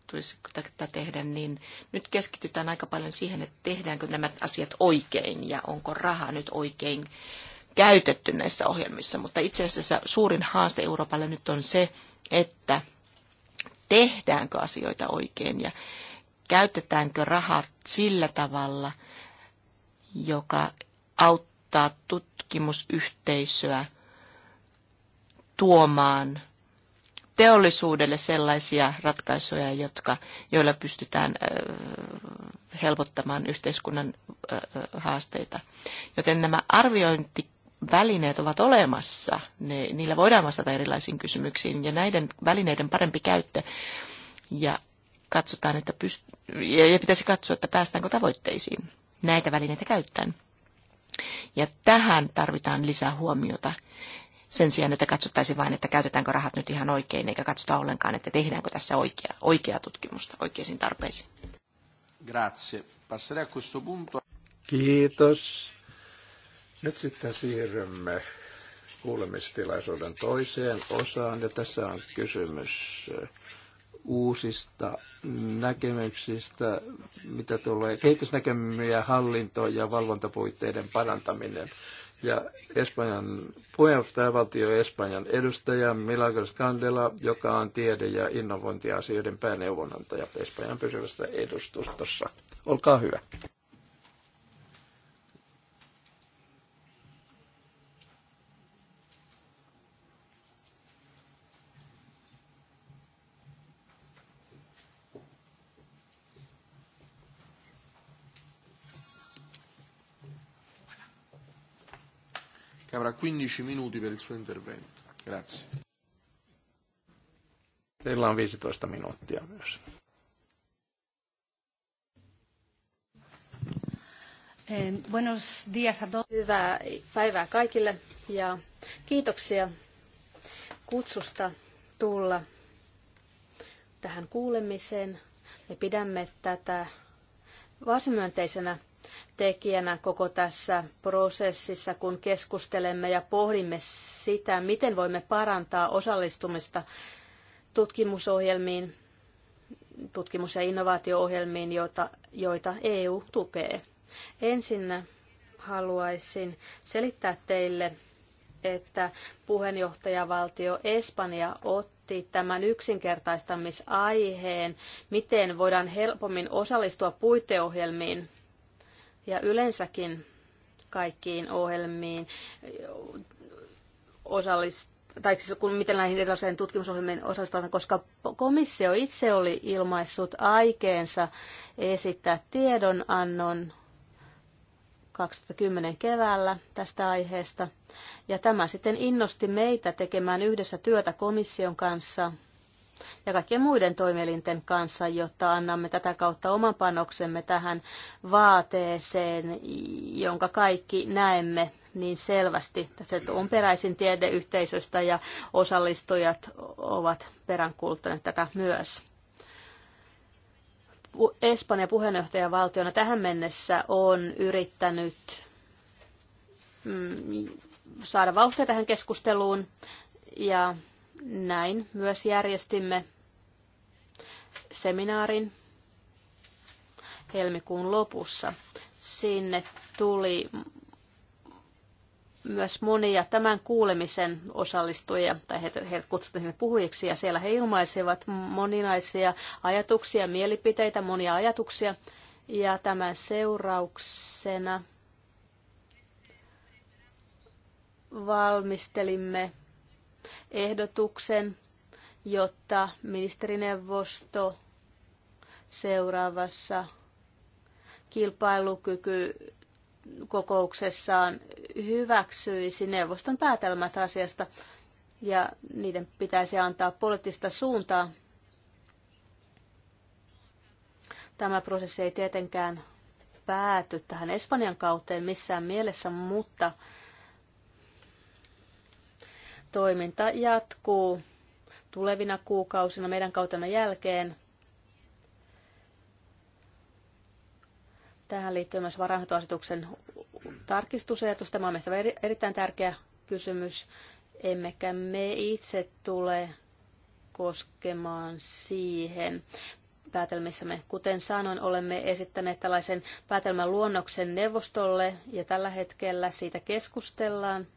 tulisi tätä tehdä, niin nyt keskitytään aika paljon siihen, että tehdäänkö nämä asiat oikein ja onko raha nyt oikein käytetty näissä ohjelmissa, mutta itse asiassa suurin haaste Euroopalle nyt on se, että tehdäänkö asioita oikein ja käytetäänkö rahat sillä tavalla, joka auttaa tutkimusyhteisöä tuomaan teollisuudelle sellaisia ratkaisuja, jotka, joilla pystytään helpottamaan yhteiskunnan haasteita. Joten nämä arviointi välineet ovat olemassa, ne, niillä voidaan vastata erilaisiin kysymyksiin ja näiden välineiden parempi käyttö ja katsotaan, että pyst- ja pitäisi katsoa, että päästäänkö tavoitteisiin näitä välineitä käyttäen. Ja tähän tarvitaan lisää huomiota sen sijaan, että katsottaisiin vain, että käytetäänkö rahat nyt ihan oikein, eikä katsota ollenkaan, että tehdäänkö tässä oikea, oikea tutkimusta oikeisiin tarpeisiin. Grazie. Passerei a questo punto. Kiitos. Nyt sitten siirrymme kuulemistilaisuuden toiseen osaan, ja tässä on kysymys äh, uusista näkemyksistä, mitä tulee kehitysnäkemyjä, hallinto- ja valvontapuitteiden parantaminen. Ja Espanjan puheenjohtajavaltio Espanjan edustaja Milagros Candela, joka on tiede- ja innovointiasioiden pääneuvonantaja Espanjan pysyvästä edustustossa. Olkaa hyvä. che avrà 15 minuti per il suo intervento. Grazie. Teillä on 15 minuuttia myös. Buenos días a todos. Hyvää päivää kaikille ja kiitoksia kutsusta tulla tähän kuulemiseen. Me pidämme tätä varsin myönteisenä tekijänä koko tässä prosessissa, kun keskustelemme ja pohdimme sitä, miten voimme parantaa osallistumista tutkimusohjelmiin, tutkimus- ja innovaatio-ohjelmiin, joita, joita EU tukee. Ensinnä haluaisin selittää teille, että puheenjohtajavaltio Espanja otti tämän yksinkertaistamisaiheen, miten voidaan helpommin osallistua puiteohjelmiin – ja yleensäkin kaikkiin ohjelmiin osallistuu tai siis kun miten näihin erilaisiin tutkimusohjelmiin osallistutaan, koska komissio itse oli ilmaissut aikeensa esittää tiedonannon 2010 keväällä tästä aiheesta. Ja tämä sitten innosti meitä tekemään yhdessä työtä komission kanssa – ja kaikkien muiden toimielinten kanssa, jotta annamme tätä kautta oman panoksemme tähän vaateeseen, jonka kaikki näemme niin selvästi. tässä on peräisin tiedeyhteisöstä ja osallistujat ovat peräänkuuluttaneet tätä myös. Espanja puheenjohtajavaltiona tähän mennessä on yrittänyt mm, saada vauhtia tähän keskusteluun ja näin myös järjestimme seminaarin helmikuun lopussa. Sinne tuli myös monia tämän kuulemisen osallistujia, tai heitä, he kutsuttiin sinne puhujiksi, ja siellä he ilmaisivat moninaisia ajatuksia, mielipiteitä, monia ajatuksia, ja tämän seurauksena valmistelimme ehdotuksen, jotta ministerineuvosto seuraavassa kilpailukyky kokouksessaan hyväksyisi neuvoston päätelmät asiasta ja niiden pitäisi antaa poliittista suuntaa. Tämä prosessi ei tietenkään pääty tähän Espanjan kauteen missään mielessä, mutta Toiminta jatkuu tulevina kuukausina meidän kautemme jälkeen. Tähän liittyy myös varainhoitoasetuksen tarkistusehdotus. Tämä on meistä erittäin tärkeä kysymys. Emmekä me itse tule koskemaan siihen päätelmissämme. Kuten sanoin, olemme esittäneet tällaisen päätelmän luonnoksen neuvostolle ja tällä hetkellä siitä keskustellaan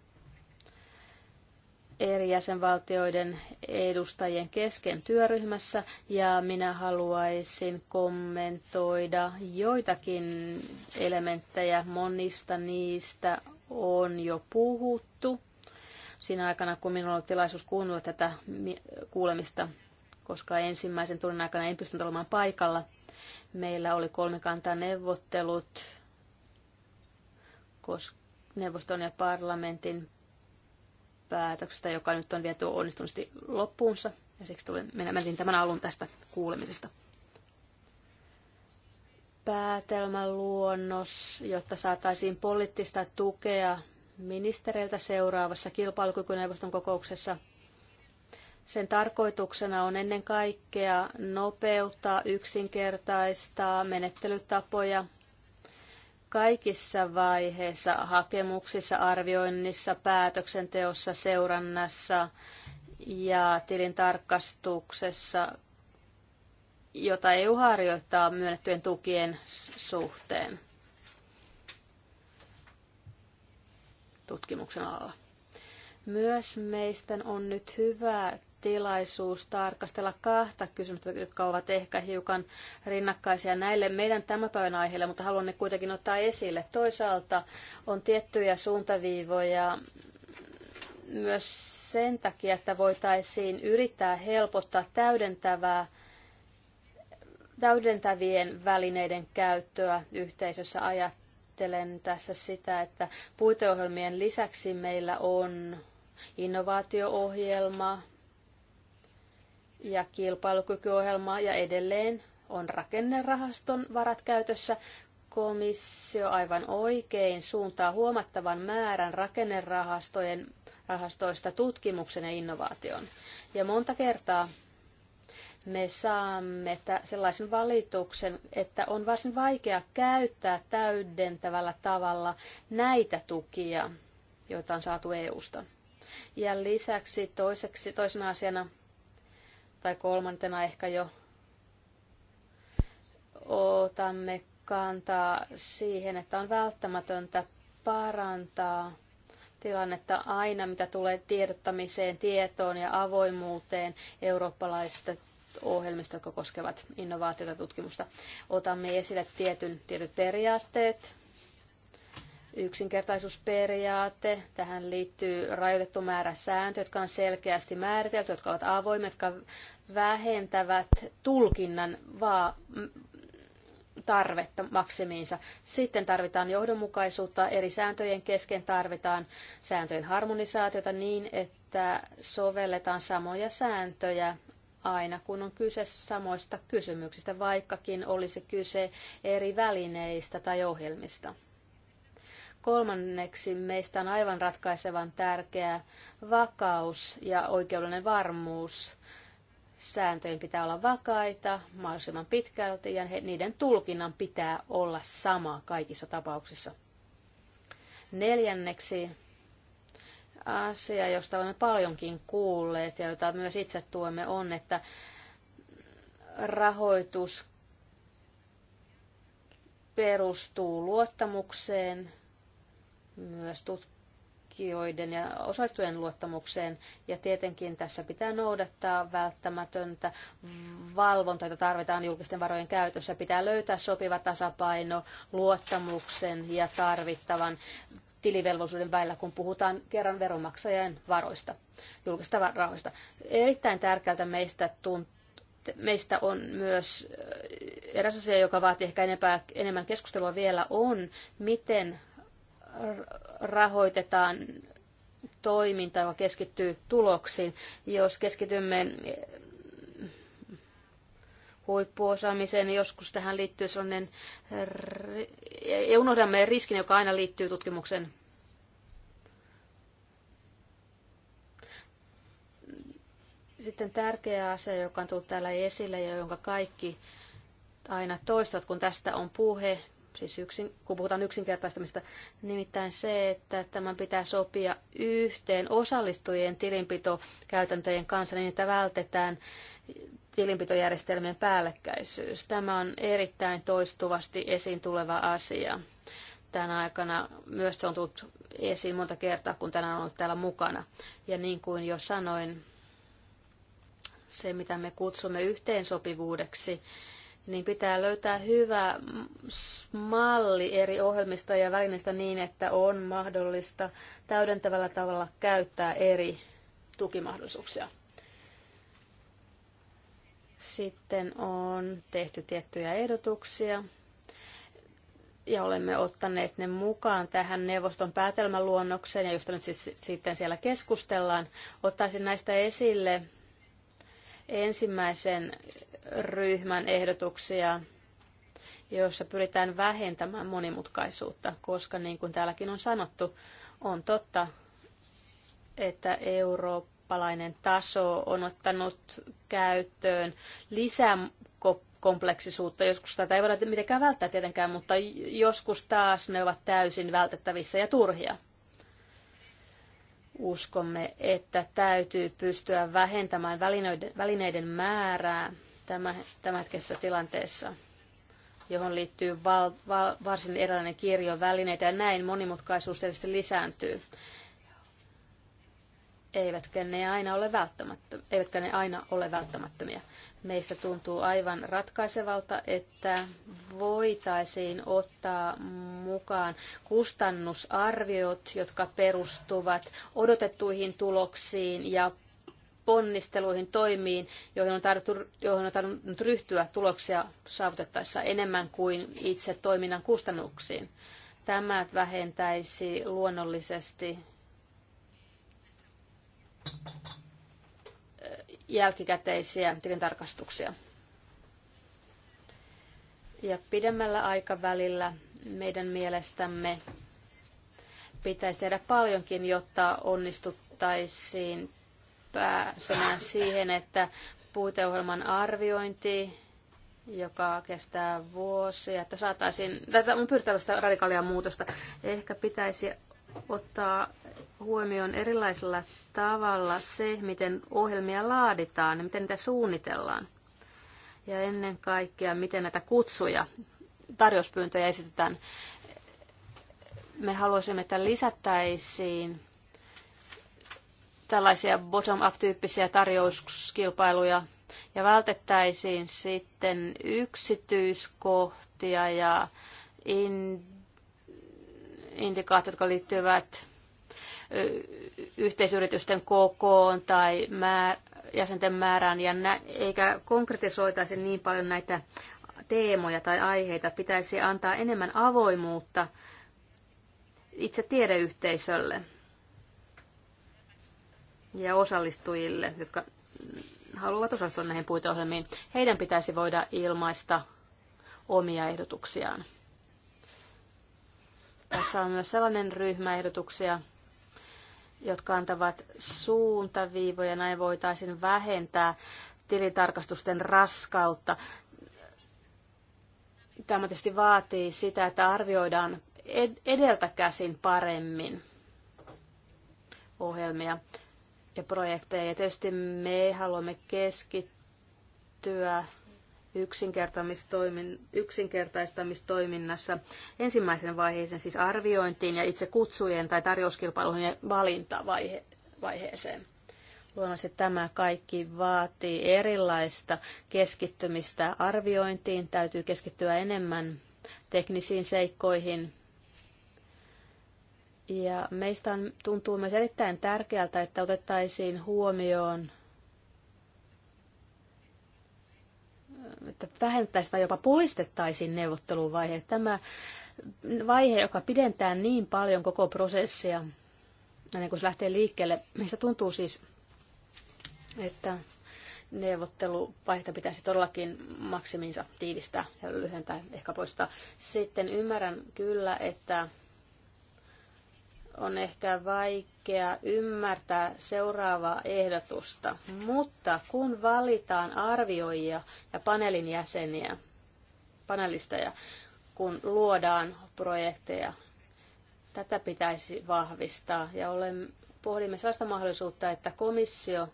eri jäsenvaltioiden edustajien kesken työryhmässä ja minä haluaisin kommentoida joitakin elementtejä. Monista niistä on jo puhuttu siinä aikana, kun minulla oli tilaisuus kuunnella tätä kuulemista, koska ensimmäisen tunnin aikana en pystynyt olemaan paikalla. Meillä oli kolmikantaneuvottelut koska neuvoston ja parlamentin päätöksestä, joka nyt on viety onnistuneesti loppuunsa. Ja siksi tulin, minä menin tämän alun tästä kuulemisesta. Päätelmäluonnos, jotta saataisiin poliittista tukea ministereiltä seuraavassa kilpailukykyneuvoston kokouksessa. Sen tarkoituksena on ennen kaikkea nopeuttaa, yksinkertaistaa menettelytapoja – kaikissa vaiheissa, hakemuksissa, arvioinnissa, päätöksenteossa, seurannassa ja tilintarkastuksessa, jota EU harjoittaa myönnettyjen tukien suhteen tutkimuksen alla. Myös meistä on nyt hyvä tilaisuus tarkastella kahta kysymystä, jotka ovat ehkä hiukan rinnakkaisia näille meidän tämän päivän aiheille, mutta haluan ne kuitenkin ottaa esille. Toisaalta on tiettyjä suuntaviivoja myös sen takia, että voitaisiin yrittää helpottaa täydentävää täydentävien välineiden käyttöä yhteisössä ajattelen tässä sitä, että puiteohjelmien lisäksi meillä on innovaatio-ohjelma, ja kilpailukykyohjelmaa ja edelleen on rakennerahaston varat käytössä. Komissio aivan oikein suuntaa huomattavan määrän rakennerahastojen rahastoista tutkimuksen ja innovaation. Ja monta kertaa me saamme sellaisen valituksen, että on varsin vaikea käyttää täydentävällä tavalla näitä tukia, joita on saatu EU-sta. Ja lisäksi toiseksi, toisena asiana tai kolmantena ehkä jo otamme kantaa siihen, että on välttämätöntä parantaa tilannetta aina, mitä tulee tiedottamiseen, tietoon ja avoimuuteen eurooppalaisista ohjelmista, jotka koskevat innovaatiota ja tutkimusta. Otamme esille tietyn, tietyt periaatteet, yksinkertaisuusperiaate. Tähän liittyy rajoitettu määrä sääntöjä, jotka on selkeästi määritelty, jotka ovat avoimet, jotka vähentävät tulkinnan vaan tarvetta maksimiinsa. Sitten tarvitaan johdonmukaisuutta eri sääntöjen kesken, tarvitaan sääntöjen harmonisaatiota niin, että sovelletaan samoja sääntöjä aina, kun on kyse samoista kysymyksistä, vaikkakin olisi kyse eri välineistä tai ohjelmista. Kolmanneksi meistä on aivan ratkaisevan tärkeää vakaus ja oikeudellinen varmuus. Sääntöjen pitää olla vakaita mahdollisimman pitkälti ja niiden tulkinnan pitää olla sama kaikissa tapauksissa. Neljänneksi asia, josta olemme paljonkin kuulleet ja jota myös itse tuemme, on, että rahoitus perustuu luottamukseen myös tutkijoiden ja osallistujien luottamukseen. Ja tietenkin tässä pitää noudattaa välttämätöntä valvontaa, jota tarvitaan julkisten varojen käytössä. Pitää löytää sopiva tasapaino luottamuksen ja tarvittavan tilivelvollisuuden välillä, kun puhutaan kerran veronmaksajien varoista, julkista rahoista. Erittäin tärkeältä meistä tuntuu, meistä on myös äh, eräs asia, joka vaatii ehkä enempää, enemmän keskustelua vielä, on miten rahoitetaan toiminta, joka keskittyy tuloksiin. Jos keskitymme eh, huippuosaamiseen, niin joskus tähän liittyy sellainen, ja unohdamme riskin, joka aina liittyy tutkimuksen Sitten tärkeä asia, joka on tullut täällä esille ja jonka kaikki aina toistat, kun tästä on puhe, siis yksin, kun puhutaan yksinkertaistamista, nimittäin se, että tämän pitää sopia yhteen osallistujien tilinpitokäytäntöjen kanssa niin, että vältetään tilinpitojärjestelmien päällekkäisyys. Tämä on erittäin toistuvasti esiin tuleva asia. Tänä aikana myös se on tullut esiin monta kertaa, kun tänään on ollut täällä mukana. Ja niin kuin jo sanoin, se mitä me kutsumme yhteensopivuudeksi, niin pitää löytää hyvä malli eri ohjelmista ja välineistä niin, että on mahdollista täydentävällä tavalla käyttää eri tukimahdollisuuksia. Sitten on tehty tiettyjä ehdotuksia ja olemme ottaneet ne mukaan tähän neuvoston päätelmäluonnokseen, ja josta nyt siis sitten siellä keskustellaan. Ottaisin näistä esille ensimmäisen ryhmän ehdotuksia, joissa pyritään vähentämään monimutkaisuutta, koska niin kuin täälläkin on sanottu, on totta, että eurooppalainen taso on ottanut käyttöön lisää Joskus tätä ei voida mitenkään välttää tietenkään, mutta joskus taas ne ovat täysin vältettävissä ja turhia uskomme, että täytyy pystyä vähentämään välineiden määrää tämänhetkisessä tilanteessa, johon liittyy val, val, varsin erilainen kirjo välineitä, ja näin monimutkaisuus tietysti lisääntyy. Eivätkä ne, aina ole eivätkä ne aina ole välttämättömiä meistä tuntuu aivan ratkaisevalta, että voitaisiin ottaa mukaan kustannusarviot, jotka perustuvat odotettuihin tuloksiin ja ponnisteluihin, toimiin, joihin on, tarvittu, joihin on tarvinnut ryhtyä tuloksia saavutettaessa enemmän kuin itse toiminnan kustannuksiin. Tämä vähentäisi luonnollisesti jälkikäteisiä tilintarkastuksia. Ja pidemmällä aikavälillä meidän mielestämme pitäisi tehdä paljonkin, jotta onnistuttaisiin pääsemään siihen, että puuteohjelman arviointi, joka kestää vuosia, että saataisiin, tätä on pyrittävä sitä radikaalia muutosta. Ehkä pitäisi ottaa huomioon erilaisella tavalla se, miten ohjelmia laaditaan ja miten niitä suunnitellaan. Ja ennen kaikkea, miten näitä kutsuja, tarjouspyyntöjä esitetään. Me haluaisimme, että lisättäisiin tällaisia bottom-up-tyyppisiä tarjouskilpailuja ja vältettäisiin sitten yksityiskohtia ja in, indikaatiot, jotka liittyvät yhteisyritysten kokoon tai määr, jäsenten määrään, ja nä, eikä konkretisoitaisi niin paljon näitä teemoja tai aiheita. Pitäisi antaa enemmän avoimuutta itse tiedeyhteisölle ja osallistujille, jotka haluavat osallistua näihin puiteohjelmiin. Heidän pitäisi voida ilmaista omia ehdotuksiaan. Tässä on myös sellainen ryhmä ehdotuksia, jotka antavat suuntaviivoja. Näin voitaisiin vähentää tilitarkastusten raskautta. Tämä tietysti vaatii sitä, että arvioidaan edeltäkäsin paremmin ohjelmia ja projekteja. Ja tietysti me haluamme keskittyä yksinkertaistamistoimin, yksinkertaistamistoiminnassa ensimmäisen vaiheeseen, siis arviointiin ja itse kutsujen tai tarjouskilpailujen valintavaiheeseen. Luonnollisesti tämä kaikki vaatii erilaista keskittymistä arviointiin. Täytyy keskittyä enemmän teknisiin seikkoihin. Ja meistä on, tuntuu myös erittäin tärkeältä, että otettaisiin huomioon että vähentäisi tai jopa poistettaisiin neuvotteluvaihe. Tämä vaihe, joka pidentää niin paljon koko prosessia, ennen kuin se lähtee liikkeelle, meistä tuntuu siis, että neuvotteluvaihetta pitäisi todellakin maksiminsa tiivistää ja lyhentää, ehkä poistaa. Sitten ymmärrän kyllä, että on ehkä vaikea ymmärtää seuraavaa ehdotusta, mutta kun valitaan arvioijia ja paneelin jäseniä, panelisteja, kun luodaan projekteja, tätä pitäisi vahvistaa ja olen, pohdimme sellaista mahdollisuutta, että komissio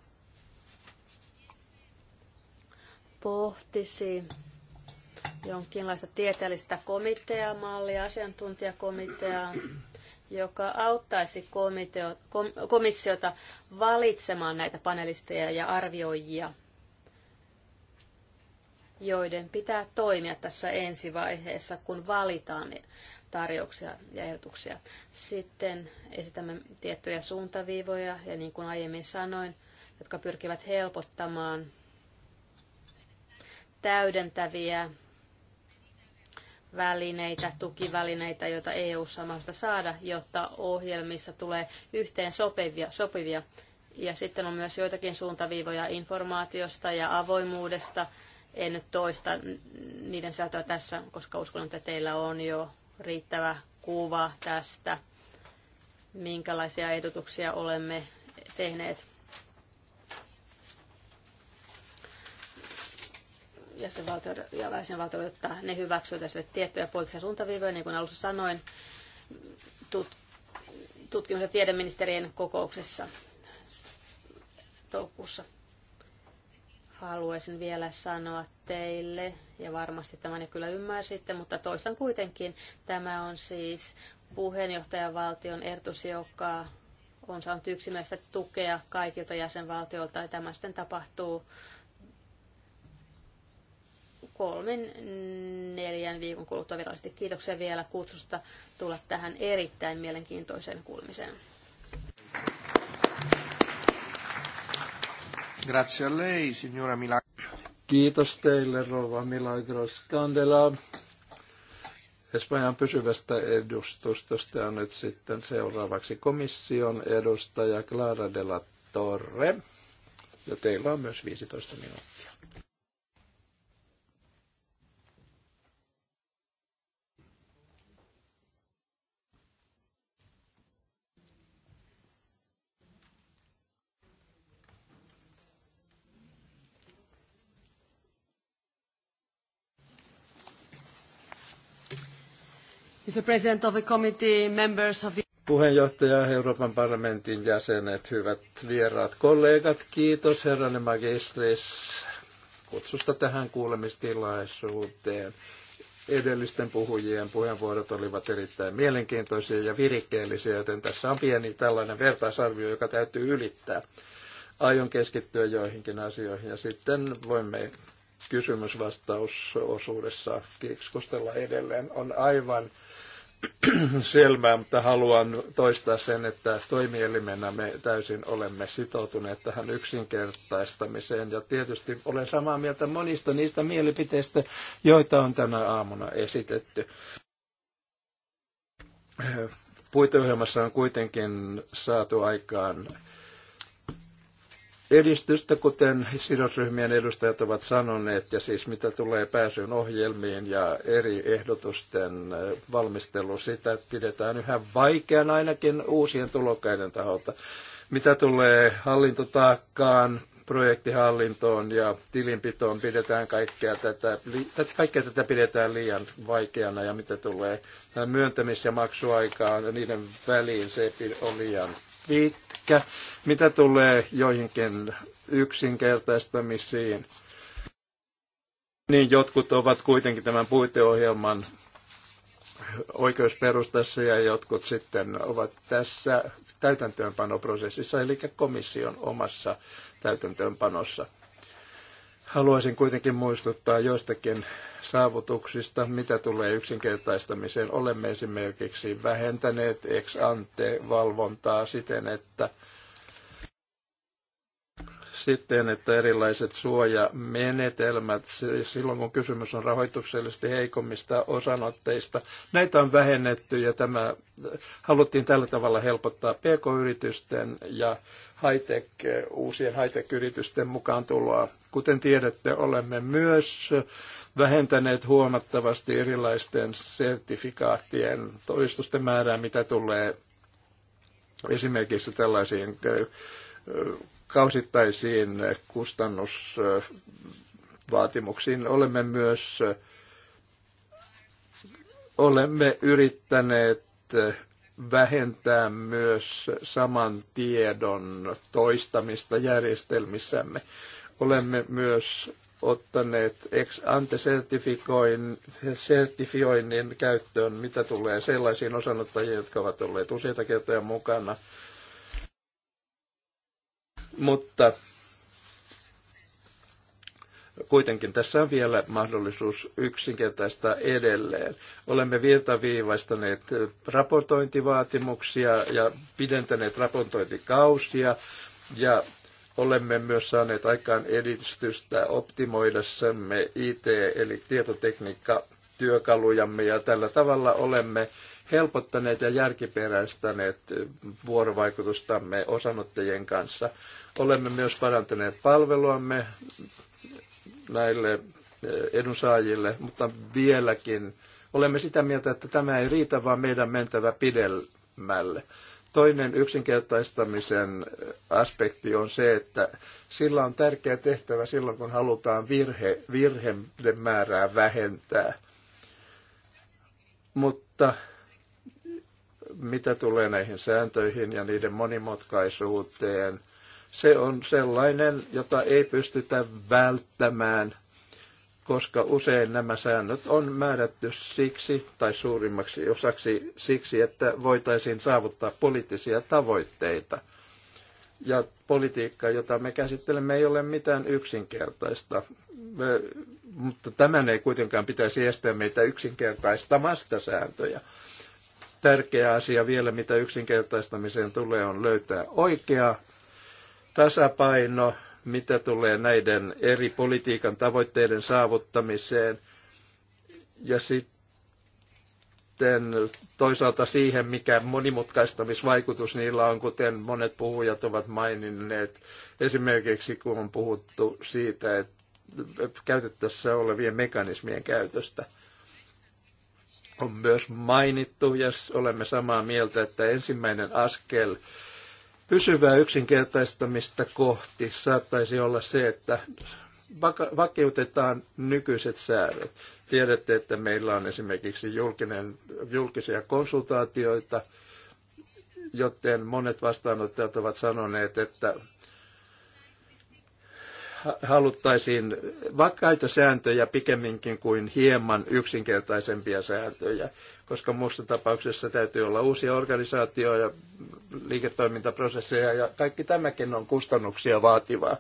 pohtisi jonkinlaista tieteellistä komiteamallia, asiantuntijakomiteaa, joka auttaisi komiteo, kom, komissiota valitsemaan näitä panelisteja ja arvioijia, joiden pitää toimia tässä ensivaiheessa, kun valitaan tarjouksia ja ehdotuksia. Sitten esitämme tiettyjä suuntaviivoja, ja niin kuin aiemmin sanoin, jotka pyrkivät helpottamaan täydentäviä välineitä, tukivälineitä, joita EU-ssa mahdollista saada, jotta ohjelmista tulee yhteen sopivia, sopivia. Ja sitten on myös joitakin suuntaviivoja informaatiosta ja avoimuudesta. En nyt toista niiden sisältöä tässä, koska uskon, että teillä on jo riittävä kuva tästä, minkälaisia ehdotuksia olemme tehneet jäsenvaltioiden ja jäsenvaltioiden, että ne hyväksyvät tässä tiettyjä poliittisia suuntaviivoja, niin kuin alussa sanoin, tut, tutkimus- ja tiedeministerien kokouksessa toukokuussa. Haluaisin vielä sanoa teille, ja varmasti tämän ja kyllä ymmärsitte, mutta toistan kuitenkin, tämä on siis puheenjohtajavaltion Ertus, joka on saanut yksimielistä tukea kaikilta jäsenvaltioilta, ja tämä sitten tapahtuu kolmen neljän viikon kuluttua virallisesti. Kiitoksia vielä kutsusta tulla tähän erittäin mielenkiintoiseen kuulemiseen. Grazie a lei, signora Milagro. Kiitos teille, rouva Milagros Candela. Espanjan pysyvästä edustustosta ja nyt sitten seuraavaksi komission edustaja Clara de la Torre. Ja teillä on myös 15 minuuttia. Mr. President of the Committee, members of Puheenjohtaja, Euroopan parlamentin jäsenet, hyvät vieraat kollegat, kiitos herranne magistris kutsusta tähän kuulemistilaisuuteen. Edellisten puhujien puheenvuorot olivat erittäin mielenkiintoisia ja virikkeellisiä, joten tässä on pieni tällainen vertaisarvio, joka täytyy ylittää. Aion keskittyä joihinkin asioihin ja sitten voimme kysymysvastausosuudessa keskustella edelleen. On aivan selvää, mutta haluan toistaa sen, että toimielimenä me täysin olemme sitoutuneet tähän yksinkertaistamiseen. Ja tietysti olen samaa mieltä monista niistä mielipiteistä, joita on tänä aamuna esitetty. Puiteohjelmassa on kuitenkin saatu aikaan edistystä, kuten sidosryhmien edustajat ovat sanoneet, ja siis mitä tulee pääsyyn ohjelmiin ja eri ehdotusten valmistelu, sitä pidetään yhä vaikean ainakin uusien tulokkaiden taholta. Mitä tulee hallintotaakkaan, projektihallintoon ja tilinpitoon pidetään kaikkea tätä, kaikkea tätä pidetään liian vaikeana ja mitä tulee myöntämis- ja maksuaikaan ja niiden väliin se on liian Ehkä mitä tulee joihinkin yksinkertaistamisiin, niin jotkut ovat kuitenkin tämän puiteohjelman oikeusperustassa ja jotkut sitten ovat tässä täytäntöönpanoprosessissa, eli komission omassa täytäntöönpanossa. Haluaisin kuitenkin muistuttaa joistakin saavutuksista, mitä tulee yksinkertaistamiseen. Olemme esimerkiksi vähentäneet ex ante valvontaa siten, että sitten, että erilaiset suojamenetelmät, silloin kun kysymys on rahoituksellisesti heikommista osanotteista, näitä on vähennetty ja tämä haluttiin tällä tavalla helpottaa pk-yritysten ja high-tech, eh, uusien high-tech-yritysten mukaan tuloa. Kuten tiedätte, olemme myös vähentäneet huomattavasti erilaisten sertifikaattien todistusten määrää, mitä tulee esimerkiksi tällaisiin eh, kausittaisiin kustannusvaatimuksiin. Olemme myös olemme yrittäneet eh, vähentää myös saman tiedon toistamista järjestelmissämme. Olemme myös ottaneet ex ante sertifioinnin käyttöön, mitä tulee sellaisiin osanottajiin, jotka ovat olleet useita kertoja mukana. Mutta Kuitenkin tässä on vielä mahdollisuus yksinkertaistaa edelleen. Olemme virtaviivaistaneet raportointivaatimuksia ja pidentäneet raportointikausia ja olemme myös saaneet aikaan edistystä optimoidessamme IT eli tietotekniikka työkalujamme ja tällä tavalla olemme helpottaneet ja järkiperäistäneet vuorovaikutustamme osanottajien kanssa. Olemme myös parantaneet palveluamme näille eh, edunsaajille, mutta vieläkin olemme sitä mieltä, että tämä ei riitä, vaan meidän mentävä pidemmälle. Toinen yksinkertaistamisen eh, aspekti on se, että sillä on tärkeä tehtävä silloin, kun halutaan virhe, virheiden määrää vähentää. Mutta mitä tulee näihin sääntöihin ja niiden monimutkaisuuteen, se on sellainen, jota ei pystytä välttämään, koska usein nämä säännöt on määrätty siksi tai suurimmaksi osaksi siksi, että voitaisiin saavuttaa poliittisia tavoitteita. Ja politiikka, jota me käsittelemme, ei ole mitään yksinkertaista. Me, mutta tämän ei kuitenkaan pitäisi estää meitä yksinkertaistamasta sääntöjä tärkeä asia vielä, mitä yksinkertaistamiseen tulee, on löytää oikea tasapaino, mitä tulee näiden eri politiikan tavoitteiden saavuttamiseen ja sitten toisaalta siihen, mikä monimutkaistamisvaikutus niillä on, kuten monet puhujat ovat maininneet. Esimerkiksi kun on puhuttu siitä, että käytettävissä olevien mekanismien käytöstä on myös mainittu ja olemme samaa mieltä, että ensimmäinen askel Pysyvää yksinkertaistamista kohti saattaisi olla se, että vakiutetaan nykyiset säädöt. Tiedätte, että meillä on esimerkiksi julkinen, julkisia konsultaatioita, joten monet vastaanottajat ovat sanoneet, että haluttaisiin vakaita sääntöjä pikemminkin kuin hieman yksinkertaisempia sääntöjä koska muussa tapauksessa täytyy olla uusia organisaatioja, ja liiketoimintaprosesseja, ja kaikki tämäkin on kustannuksia vaativaa.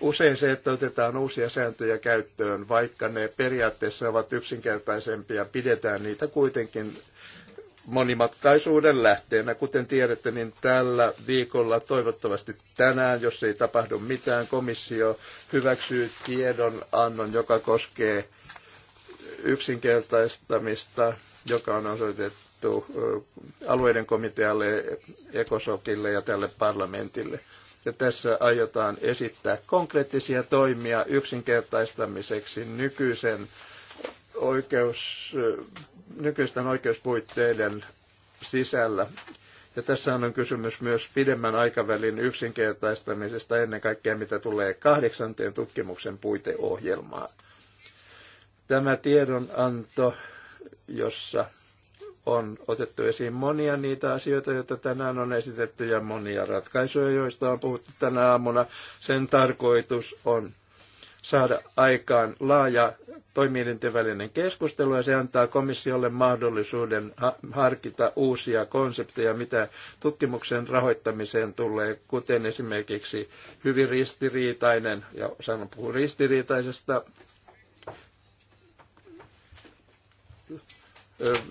Usein se, että otetaan uusia sääntöjä käyttöön, vaikka ne periaatteessa ovat yksinkertaisempia, pidetään niitä kuitenkin monimatkaisuuden lähteenä. Kuten tiedätte, niin tällä viikolla toivottavasti tänään, jos ei tapahdu mitään, komissio hyväksyy tiedonannon, joka koskee yksinkertaistamista, joka on osoitettu alueiden komitealle, ekosokille ja tälle parlamentille. Ja tässä aiotaan esittää konkreettisia toimia yksinkertaistamiseksi nykyisen oikeus, nykyisten oikeuspuitteiden sisällä. Ja tässä on kysymys myös pidemmän aikavälin yksinkertaistamisesta ennen kaikkea, mitä tulee kahdeksanteen tutkimuksen puiteohjelmaan. Tämä tiedonanto, jossa on otettu esiin monia niitä asioita, joita tänään on esitetty ja monia ratkaisuja, joista on puhuttu tänä aamuna. Sen tarkoitus on saada aikaan laaja toimielinten välinen keskustelu ja se antaa komissiolle mahdollisuuden harkita uusia konsepteja, mitä tutkimuksen rahoittamiseen tulee, kuten esimerkiksi hyvin ristiriitainen, ja sanon puhun ristiriitaisesta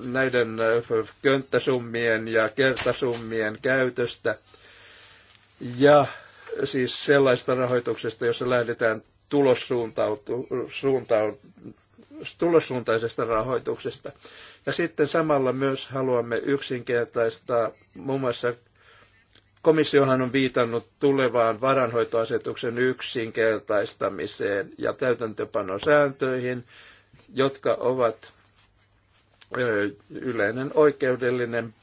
näiden könttäsummien ja kertasummien käytöstä ja siis sellaista rahoituksesta, jossa lähdetään tulossuuntaisesta rahoituksesta. Ja sitten samalla myös haluamme yksinkertaistaa muun muassa Komissiohan on viitannut tulevaan varanhoitoasetuksen yksinkertaistamiseen ja täytäntöpanosääntöihin, jotka ovat yleinen oikeudellinen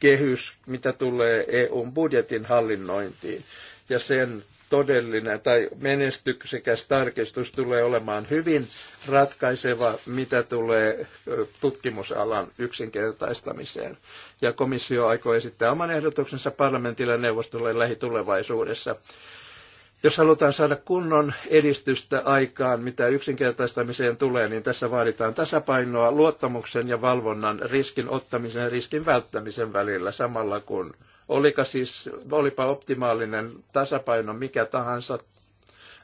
kehys, mitä tulee EUn budjetin hallinnointiin. Ja sen todellinen tai menestyksekäs tarkistus tulee olemaan hyvin ratkaiseva, mitä tulee tutkimusalan yksinkertaistamiseen. Ja komissio aikoo esittää oman ehdotuksensa parlamentille ja neuvostolle lähitulevaisuudessa. Jos halutaan saada kunnon edistystä aikaan, mitä yksinkertaistamiseen tulee, niin tässä vaaditaan tasapainoa luottamuksen ja valvonnan riskin ottamisen ja riskin välttämisen välillä samalla kun olika siis, olipa optimaalinen tasapaino mikä tahansa,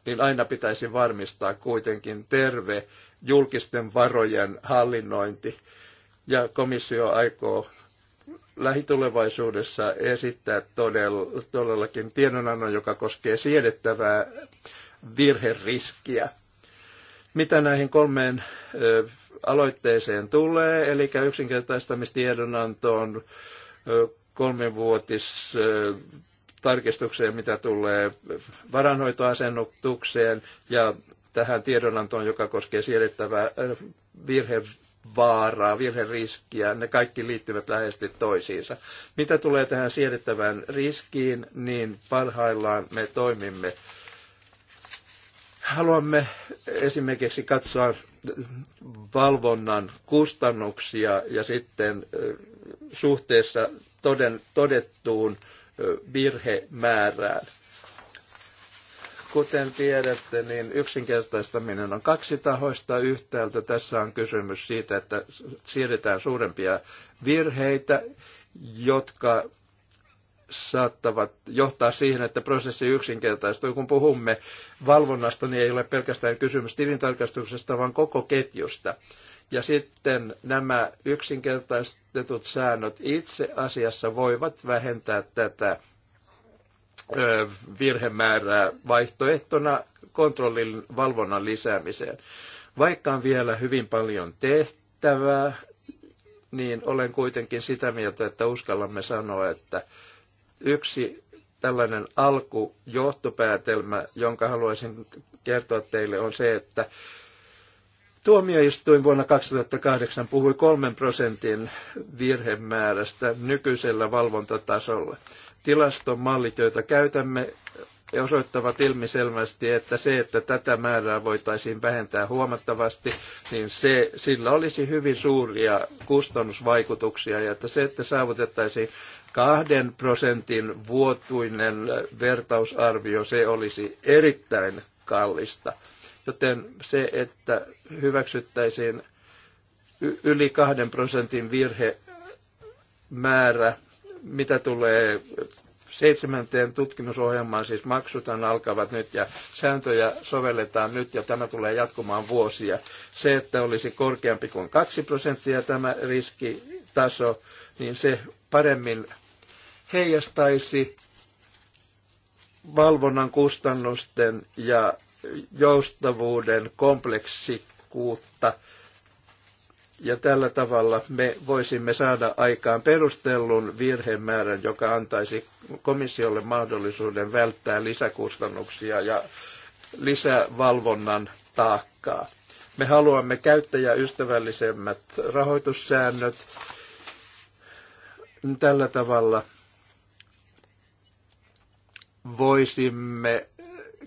niin aina pitäisi varmistaa kuitenkin terve julkisten varojen hallinnointi. Ja komissio aikoo lähitulevaisuudessa esittää todellakin tiedonannon, joka koskee siedettävää virheriskiä. Mitä näihin kolmeen aloitteeseen tulee, eli yksinkertaistamistiedonantoon, kolmenvuotis tarkistukseen, mitä tulee varanhoitoasennukseen ja tähän tiedonantoon, joka koskee siedettävää virhe vaaraa, virheriskiä, ne kaikki liittyvät läheisesti toisiinsa. Mitä tulee tähän siedettävään riskiin, niin parhaillaan me toimimme. Haluamme esimerkiksi katsoa valvonnan kustannuksia ja sitten suhteessa toden, todettuun virhemäärään. Kuten tiedätte, niin yksinkertaistaminen on kaksi tahoista yhtäältä. Tässä on kysymys siitä, että siirretään suurempia virheitä, jotka saattavat johtaa siihen, että prosessi yksinkertaistuu. Kun puhumme valvonnasta, niin ei ole pelkästään kysymys tilintarkastuksesta, vaan koko ketjusta. Ja sitten nämä yksinkertaistetut säännöt itse asiassa voivat vähentää tätä virhemäärää vaihtoehtona kontrollin valvonnan lisäämiseen. Vaikka on vielä hyvin paljon tehtävää, niin olen kuitenkin sitä mieltä, että uskallamme sanoa, että yksi tällainen alkujohtopäätelmä, jonka haluaisin kertoa teille, on se, että Tuomioistuin vuonna 2008 puhui kolmen prosentin virhemäärästä nykyisellä valvontatasolla tilastomallit, joita käytämme, osoittavat ilmiselvästi, että se, että tätä määrää voitaisiin vähentää huomattavasti, niin se, sillä olisi hyvin suuria kustannusvaikutuksia ja että se, että saavutettaisiin kahden prosentin vuotuinen vertausarvio, se olisi erittäin kallista. Joten se, että hyväksyttäisiin yli kahden prosentin virhemäärä, mitä tulee seitsemänteen tutkimusohjelmaan, siis maksutan alkavat nyt ja sääntöjä sovelletaan nyt ja tämä tulee jatkumaan vuosia. Se, että olisi korkeampi kuin 2 prosenttia tämä riskitaso, niin se paremmin heijastaisi valvonnan kustannusten ja joustavuuden kompleksikkuutta – ja tällä tavalla me voisimme saada aikaan perustellun virhemäärän, joka antaisi komissiolle mahdollisuuden välttää lisäkustannuksia ja lisävalvonnan taakkaa. Me haluamme käyttäjäystävällisemmät rahoitussäännöt. Tällä tavalla voisimme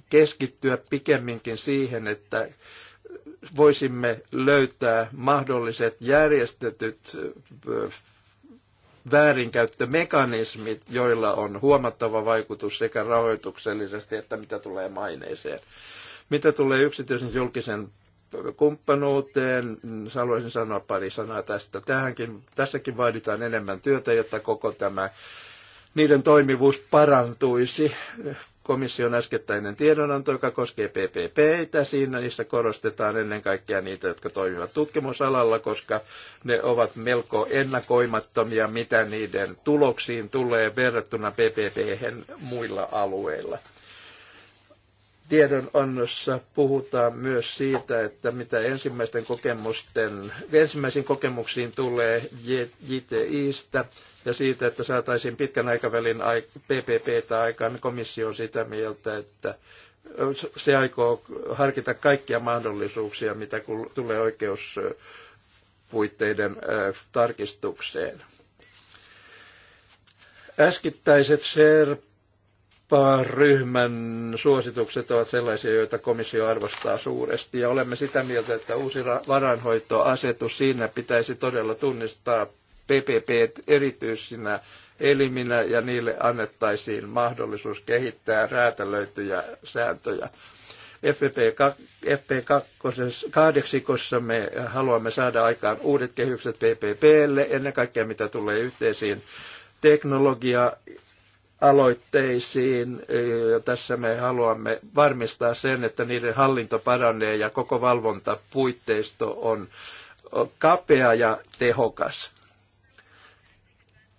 keskittyä pikemminkin siihen, että voisimme löytää mahdolliset järjestetyt väärinkäyttömekanismit, joilla on huomattava vaikutus sekä rahoituksellisesti että mitä tulee maineeseen. Mitä tulee yksityisen julkisen kumppanuuteen, mm, haluaisin sanoa pari sanaa tästä. Tähänkin, tässäkin vaaditaan enemmän työtä, jotta koko tämä niiden toimivuus parantuisi komission äskettäinen tiedonanto, joka koskee PPP: Siinä niissä korostetaan ennen kaikkea niitä, jotka toimivat tutkimusalalla, koska ne ovat melko ennakoimattomia, mitä niiden tuloksiin tulee verrattuna PPP muilla alueilla tiedonannossa puhutaan myös siitä, että mitä ensimmäisten kokemusten, ensimmäisiin kokemuksiin tulee JTIstä ja siitä, että saataisiin pitkän aikavälin PPPtä aikaan. Niin komissio on sitä mieltä, että se aikoo harkita kaikkia mahdollisuuksia, mitä tulee oikeuspuitteiden tarkistukseen. Äskittäiset SERP ryhmän suositukset ovat sellaisia, joita komissio arvostaa suuresti. Ja olemme sitä mieltä, että uusi varainhoitoasetus siinä pitäisi todella tunnistaa PPP erityisinä eliminä ja niille annettaisiin mahdollisuus kehittää räätälöityjä sääntöjä. FP2 me haluamme saada aikaan uudet kehykset PPPlle, ennen kaikkea mitä tulee yhteisiin teknologia- aloitteisiin. Ja tässä me haluamme varmistaa sen, että niiden hallinto paranee ja koko valvontapuitteisto on kapea ja tehokas.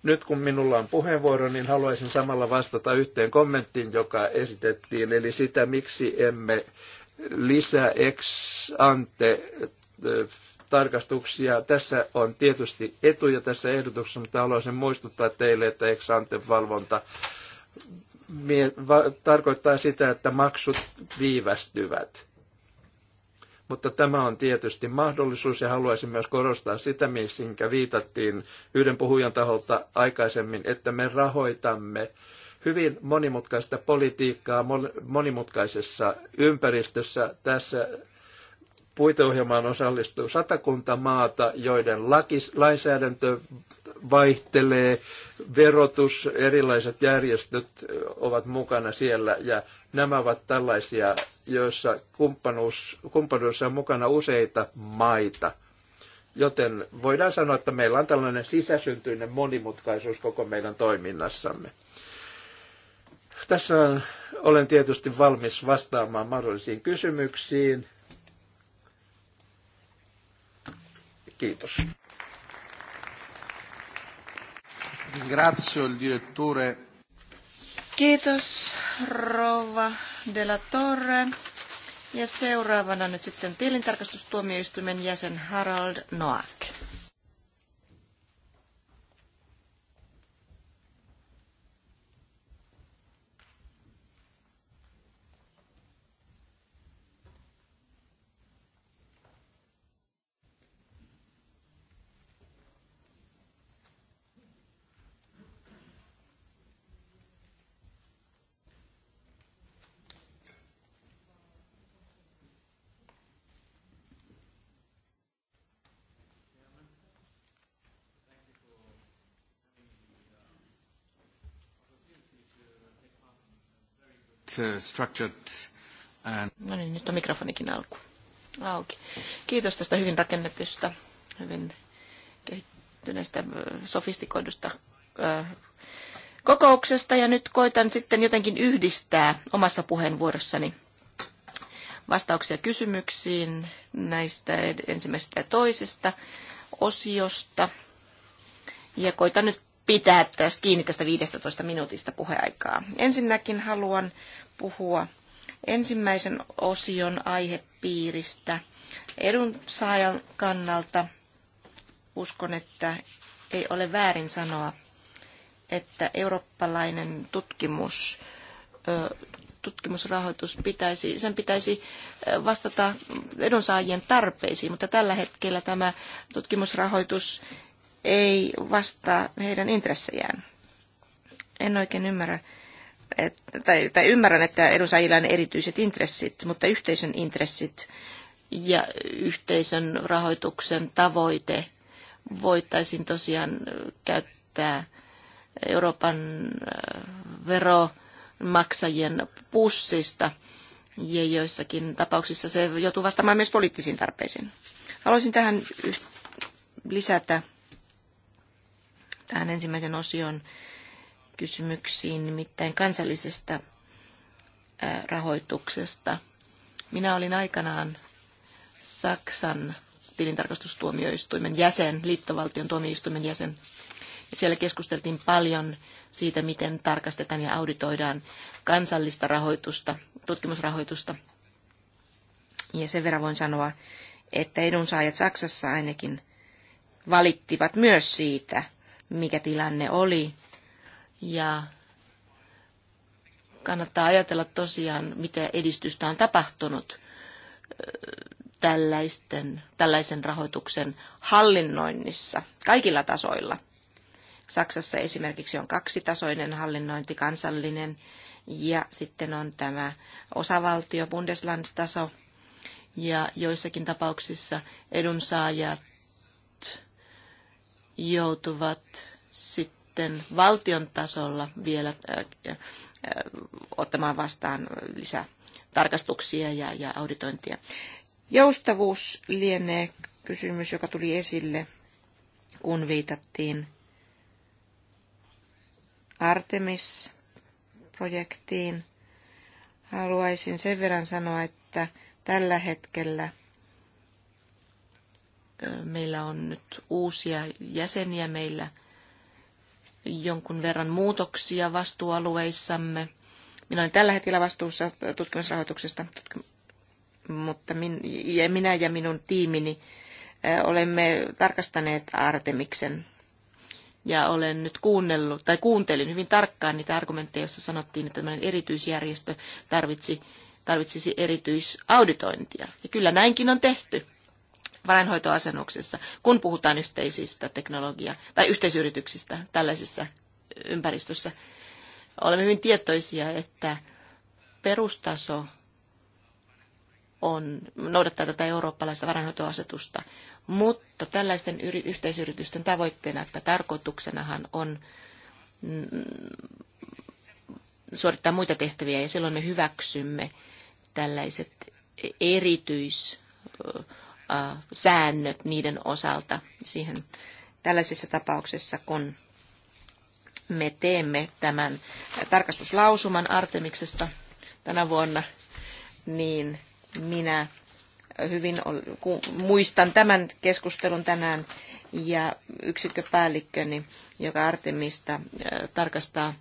Nyt kun minulla on puheenvuoro, niin haluaisin samalla vastata yhteen kommenttiin, joka esitettiin, eli sitä, miksi emme lisää ex ante tarkastuksia. Tässä on tietysti etuja tässä ehdotuksessa, mutta haluaisin muistuttaa teille, että ex ante valvonta tarkoittaa sitä, että maksut viivästyvät. Mutta tämä on tietysti mahdollisuus ja haluaisin myös korostaa sitä, minkä viitattiin yhden puhujan taholta aikaisemmin, että me rahoitamme hyvin monimutkaista politiikkaa monimutkaisessa ympäristössä. Tässä puiteohjelmaan osallistuu satakunta maata, joiden lakis, lainsäädäntö vaihtelee, verotus, erilaiset järjestöt ovat mukana siellä ja nämä ovat tällaisia, joissa kumppanuus, kumppanuudessa on mukana useita maita. Joten voidaan sanoa, että meillä on tällainen sisäsyntyinen monimutkaisuus koko meidän toiminnassamme. Tässä olen tietysti valmis vastaamaan mahdollisiin kysymyksiin Kiitos. Ringrazio il direttore. Kiitos rouva Della Torre. Ja seuraavana nyt sitten tilintarkastustuomioistuimen jäsen Harald Noack. Uh, structured and... No niin, nyt on mikrofonikin alku. auki. Kiitos tästä hyvin rakennetusta, hyvin kehittyneestä, sofistikoidusta kokouksesta ja nyt koitan sitten jotenkin yhdistää omassa puheenvuorossani vastauksia kysymyksiin näistä ensimmäisestä ja toisesta osiosta. Ja koitan nyt pitää tästä, kiinni tästä 15 minuutista puheaikaa. Ensinnäkin haluan puhua ensimmäisen osion aihepiiristä edunsaajan kannalta. Uskon, että ei ole väärin sanoa, että eurooppalainen tutkimus, tutkimusrahoitus pitäisi, sen pitäisi vastata edunsaajien tarpeisiin, mutta tällä hetkellä tämä tutkimusrahoitus ei vastaa heidän intressejään. En oikein ymmärrä, että, tai, tai ymmärrän, että edunsaajilla on erityiset intressit, mutta yhteisön intressit ja yhteisön rahoituksen tavoite voitaisiin tosiaan käyttää Euroopan äh, veromaksajien pussista ja joissakin tapauksissa se joutuu vastaamaan myös poliittisiin tarpeisiin. Haluaisin tähän lisätä tähän ensimmäisen osion kysymyksiin, nimittäin kansallisesta rahoituksesta. Minä olin aikanaan Saksan tilintarkastustuomioistuimen jäsen, liittovaltion tuomioistuimen jäsen. Siellä keskusteltiin paljon siitä, miten tarkastetaan ja auditoidaan kansallista rahoitusta, tutkimusrahoitusta. Ja sen verran voin sanoa, että edunsaajat Saksassa ainakin valittivat myös siitä, mikä tilanne oli. Ja kannattaa ajatella tosiaan, mitä edistystä on tapahtunut tällaisten, tällaisen rahoituksen hallinnoinnissa kaikilla tasoilla. Saksassa esimerkiksi on kaksitasoinen hallinnointi, kansallinen ja sitten on tämä osavaltio, Bundesland-taso. Ja joissakin tapauksissa edunsaajat joutuvat sitten valtion tasolla vielä äh, äh, ottamaan vastaan lisää tarkastuksia ja, ja auditointia. Joustavuus lienee kysymys, joka tuli esille, kun viitattiin Artemis-projektiin. Haluaisin sen verran sanoa, että tällä hetkellä – meillä on nyt uusia jäseniä meillä jonkun verran muutoksia vastuualueissamme. Minä olen tällä hetkellä vastuussa tutkimusrahoituksesta, mutta min, ja minä ja minun tiimini olemme tarkastaneet Artemiksen. Ja olen nyt kuunnellut, tai kuuntelin hyvin tarkkaan niitä argumentteja, joissa sanottiin, että tämmöinen erityisjärjestö tarvitsi, tarvitsisi erityisauditointia. Ja kyllä näinkin on tehty varainhoitoasennuksessa, kun puhutaan yhteisistä teknologia- tai yhteisyrityksistä tällaisessa ympäristössä. Olemme hyvin tietoisia, että perustaso on, noudattaa tätä eurooppalaista varainhoitoasetusta, mutta tällaisten yri, yhteisyritysten tavoitteena tai tarkoituksenahan on mm, suorittaa muita tehtäviä ja silloin me hyväksymme tällaiset erityis Äh, säännöt niiden osalta siihen tällaisissa tapauksissa, kun me teemme tämän tarkastuslausuman Artemiksesta tänä vuonna, niin minä hyvin muistan tämän keskustelun tänään ja yksikköpäällikköni, joka Artemista äh, tarkastaa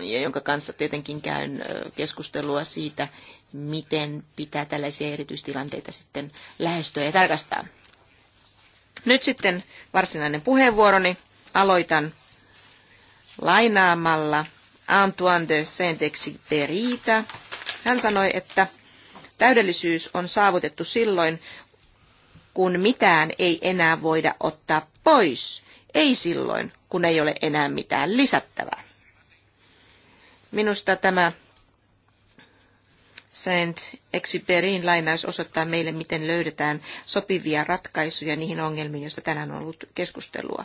ja jonka kanssa tietenkin käyn äh, keskustelua siitä, miten pitää tällaisia erityistilanteita sitten lähestyä ja tarkastaa. Nyt sitten varsinainen puheenvuoroni. Aloitan lainaamalla Antoine de Saint-Exupérytä. Hän sanoi, että täydellisyys on saavutettu silloin, kun mitään ei enää voida ottaa pois, ei silloin, kun ei ole enää mitään lisättävää. Minusta tämä Saint Exupérin lainaus osoittaa meille, miten löydetään sopivia ratkaisuja niihin ongelmiin, joista tänään on ollut keskustelua.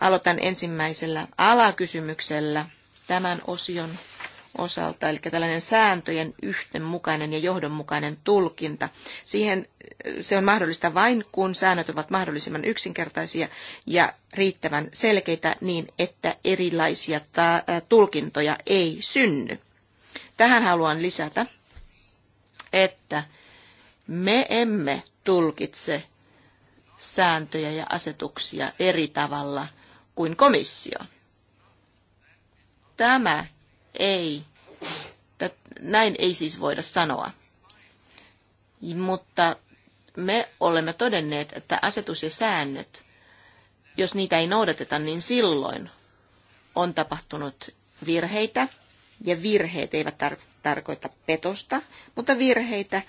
Aloitan ensimmäisellä alakysymyksellä tämän osion osalta, eli tällainen sääntöjen yhdenmukainen ja johdonmukainen tulkinta. Siihen se on mahdollista vain, kun säännöt ovat mahdollisimman yksinkertaisia ja riittävän selkeitä niin, että erilaisia tulkintoja ei synny. Tähän haluan lisätä, että me emme tulkitse sääntöjä ja asetuksia eri tavalla kuin komissio. Tämä ei, näin ei siis voida sanoa. Mutta me olemme todenneet, että asetus ja säännöt, jos niitä ei noudateta, niin silloin on tapahtunut virheitä ja virheet eivät tar- tarkoita petosta, mutta virheitä,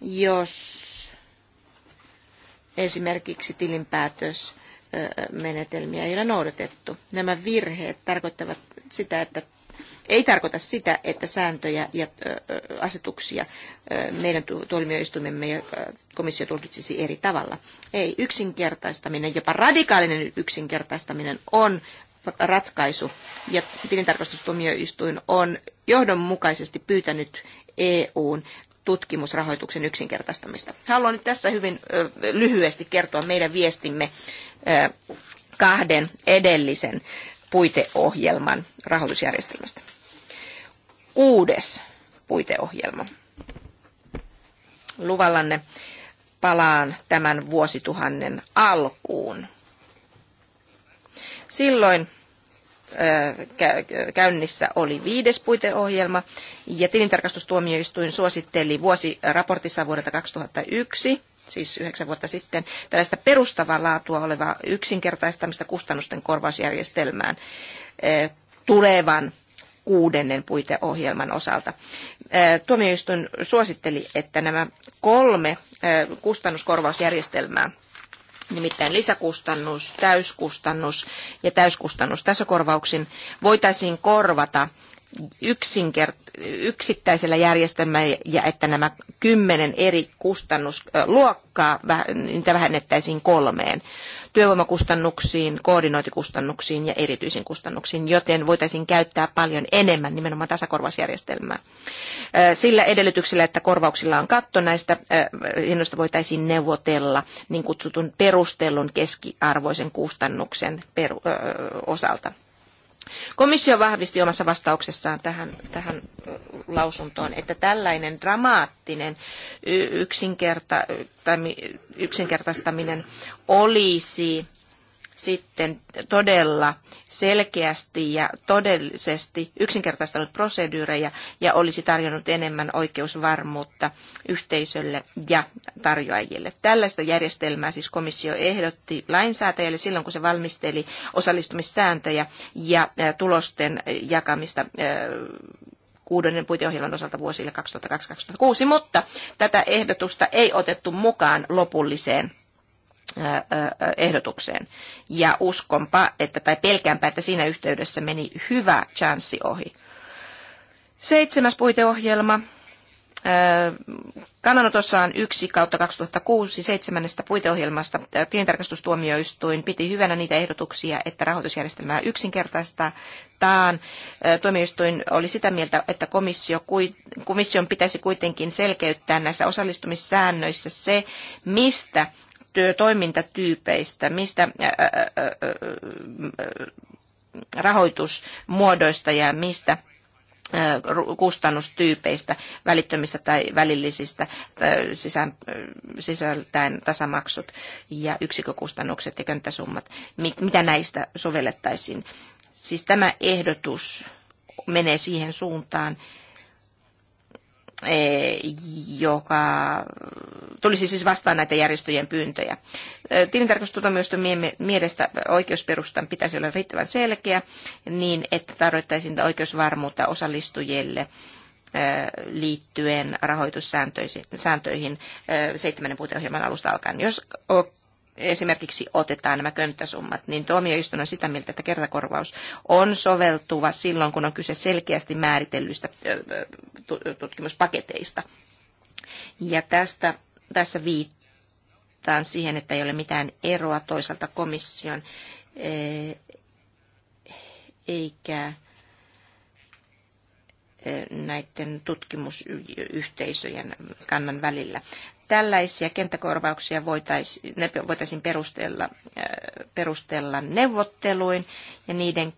jos esimerkiksi tilinpäätös menetelmiä ei ole noudatettu. Nämä virheet tarkoittavat sitä, että ei tarkoita sitä, että sääntöjä ja asetuksia meidän tuomioistuimemme ja komissio tulkitsisi eri tavalla. Ei, yksinkertaistaminen, jopa radikaalinen yksinkertaistaminen on ratkaisu ja tilintarkastustuomioistuin on johdonmukaisesti pyytänyt EUn tutkimusrahoituksen yksinkertaistamista. Haluan nyt tässä hyvin lyhyesti kertoa meidän viestimme kahden edellisen puiteohjelman rahoitusjärjestelmästä. Kuudes puiteohjelma. Luvallanne palaan tämän vuosituhannen alkuun. Silloin käynnissä oli viides puiteohjelma ja tilintarkastustuomioistuin suositteli vuosiraportissa vuodelta 2001 siis yhdeksän vuotta sitten, tällaista perustavaa laatua olevaa yksinkertaistamista kustannusten korvausjärjestelmään tulevan kuudennen puiteohjelman osalta. Tuomioistuin suositteli, että nämä kolme kustannuskorvausjärjestelmää nimittäin lisäkustannus, täyskustannus ja täyskustannus tasokorvauksin voitaisiin korvata yksinkert- yksittäisellä järjestelmällä ja että nämä kymmenen eri kustannusluokkaa, niitä vähennettäisiin kolmeen työvoimakustannuksiin, koordinointikustannuksiin ja erityisiin kustannuksiin, joten voitaisiin käyttää paljon enemmän nimenomaan tasakorvausjärjestelmää. Sillä edellytyksellä, että korvauksilla on katto näistä hinnoista voitaisiin neuvotella niin kutsutun perustellun keskiarvoisen kustannuksen osalta Komissio vahvisti omassa vastauksessaan tähän, tähän lausuntoon, että tällainen dramaattinen yksinkerta, yksinkertaistaminen olisi sitten todella selkeästi ja todellisesti yksinkertaistanut proseduureja ja olisi tarjonnut enemmän oikeusvarmuutta yhteisölle ja tarjoajille. Tällaista järjestelmää siis komissio ehdotti lainsäätäjälle silloin, kun se valmisteli osallistumissääntöjä ja tulosten jakamista kuudennen puiteohjelman osalta vuosille 2002-2006, mutta tätä ehdotusta ei otettu mukaan lopulliseen ehdotukseen. Ja uskonpa, että, tai pelkäänpä, että siinä yhteydessä meni hyvä chanssi ohi. Seitsemäs puiteohjelma. Kannanotossaan 1 kautta 2006 seitsemännestä puiteohjelmasta tilintarkastustuomioistuin piti hyvänä niitä ehdotuksia, että rahoitusjärjestelmää yksinkertaistetaan. Tuomioistuin oli sitä mieltä, että komissio, komission pitäisi kuitenkin selkeyttää näissä osallistumissäännöissä se, mistä toimintatyypeistä, mistä rahoitusmuodoista ja mistä kustannustyypeistä, välittömistä tai välillisistä sisään, sisältäen tasamaksut ja yksikkökustannukset ja könttäsummat, mitä näistä sovellettaisiin. Siis tämä ehdotus menee siihen suuntaan, E, joka tulisi siis vastaan näitä järjestöjen pyyntöjä. E, Tilintarkastustuomioistuin mielestä oikeusperustan pitäisi olla riittävän selkeä niin, että tarvittaisiin oikeusvarmuutta osallistujille e, liittyen rahoitussääntöihin seitsemännen puuteohjelman alusta alkaen. Jos esimerkiksi otetaan nämä könttäsummat, niin tuomioistuin on sitä mieltä, että kertakorvaus on soveltuva silloin, kun on kyse selkeästi määritellyistä tutkimuspaketeista. Ja tästä, tässä viittaan siihen, että ei ole mitään eroa toisaalta komission e, eikä e, näiden tutkimusyhteisöjen kannan välillä tällaisia kenttäkorvauksia voitaisiin, ne perustella, äh, perustella neuvotteluin ja niiden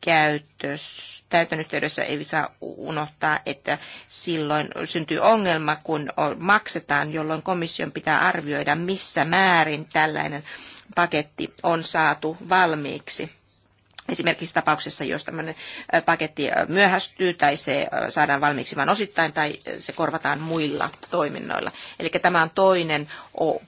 käytös, täytön yhteydessä ei saa unohtaa, että silloin syntyy ongelma, kun maksetaan, jolloin komission pitää arvioida, missä määrin tällainen paketti on saatu valmiiksi. Esimerkiksi tapauksessa, jos tämmöinen paketti myöhästyy tai se saadaan valmiiksi vain osittain tai se korvataan muilla toiminnoilla. Eli tämä on toinen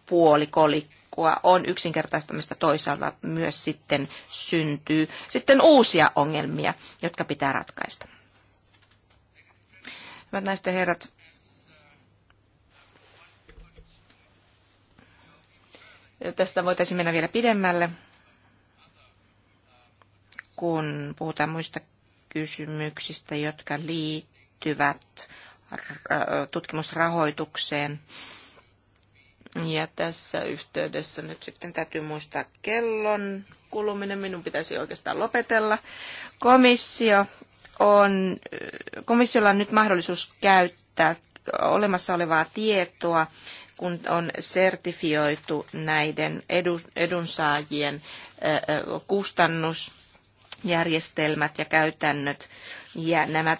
puoli kolikkoa, on yksinkertaistamista toisaalta myös sitten syntyy sitten uusia ongelmia, jotka pitää ratkaista. Hyvät naiset ja herrat, tästä voitaisiin mennä vielä pidemmälle kun puhutaan muista kysymyksistä, jotka liittyvät tutkimusrahoitukseen. Ja tässä yhteydessä nyt sitten täytyy muistaa kellon kuluminen. Minun pitäisi oikeastaan lopetella. Komissio on, komissiolla on nyt mahdollisuus käyttää olemassa olevaa tietoa, kun on sertifioitu näiden edunsaajien kustannus järjestelmät ja käytännöt, ja nämä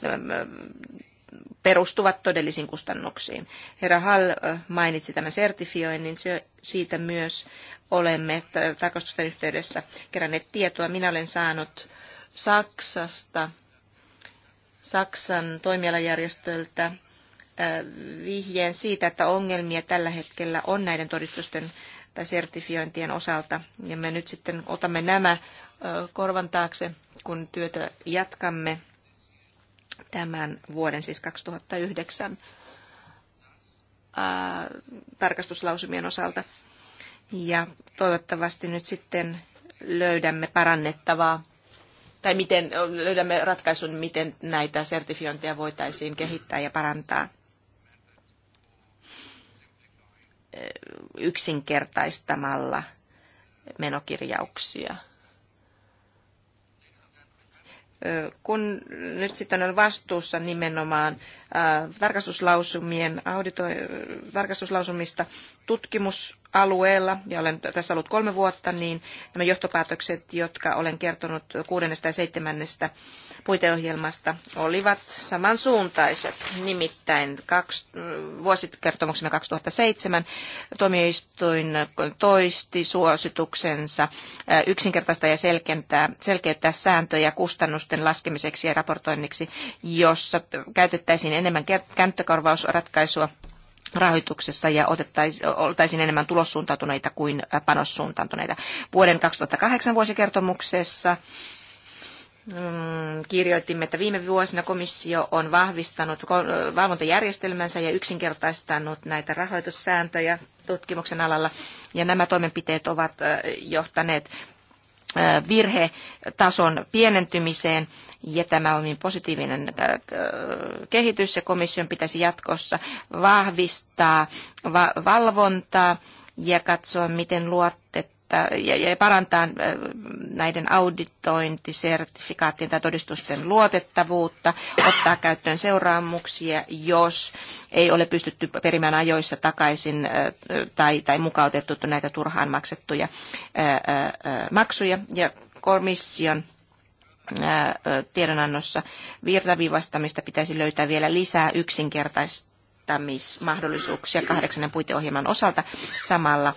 perustuvat todellisiin kustannuksiin. Herra Hall mainitsi tämän sertifioinnin, se, siitä myös olemme tarkastusten yhteydessä keränneet tietoa. Minä olen saanut Saksasta, Saksan toimialajärjestöltä vihjeen siitä, että ongelmia tällä hetkellä on näiden todistusten tai sertifiointien osalta. Ja me nyt sitten otamme nämä korvan taakse, kun työtä jatkamme tämän vuoden, siis 2009 ää, tarkastuslausumien osalta. Ja toivottavasti nyt sitten löydämme parannettavaa, tai miten löydämme ratkaisun, miten näitä sertifiointeja voitaisiin kehittää ja parantaa yksinkertaistamalla menokirjauksia – kun nyt sitten on vastuussa nimenomaan tarkastuslausumien audito- tarkastuslausumista tutkimus alueella, ja olen tässä ollut kolme vuotta, niin nämä johtopäätökset, jotka olen kertonut kuudennesta ja seitsemännestä puiteohjelmasta, olivat samansuuntaiset. Nimittäin kaksi, vuosikertomuksemme 2007 tuomioistuin toisti suosituksensa yksinkertaista ja selkentää, selkeyttää sääntöjä kustannusten laskemiseksi ja raportoinniksi, jossa käytettäisiin enemmän käyttökorvausratkaisua rahoituksessa ja oltaisiin enemmän tulossuuntautuneita kuin panossuuntautuneita. Vuoden 2008 vuosikertomuksessa mm, kirjoitimme, että viime vuosina komissio on vahvistanut valvontajärjestelmänsä ja yksinkertaistanut näitä rahoitussääntöjä tutkimuksen alalla. Ja nämä toimenpiteet ovat johtaneet virhetason pienentymiseen, ja tämä on niin positiivinen kehitys, ja komission pitäisi jatkossa vahvistaa valvontaa ja katsoa, miten luotet että, ja, ja parantaa äh, näiden auditointisertifikaattien tai todistusten luotettavuutta, ottaa käyttöön seuraamuksia, jos ei ole pystytty perimään ajoissa takaisin äh, tai, tai mukautettu näitä turhaan maksettuja äh, maksuja. Ja komission tiedonannossa virtaviivastamista pitäisi löytää vielä lisää yksinkertaista parantamismahdollisuuksia kahdeksannen puiteohjelman osalta. Samalla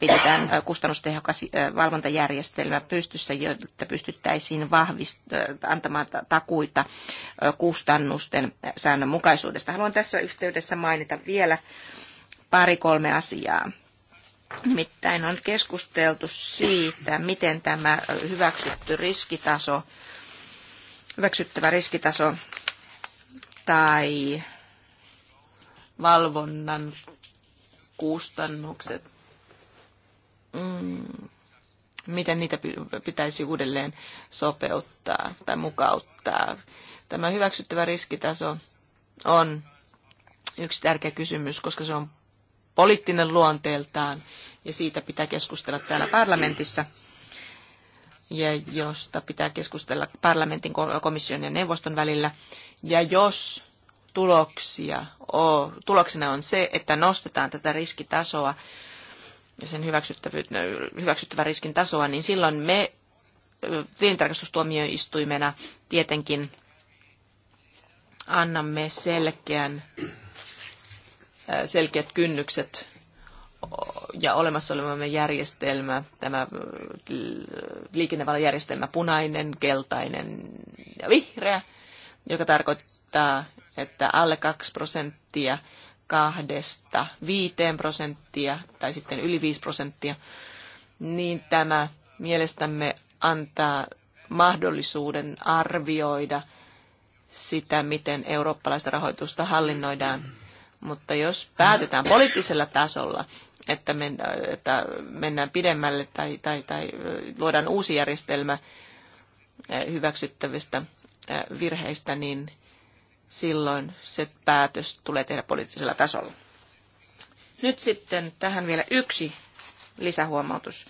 pidetään kustannustehokas valvontajärjestelmä pystyssä, jotta pystyttäisiin vahvist- antamaan takuita kustannusten säännönmukaisuudesta. Haluan tässä yhteydessä mainita vielä pari kolme asiaa. Nimittäin on keskusteltu siitä, miten tämä hyväksytty riskitaso, hyväksyttävä riskitaso tai valvonnan kustannukset, mm, miten niitä pitäisi uudelleen sopeuttaa tai mukauttaa. Tämä hyväksyttävä riskitaso on yksi tärkeä kysymys, koska se on poliittinen luonteeltaan ja siitä pitää keskustella täällä parlamentissa ja josta pitää keskustella parlamentin, komission ja neuvoston välillä. Ja jos tuloksia, tuloksena on se, että nostetaan tätä riskitasoa ja sen hyväksyttävän riskin tasoa, niin silloin me tilintarkastustuomioistuimena tietenkin annamme selkeän, selkeät kynnykset ja olemassa olevamme järjestelmä, tämä liikennevalojärjestelmä punainen, keltainen ja vihreä, joka tarkoittaa, että alle 2 prosenttia kahdesta viiteen prosenttia tai sitten yli 5 prosenttia, niin tämä mielestämme antaa mahdollisuuden arvioida sitä, miten eurooppalaista rahoitusta hallinnoidaan. Mutta jos päätetään poliittisella tasolla, että, että mennään pidemmälle tai, tai, tai luodaan uusi järjestelmä eh, hyväksyttävistä eh, virheistä, niin silloin se päätös tulee tehdä poliittisella tasolla. Nyt sitten tähän vielä yksi lisähuomautus.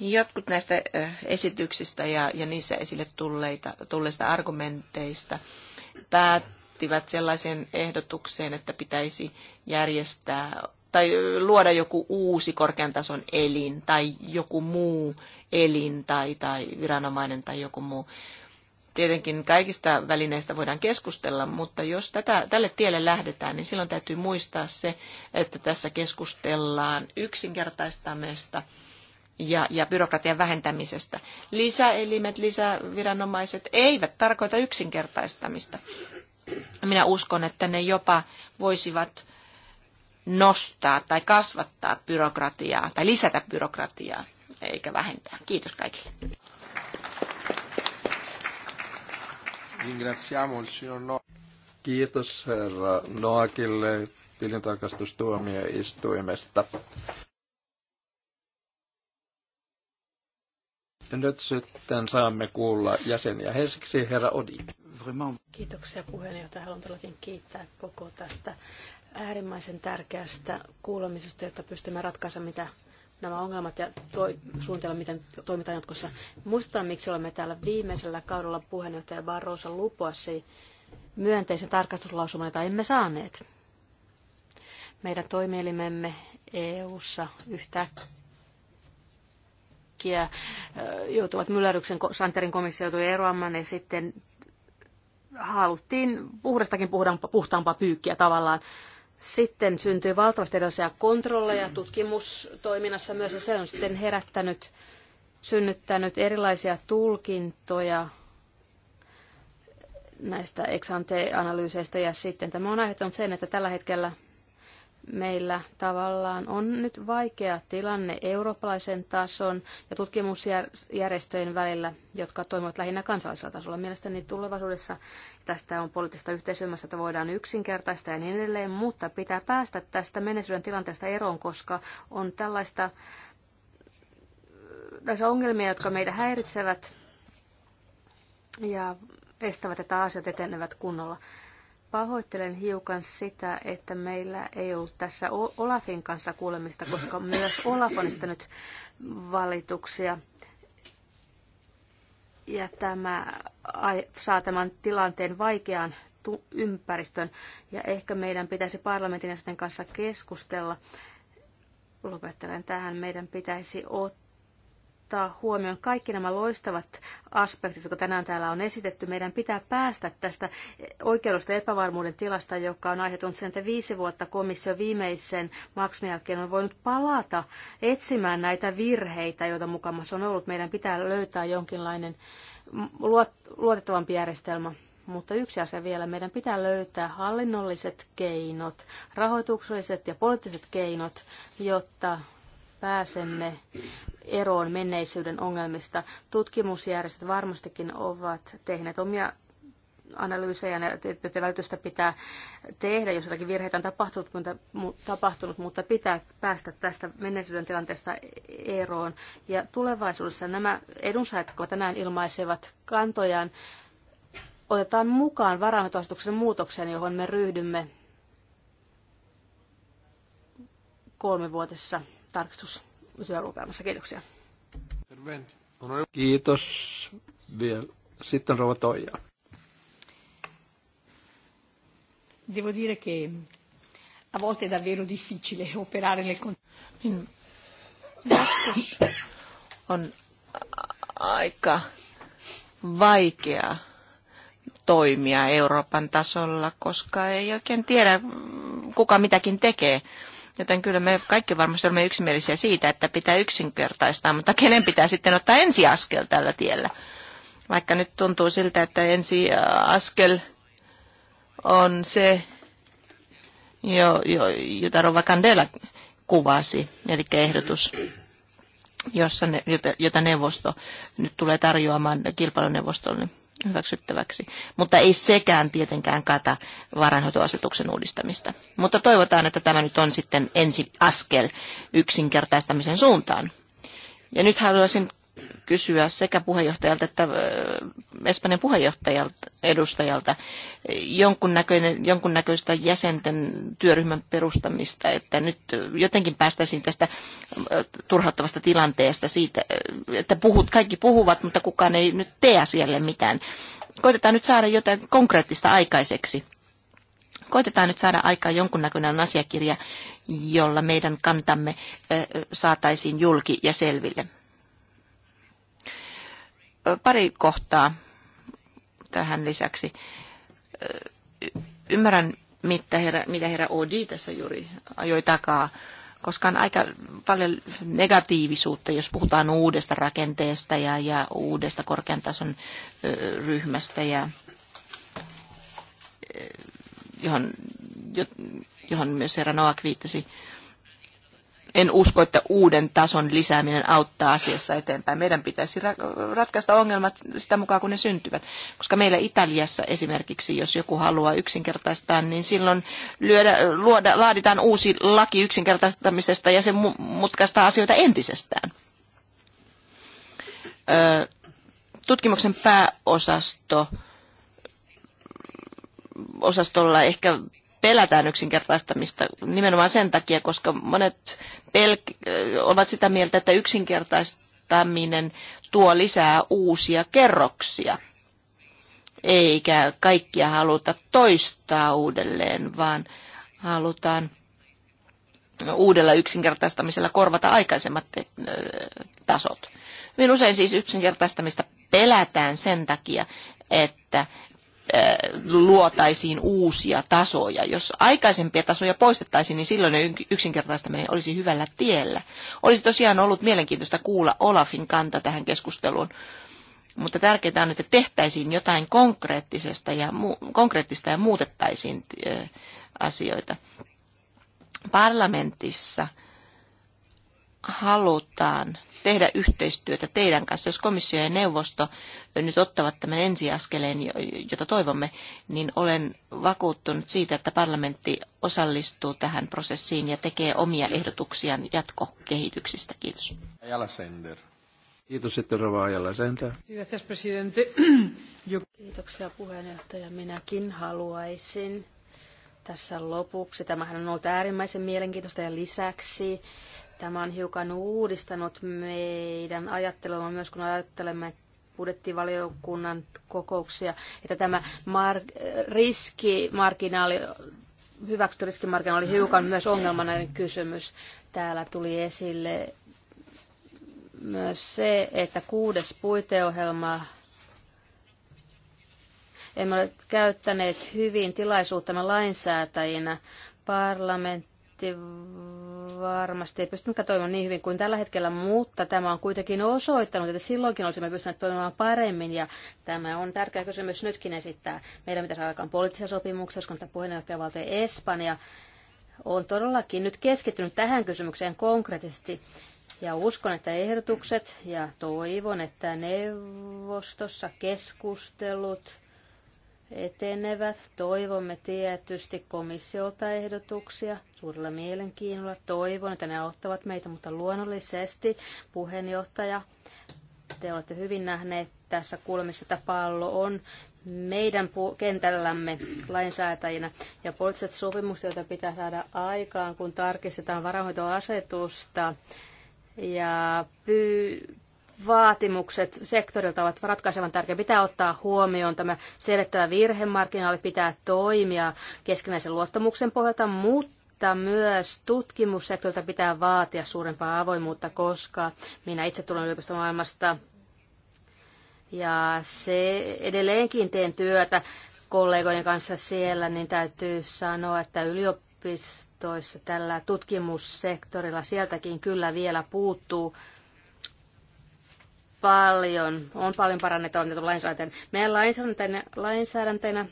Jotkut näistä esityksistä ja, ja niissä esille tulleita, tulleista argumenteista päättivät sellaisen ehdotukseen, että pitäisi järjestää tai luoda joku uusi korkean tason elin tai joku muu elin tai, tai viranomainen tai joku muu. Tietenkin kaikista välineistä voidaan keskustella, mutta jos tätä, tälle tielle lähdetään, niin silloin täytyy muistaa se, että tässä keskustellaan yksinkertaistamista ja, ja byrokratian vähentämisestä. Lisäelimet, lisäviranomaiset eivät tarkoita yksinkertaistamista. Minä uskon, että ne jopa voisivat nostaa tai kasvattaa byrokratiaa tai lisätä byrokratiaa, eikä vähentää. Kiitos kaikille. Ringraziamo il signor no. Kiitos herra Noakille tilintarkastustuomioistuimesta. Nyt sitten saamme kuulla jäseniä. Ensiksi herra Odi. Kiitoksia puheenjohtaja. Haluan todellakin kiittää koko tästä äärimmäisen tärkeästä kuulemisesta, jotta pystymme ratkaisemaan mitä nämä ongelmat ja toi, suunnitella, miten toimitaan jatkossa. Muistetaan, miksi olemme täällä viimeisellä kaudella puheenjohtaja Barroso lupoasi myönteisen tarkastuslausuman, jota emme saaneet. Meidän toimielimemme EU-ssa yhtäkkiä joutuvat myllärryksen, Santerin komissio joutui eroamaan ja sitten haluttiin puhdastakin puhtaampaa pyykkiä tavallaan. Sitten syntyi valtavasti erilaisia kontrolleja tutkimustoiminnassa myös, ja se on sitten herättänyt, synnyttänyt erilaisia tulkintoja näistä ex-ante-analyyseistä, ja sitten tämä on aiheuttanut sen, että tällä hetkellä – meillä tavallaan on nyt vaikea tilanne eurooppalaisen tason ja tutkimusjärjestöjen välillä, jotka toimivat lähinnä kansallisella tasolla. Mielestäni tulevaisuudessa tästä on poliittista yhteisymmärrystä, että voidaan yksinkertaista ja niin edelleen, mutta pitää päästä tästä menestyksen tilanteesta eroon, koska on tällaista tässä ongelmia, jotka meitä häiritsevät ja estävät, että asiat etenevät kunnolla pahoittelen hiukan sitä, että meillä ei ollut tässä Olafin kanssa kuulemista, koska myös Olaf on nyt valituksia. Ja tämä saa tämän tilanteen vaikeaan ympäristön. Ja ehkä meidän pitäisi parlamentin jäsenten kanssa keskustella. Lopettelen tähän. Meidän pitäisi ottaa ottaa huomioon kaikki nämä loistavat aspektit, jotka tänään täällä on esitetty. Meidän pitää päästä tästä oikeudesta epävarmuuden tilasta, joka on aiheutunut sen, että viisi vuotta komissio viimeisen maksun jälkeen on voinut palata etsimään näitä virheitä, joita mukamassa on ollut. Meidän pitää löytää jonkinlainen luotettavampi järjestelmä. Mutta yksi asia vielä, meidän pitää löytää hallinnolliset keinot, rahoitukselliset ja poliittiset keinot, jotta pääsemme eroon menneisyyden ongelmista. Tutkimusjärjestöt varmastikin ovat tehneet omia analyysejä ja välitystä pitää tehdä, jos jotakin virheitä on tapahtunut, mutta, tapahtunut, mutta pitää päästä tästä menneisyyden tilanteesta eroon. Ja tulevaisuudessa nämä edunsaajat, jotka tänään ilmaisevat kantojaan, otetaan mukaan varainhoitoasetuksen muutokseen, johon me ryhdymme kolmivuotisessa tarkistus työlupaamassa. Kiitoksia. Kiitos vielä. Sitten rouva Toija. Devo dire che a volte è davvero difficile operare nel contesto. Niin, on aika vaikea toimia Euroopan tasolla, koska ei oikein tiedä, kuka mitäkin tekee. Joten kyllä me kaikki varmasti olemme yksimielisiä siitä, että pitää yksinkertaistaa, mutta kenen pitää sitten ottaa ensiaskel tällä tiellä? Vaikka nyt tuntuu siltä, että ensiaskel äh, on se, jo, jo, jota Rova Candela kuvasi, eli ehdotus, jossa ne, jota, jota neuvosto nyt tulee tarjoamaan kilpailuneuvostolle. Niin hyväksyttäväksi. Mutta ei sekään tietenkään kata varainhoitoasetuksen uudistamista. Mutta toivotaan, että tämä nyt on sitten ensi askel yksinkertaistamisen suuntaan. Ja nyt haluaisin kysyä sekä puheenjohtajalta että Espanjan puheenjohtajalta edustajalta jonkunnäköistä jäsenten työryhmän perustamista, että nyt jotenkin päästäisiin tästä turhauttavasta tilanteesta siitä, että puhut, kaikki puhuvat, mutta kukaan ei nyt tee asialle mitään. Koitetaan nyt saada jotain konkreettista aikaiseksi koitetaan nyt saada aikaan jonkunnäköinen asiakirja, jolla meidän kantamme saataisiin julki ja selville. Pari kohtaa tähän lisäksi. Ymmärrän, mitä herra, mitä herra Odi tässä juuri ajoi takaa, koska on aika paljon negatiivisuutta, jos puhutaan uudesta rakenteesta ja, ja uudesta korkean tason ryhmästä, ja, johon, johon myös herra Noak viittasi en usko, että uuden tason lisääminen auttaa asiassa eteenpäin. Meidän pitäisi ratkaista ongelmat sitä mukaan, kun ne syntyvät. Koska meillä Italiassa esimerkiksi, jos joku haluaa yksinkertaistaa, niin silloin lyödä, luoda, laaditaan uusi laki yksinkertaistamisesta ja se mutkaistaa asioita entisestään. Tutkimuksen pääosasto osastolla ehkä pelätään yksinkertaistamista nimenomaan sen takia, koska monet pelk- ovat sitä mieltä, että yksinkertaistaminen tuo lisää uusia kerroksia. Eikä kaikkia haluta toistaa uudelleen, vaan halutaan uudella yksinkertaistamisella korvata aikaisemmat tasot. Hyvin usein siis yksinkertaistamista pelätään sen takia, että Äh, luotaisiin uusia tasoja. Jos aikaisempia tasoja poistettaisiin, niin silloin yksinkertaistaminen olisi hyvällä tiellä. Olisi tosiaan ollut mielenkiintoista kuulla Olafin kanta tähän keskusteluun, mutta tärkeintä on, että tehtäisiin jotain konkreettisesta ja konkreettista ja muutettaisiin äh, asioita. Parlamentissa – halutaan tehdä yhteistyötä teidän kanssa, jos komissio ja neuvosto nyt ottavat tämän ensiaskeleen, jota toivomme, niin olen vakuuttunut siitä, että parlamentti osallistuu tähän prosessiin ja tekee omia ehdotuksiaan jatkokehityksistä. Kiitos. Ajala Sender. Kiitos sitten Rova Ajala Sender. Kiitoksia puheenjohtaja. Minäkin haluaisin tässä lopuksi. Tämähän on ollut äärimmäisen mielenkiintoista ja lisäksi Tämä on hiukan uudistanut meidän ajattelua, myös kun ajattelemme budjettivaliokunnan kokouksia, että tämä mar- riskimarginaali, hyväksytty riskimarginaali oli hiukan myös ongelmanainen kysymys. Täällä tuli esille myös se, että kuudes puiteohjelma emme ole käyttäneet hyvin tilaisuuttamme lainsäätäjinä. Parlamentti parlamentti varmasti ei pystynytkään toimimaan niin hyvin kuin tällä hetkellä, mutta tämä on kuitenkin osoittanut, että silloinkin olisimme pystyneet toimimaan paremmin ja tämä on tärkeä kysymys nytkin esittää. Meidän pitäisi alkaa poliittisia sopimuksia, koska tämä puheenjohtajavaltio Espanja on todellakin nyt keskittynyt tähän kysymykseen konkreettisesti. Ja uskon, että ehdotukset ja toivon, että neuvostossa keskustelut etenevät. Toivomme tietysti komissiolta ehdotuksia suurella mielenkiinnolla. Toivon, että ne auttavat meitä, mutta luonnollisesti puheenjohtaja, te olette hyvin nähneet tässä kuulemissa, että pallo on meidän kentällämme lainsäätäjinä ja poliittiset sopimukset, joita pitää saada aikaan, kun tarkistetaan varahoitoasetusta ja pyy- vaatimukset sektorilta ovat ratkaisevan tärkeä. Pitää ottaa huomioon tämä selettävä virhemarkkinaali, pitää toimia keskinäisen luottamuksen pohjalta, mutta mutta myös tutkimussektorilta pitää vaatia suurempaa avoimuutta, koska minä itse tulen yliopistomaailmasta ja se edelleenkin teen työtä kollegoiden kanssa siellä, niin täytyy sanoa, että yliopistoissa tällä tutkimussektorilla sieltäkin kyllä vielä puuttuu paljon, on paljon parannettavaa lainsäädäntöön. Meidän lainsäädäntöinä, lainsäädäntöinä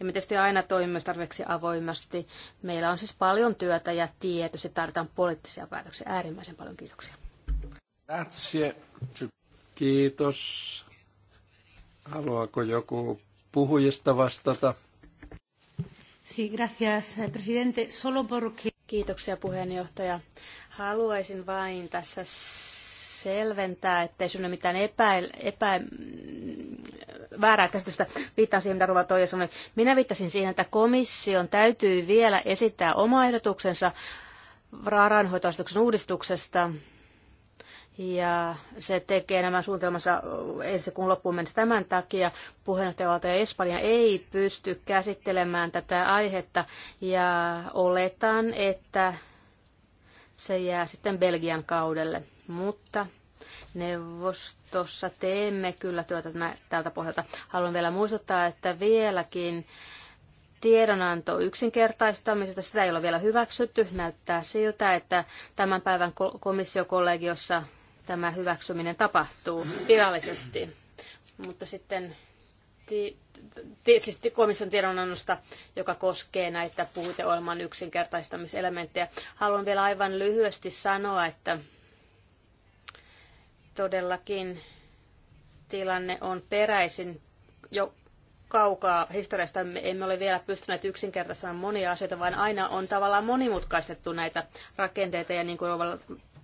ja me tietysti aina toimimme myös tarpeeksi avoimesti. Meillä on siis paljon työtä ja tietysti tarvitaan poliittisia päätöksiä. Äärimmäisen paljon kiitoksia. Grazie. Kiitos. Haluaako joku puhujista vastata? Sí, gracias, presidente. Solo porque... Kiitoksia puheenjohtaja. Haluaisin vain tässä selventää, ettei sinulle mitään epäil, epä, väärää käsitystä. Viittaan siihen, mitä Ruva Toija sanoi. Minä viittasin siihen, että komission täytyy vielä esittää oma ehdotuksensa varainhoitoasetuksen uudistuksesta. Ja se tekee nämä suunnitelmansa ensi kuun loppuun mennessä tämän takia. Puheenjohtajavaltio Espanja ei pysty käsittelemään tätä aihetta ja oletan, että se jää sitten Belgian kaudelle. Mutta neuvostossa teemme kyllä työtä tältä pohjalta. Haluan vielä muistuttaa, että vieläkin tiedonanto yksinkertaistamisesta, sitä ei ole vielä hyväksytty. Näyttää siltä, että tämän päivän komissiokollegiossa tämä hyväksyminen tapahtuu virallisesti. Mutta sitten siis komission tiedonannosta, joka koskee näitä puhuteohjelman yksinkertaistamiselementtejä. Haluan vielä aivan lyhyesti sanoa, että Todellakin tilanne on peräisin jo kaukaa historiasta. Me emme ole vielä pystyneet yksinkertaistamaan monia asioita, vaan aina on tavallaan monimutkaistettu näitä rakenteita. Ja niin kuin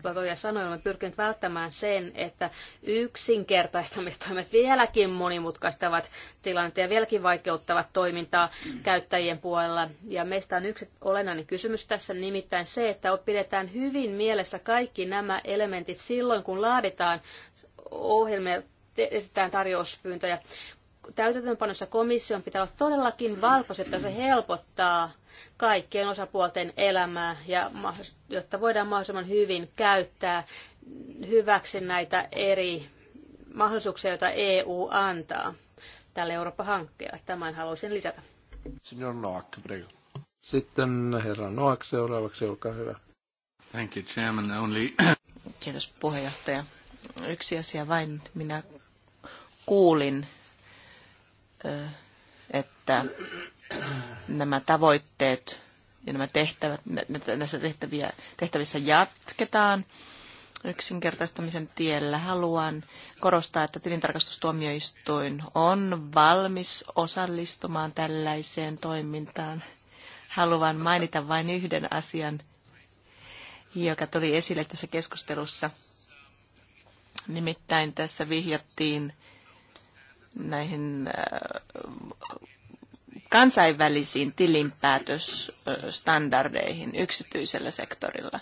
voi sanoa, Olemme pyrkineet välttämään sen, että yksinkertaistamistoimet vieläkin monimutkaistavat tilanteen ja vieläkin vaikeuttavat toimintaa käyttäjien puolella. Ja meistä on yksi olennainen kysymys tässä, nimittäin se, että pidetään hyvin mielessä kaikki nämä elementit silloin, kun laaditaan ohjelmia esitetään tarjouspyyntöjä täytäntöönpanossa komission pitää olla todellakin valkoiset, että se helpottaa kaikkien osapuolten elämää, ja, jotta voidaan mahdollisimman hyvin käyttää hyväksi näitä eri mahdollisuuksia, joita EU antaa tälle Eurooppa-hankkeelle. Tämän haluaisin lisätä. Signor Noak, prego. Sitten herra Noak seuraavaksi, olkaa hyvä. Thank you, Chairman. Only... Kiitos puheenjohtaja. Yksi asia vain. Minä kuulin että nämä tavoitteet ja nämä tehtävät, näissä tehtäviä, tehtävissä jatketaan yksinkertaistamisen tiellä. Haluan korostaa, että tilintarkastustuomioistuin on valmis osallistumaan tällaiseen toimintaan. Haluan mainita vain yhden asian, joka tuli esille tässä keskustelussa. Nimittäin tässä vihjattiin näihin äh, kansainvälisiin tilinpäätösstandardeihin yksityisellä sektorilla.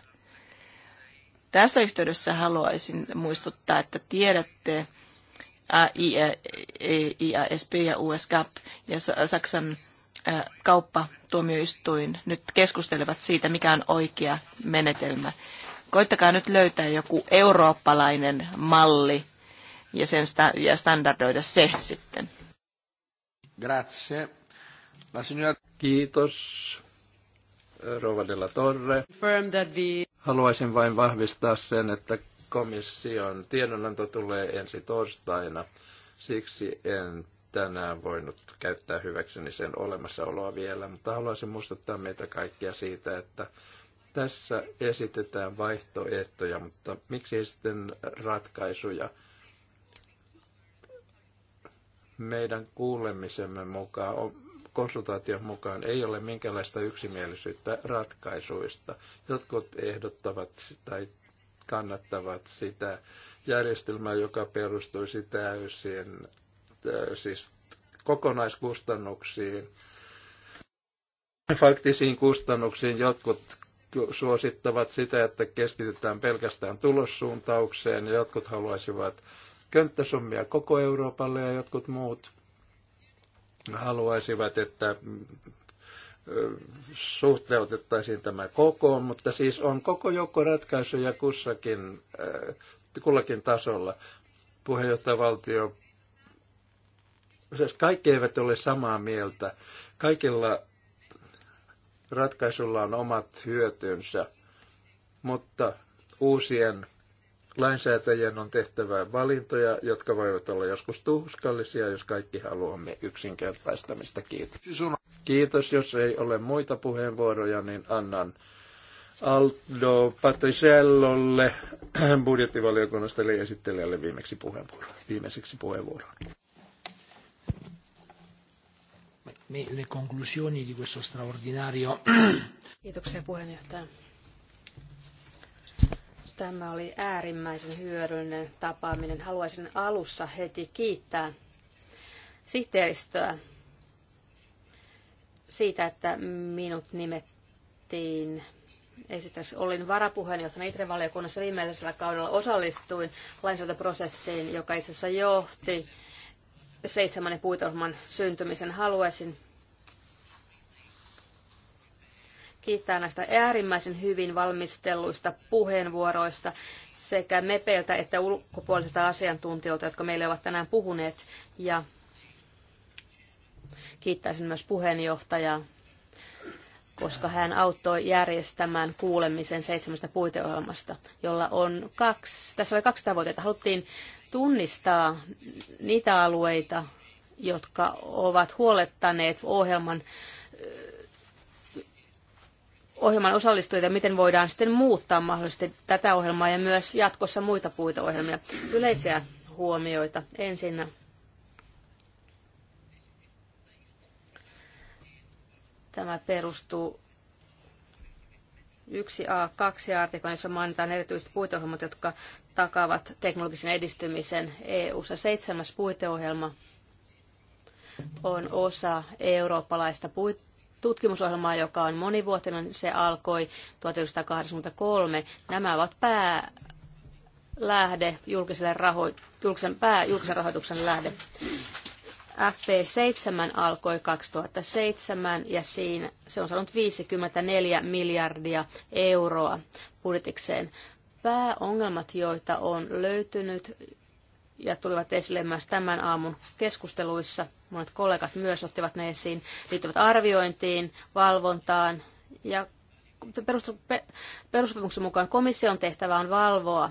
Tässä yhteydessä haluaisin muistuttaa, että tiedätte IASP e, ja USGAP ja Saksan kauppatuomioistuin nyt keskustelevat siitä, mikä on oikea menetelmä. Koittakaa nyt löytää joku eurooppalainen malli ja, sen sta- ja standardoida se sitten. Grazie. La signora... Kiitos. Rova de la Torre. Haluaisin vain vahvistaa sen, että komission tiedonanto tulee ensi torstaina. Siksi en tänään voinut käyttää hyväkseni sen olemassaoloa vielä, mutta haluaisin muistuttaa meitä kaikkia siitä, että tässä esitetään vaihtoehtoja, mutta miksi sitten ratkaisuja? meidän kuulemisemme mukaan, konsultaation mukaan ei ole minkäänlaista yksimielisyyttä ratkaisuista. Jotkut ehdottavat tai kannattavat sitä järjestelmää, joka perustuisi täysin, siis kokonaiskustannuksiin, faktisiin kustannuksiin. Jotkut suosittavat sitä, että keskitytään pelkästään tulossuuntaukseen, ja jotkut haluaisivat könttäsummia koko Euroopalle ja jotkut muut haluaisivat, että suhteutettaisiin tämä kokoon, mutta siis on koko joukko ratkaisuja kussakin, kullakin tasolla. Puheenjohtajavaltio, siis kaikki eivät ole samaa mieltä. Kaikilla ratkaisulla on omat hyötynsä, mutta uusien Lainsäätäjien on tehtävä valintoja, jotka voivat olla joskus tuskallisia, jos kaikki haluamme yksinkertaistamista. Kiitos. Kiitos, jos ei ole muita puheenvuoroja, niin annan Aldo Patricellolle budjettivaliokunnasta eli esittelijälle viimeksi puheenvuoro, viimeiseksi puheenvuoron. Kiitoksia puheenjohtaja. Tämä oli äärimmäisen hyödyllinen tapaaminen. Haluaisin alussa heti kiittää sihteeristöä siitä, että minut nimettiin esitys. Olin varapuheenjohtajana Itren valiokunnassa viimeisellä kaudella osallistuin lainsäädäntöprosessiin, joka itse asiassa johti seitsemännen puitelman syntymisen. Haluaisin kiittää näistä äärimmäisen hyvin valmistelluista puheenvuoroista sekä MEPEiltä että ulkopuolisilta asiantuntijoilta, jotka meille ovat tänään puhuneet. Ja kiittäisin myös puheenjohtajaa, koska hän auttoi järjestämään kuulemisen seitsemästä puiteohjelmasta, jolla on kaksi, tässä oli kaksi tavoitetta. Haluttiin tunnistaa niitä alueita, jotka ovat huolettaneet ohjelman ohjelman osallistujia, miten voidaan sitten muuttaa mahdollisesti tätä ohjelmaa ja myös jatkossa muita puiteohjelmia. Yleisiä huomioita ensin. Tämä perustuu 1a, 2 artikla, jossa mainitaan erityisesti puiteohjelmat, jotka takaavat teknologisen edistymisen EU-ssa. Seitsemäs puiteohjelma on osa eurooppalaista puiteohjelmaa tutkimusohjelmaa, joka on monivuotinen. Se alkoi 1983. Nämä ovat päälähde julkiselle raho- julkisen, pää, julkisen rahoituksen lähde. FP7 alkoi 2007 ja siinä se on saanut 54 miljardia euroa budjetikseen. Pääongelmat, joita on löytynyt ja tulivat esille myös tämän aamun keskusteluissa – monet kollegat myös ottivat ne esiin, liittyvät arviointiin, valvontaan ja perussopimuksen mukaan komission tehtävä on valvoa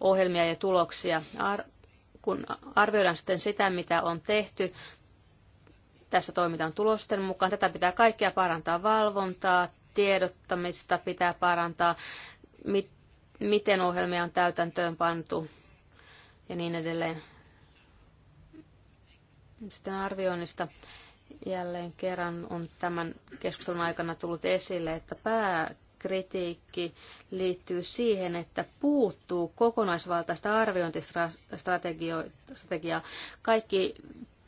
ohjelmia ja tuloksia. Ar- kun arvioidaan sitten sitä, mitä on tehty, tässä toimitaan tulosten mukaan. Tätä pitää kaikkea parantaa valvontaa, tiedottamista pitää parantaa, mit- miten ohjelmia on täytäntöön pantu ja niin edelleen. Sitten arvioinnista jälleen kerran on tämän keskustelun aikana tullut esille, että pääkritiikki liittyy siihen, että puuttuu kokonaisvaltaista arviointistrategiaa. Kaikki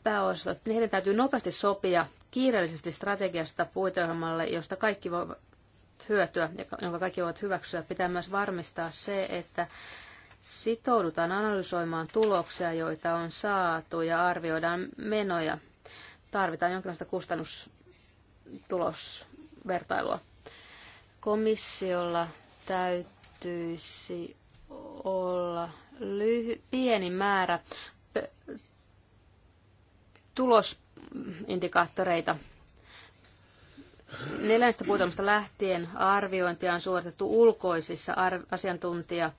pääosastot, niiden täytyy nopeasti sopia kiireellisesti strategiasta puiteohjelmalle, josta kaikki voivat hyötyä ja jonka kaikki voivat hyväksyä. Pitää myös varmistaa se, että sitoudutaan analysoimaan tuloksia, joita on saatu ja arvioidaan menoja. Tarvitaan jonkinlaista kustannustulosvertailua. Komissiolla täytyisi olla lyhy- pieni määrä tulosindikaattoreita. Neljännestä puutelmasta lähtien arviointia on suoritettu ulkoisissa ar- asiantuntija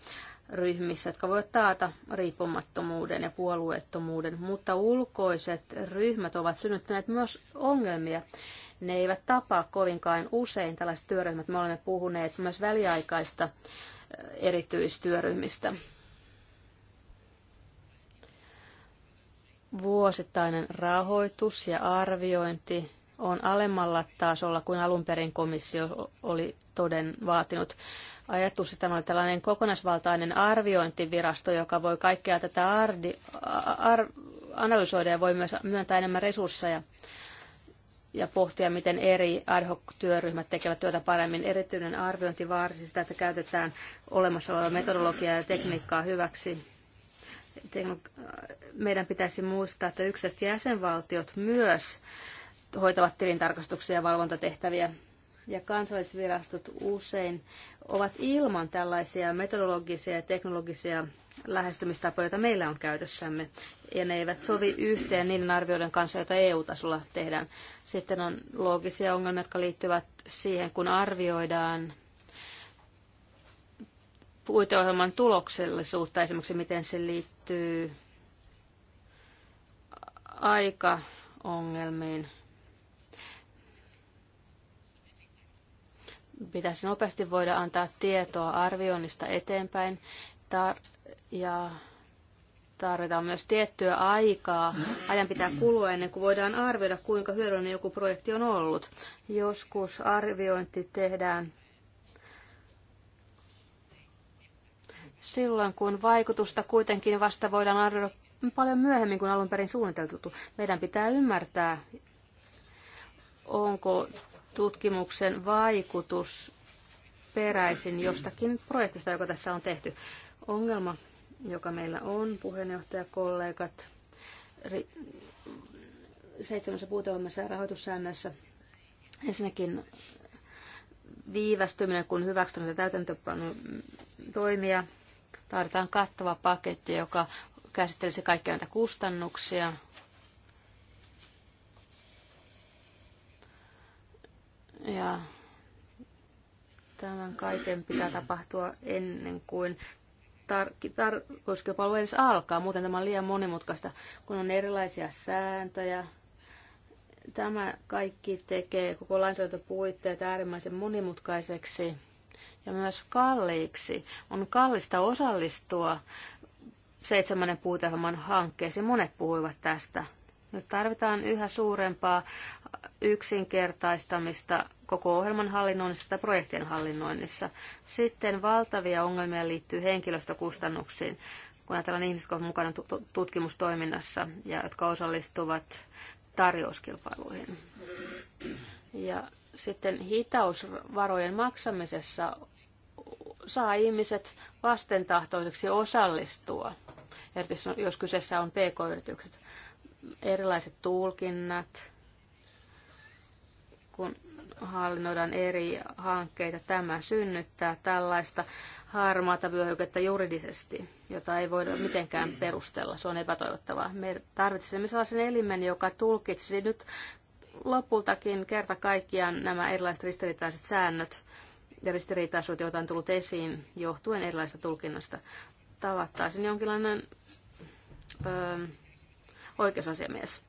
ryhmissä, jotka voivat taata riippumattomuuden ja puolueettomuuden, mutta ulkoiset ryhmät ovat synnyttäneet myös ongelmia. Ne eivät tapaa kovinkaan usein tällaiset työryhmät. Me olemme puhuneet myös väliaikaista eh, erityistyöryhmistä. Vuosittainen rahoitus ja arviointi on alemmalla tasolla kuin alun perin komissio oli toden vaatinut ajatus, että on tällainen kokonaisvaltainen arviointivirasto, joka voi kaikkea tätä ardi, ar, analysoida ja voi myös myöntää enemmän resursseja ja pohtia, miten eri ad hoc-työryhmät tekevät työtä paremmin. Erityinen arviointi vaarisi sitä, että käytetään olemassa olevaa metodologiaa ja tekniikkaa hyväksi. Meidän pitäisi muistaa, että yksittäiset jäsenvaltiot myös hoitavat tilintarkastuksia ja valvontatehtäviä ja kansalliset virastot usein ovat ilman tällaisia metodologisia ja teknologisia lähestymistapoja, joita meillä on käytössämme, ja ne eivät sovi yhteen niiden arvioiden kanssa, joita EU-tasolla tehdään. Sitten on loogisia ongelmia, jotka liittyvät siihen, kun arvioidaan puiteohjelman tuloksellisuutta, esimerkiksi miten se liittyy aikaongelmiin pitäisi nopeasti voida antaa tietoa arvioinnista eteenpäin tar- ja tarvitaan myös tiettyä aikaa. Ajan pitää kulua ennen kuin voidaan arvioida, kuinka hyödyllinen joku projekti on ollut. Joskus arviointi tehdään silloin, kun vaikutusta kuitenkin vasta voidaan arvioida paljon myöhemmin kuin alun perin suunniteltu. Meidän pitää ymmärtää, onko tutkimuksen vaikutus peräisin jostakin projektista, joka tässä on tehty. Ongelma, joka meillä on, puheenjohtajakollegat, seitsemässä puuteohjelmassa ja rahoitussäännöissä. ensinnäkin viivästyminen, kun hyväksytään ja täytäntöpanon toimia. Tarvitaan kattava paketti, joka käsittelisi kaikkia näitä kustannuksia, Ja tämän kaiken pitää tapahtua ennen kuin tar- tarkoituskilpailu edes alkaa, muuten tämä on liian monimutkaista, kun on erilaisia sääntöjä. Tämä kaikki tekee koko lainsäädäntöpuitteet äärimmäisen monimutkaiseksi ja myös kalliiksi. On kallista osallistua seitsemännen puutelman hankkeeseen. Monet puhuivat tästä. Nyt tarvitaan yhä suurempaa yksinkertaistamista koko ohjelman hallinnoinnissa tai projektien hallinnoinnissa. Sitten valtavia ongelmia liittyy henkilöstökustannuksiin, kun ajatellaan ihmiset, jotka ovat mukana tutkimustoiminnassa ja jotka osallistuvat tarjouskilpailuihin. Ja sitten hitausvarojen maksamisessa saa ihmiset vastentahtoiseksi osallistua, erityisesti jos kyseessä on pk-yritykset erilaiset tulkinnat, kun hallinnoidaan eri hankkeita. Tämä synnyttää tällaista harmaata vyöhykettä juridisesti, jota ei voida mitenkään perustella. Se on epätoivottavaa. Me tarvitsemme sellaisen elimen, joka tulkitsisi nyt lopultakin kerta kaikkiaan nämä erilaiset ristiriitaiset säännöt ja ristiriitaisuudet, joita on tullut esiin johtuen erilaisesta tulkinnasta. Tavattaisin jonkinlainen öö, oikeusasiamies.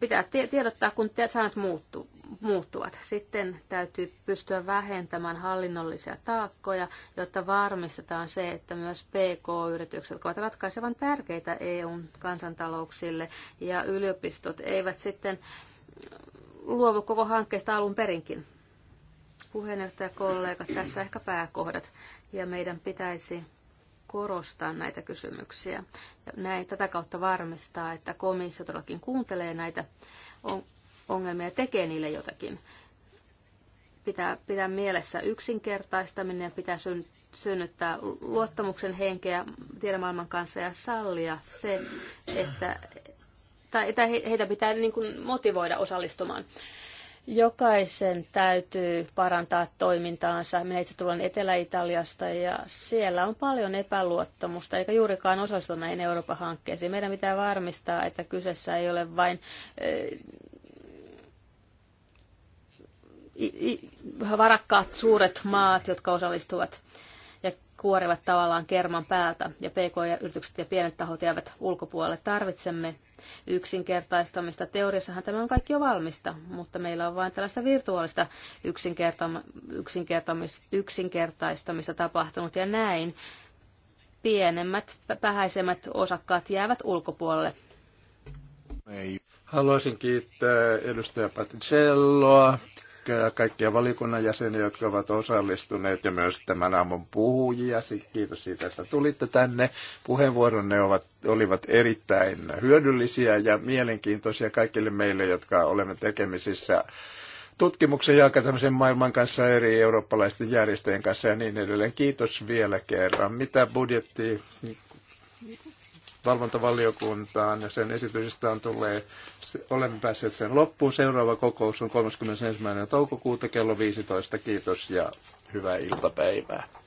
Pitää tiedottaa, kun säännöt muuttu, muuttuvat. Sitten täytyy pystyä vähentämään hallinnollisia taakkoja, jotta varmistetaan se, että myös PK-yritykset ovat ratkaisevan tärkeitä EUn kansantalouksille ja yliopistot eivät sitten luovu koko hankkeesta alun perinkin. Puheenjohtajakollegat, tässä ehkä pääkohdat. Ja meidän pitäisi korostaa näitä kysymyksiä. Ja näin tätä kautta varmistaa, että komissio todellakin kuuntelee näitä ongelmia ja tekee niille jotakin. Pitää, pitää mielessä yksinkertaistaminen ja pitää synnyttää luottamuksen henkeä tiedemaailman kanssa ja sallia se, että tai, tai heitä pitää niin kuin motivoida osallistumaan Jokaisen täytyy parantaa toimintaansa. Minä itse tulen Etelä-Italiasta ja siellä on paljon epäluottamusta, eikä juurikaan osallistu näihin Euroopan hankkeisiin. Meidän pitää varmistaa, että kyseessä ei ole vain eh, varakkaat suuret maat, jotka osallistuvat kuorivat tavallaan kerman päältä ja PK-yritykset ja pienet tahot jäävät ulkopuolelle. Tarvitsemme yksinkertaistamista. Teoriassahan tämä on kaikki jo valmista, mutta meillä on vain tällaista virtuaalista yksinkertaistamista tapahtunut ja näin pienemmät, vähäisemmät osakkaat jäävät ulkopuolelle. Ei. Haluaisin kiittää edustaja Patricelloa kaikkia valiokunnan jäseniä, jotka ovat osallistuneet ja myös tämän aamun puhujia. Kiitos siitä, että tulitte tänne. Puheenvuoronne ovat, olivat erittäin hyödyllisiä ja mielenkiintoisia kaikille meille, jotka olemme tekemisissä tutkimuksen ja tämmöisen maailman kanssa, eri eurooppalaisten järjestöjen kanssa ja niin edelleen. Kiitos vielä kerran. Mitä budjetti valvontavaliokuntaan ja sen on tulee, olemme päässeet sen loppuun. Seuraava kokous on 31. toukokuuta kello 15. Kiitos ja hyvää iltapäivää.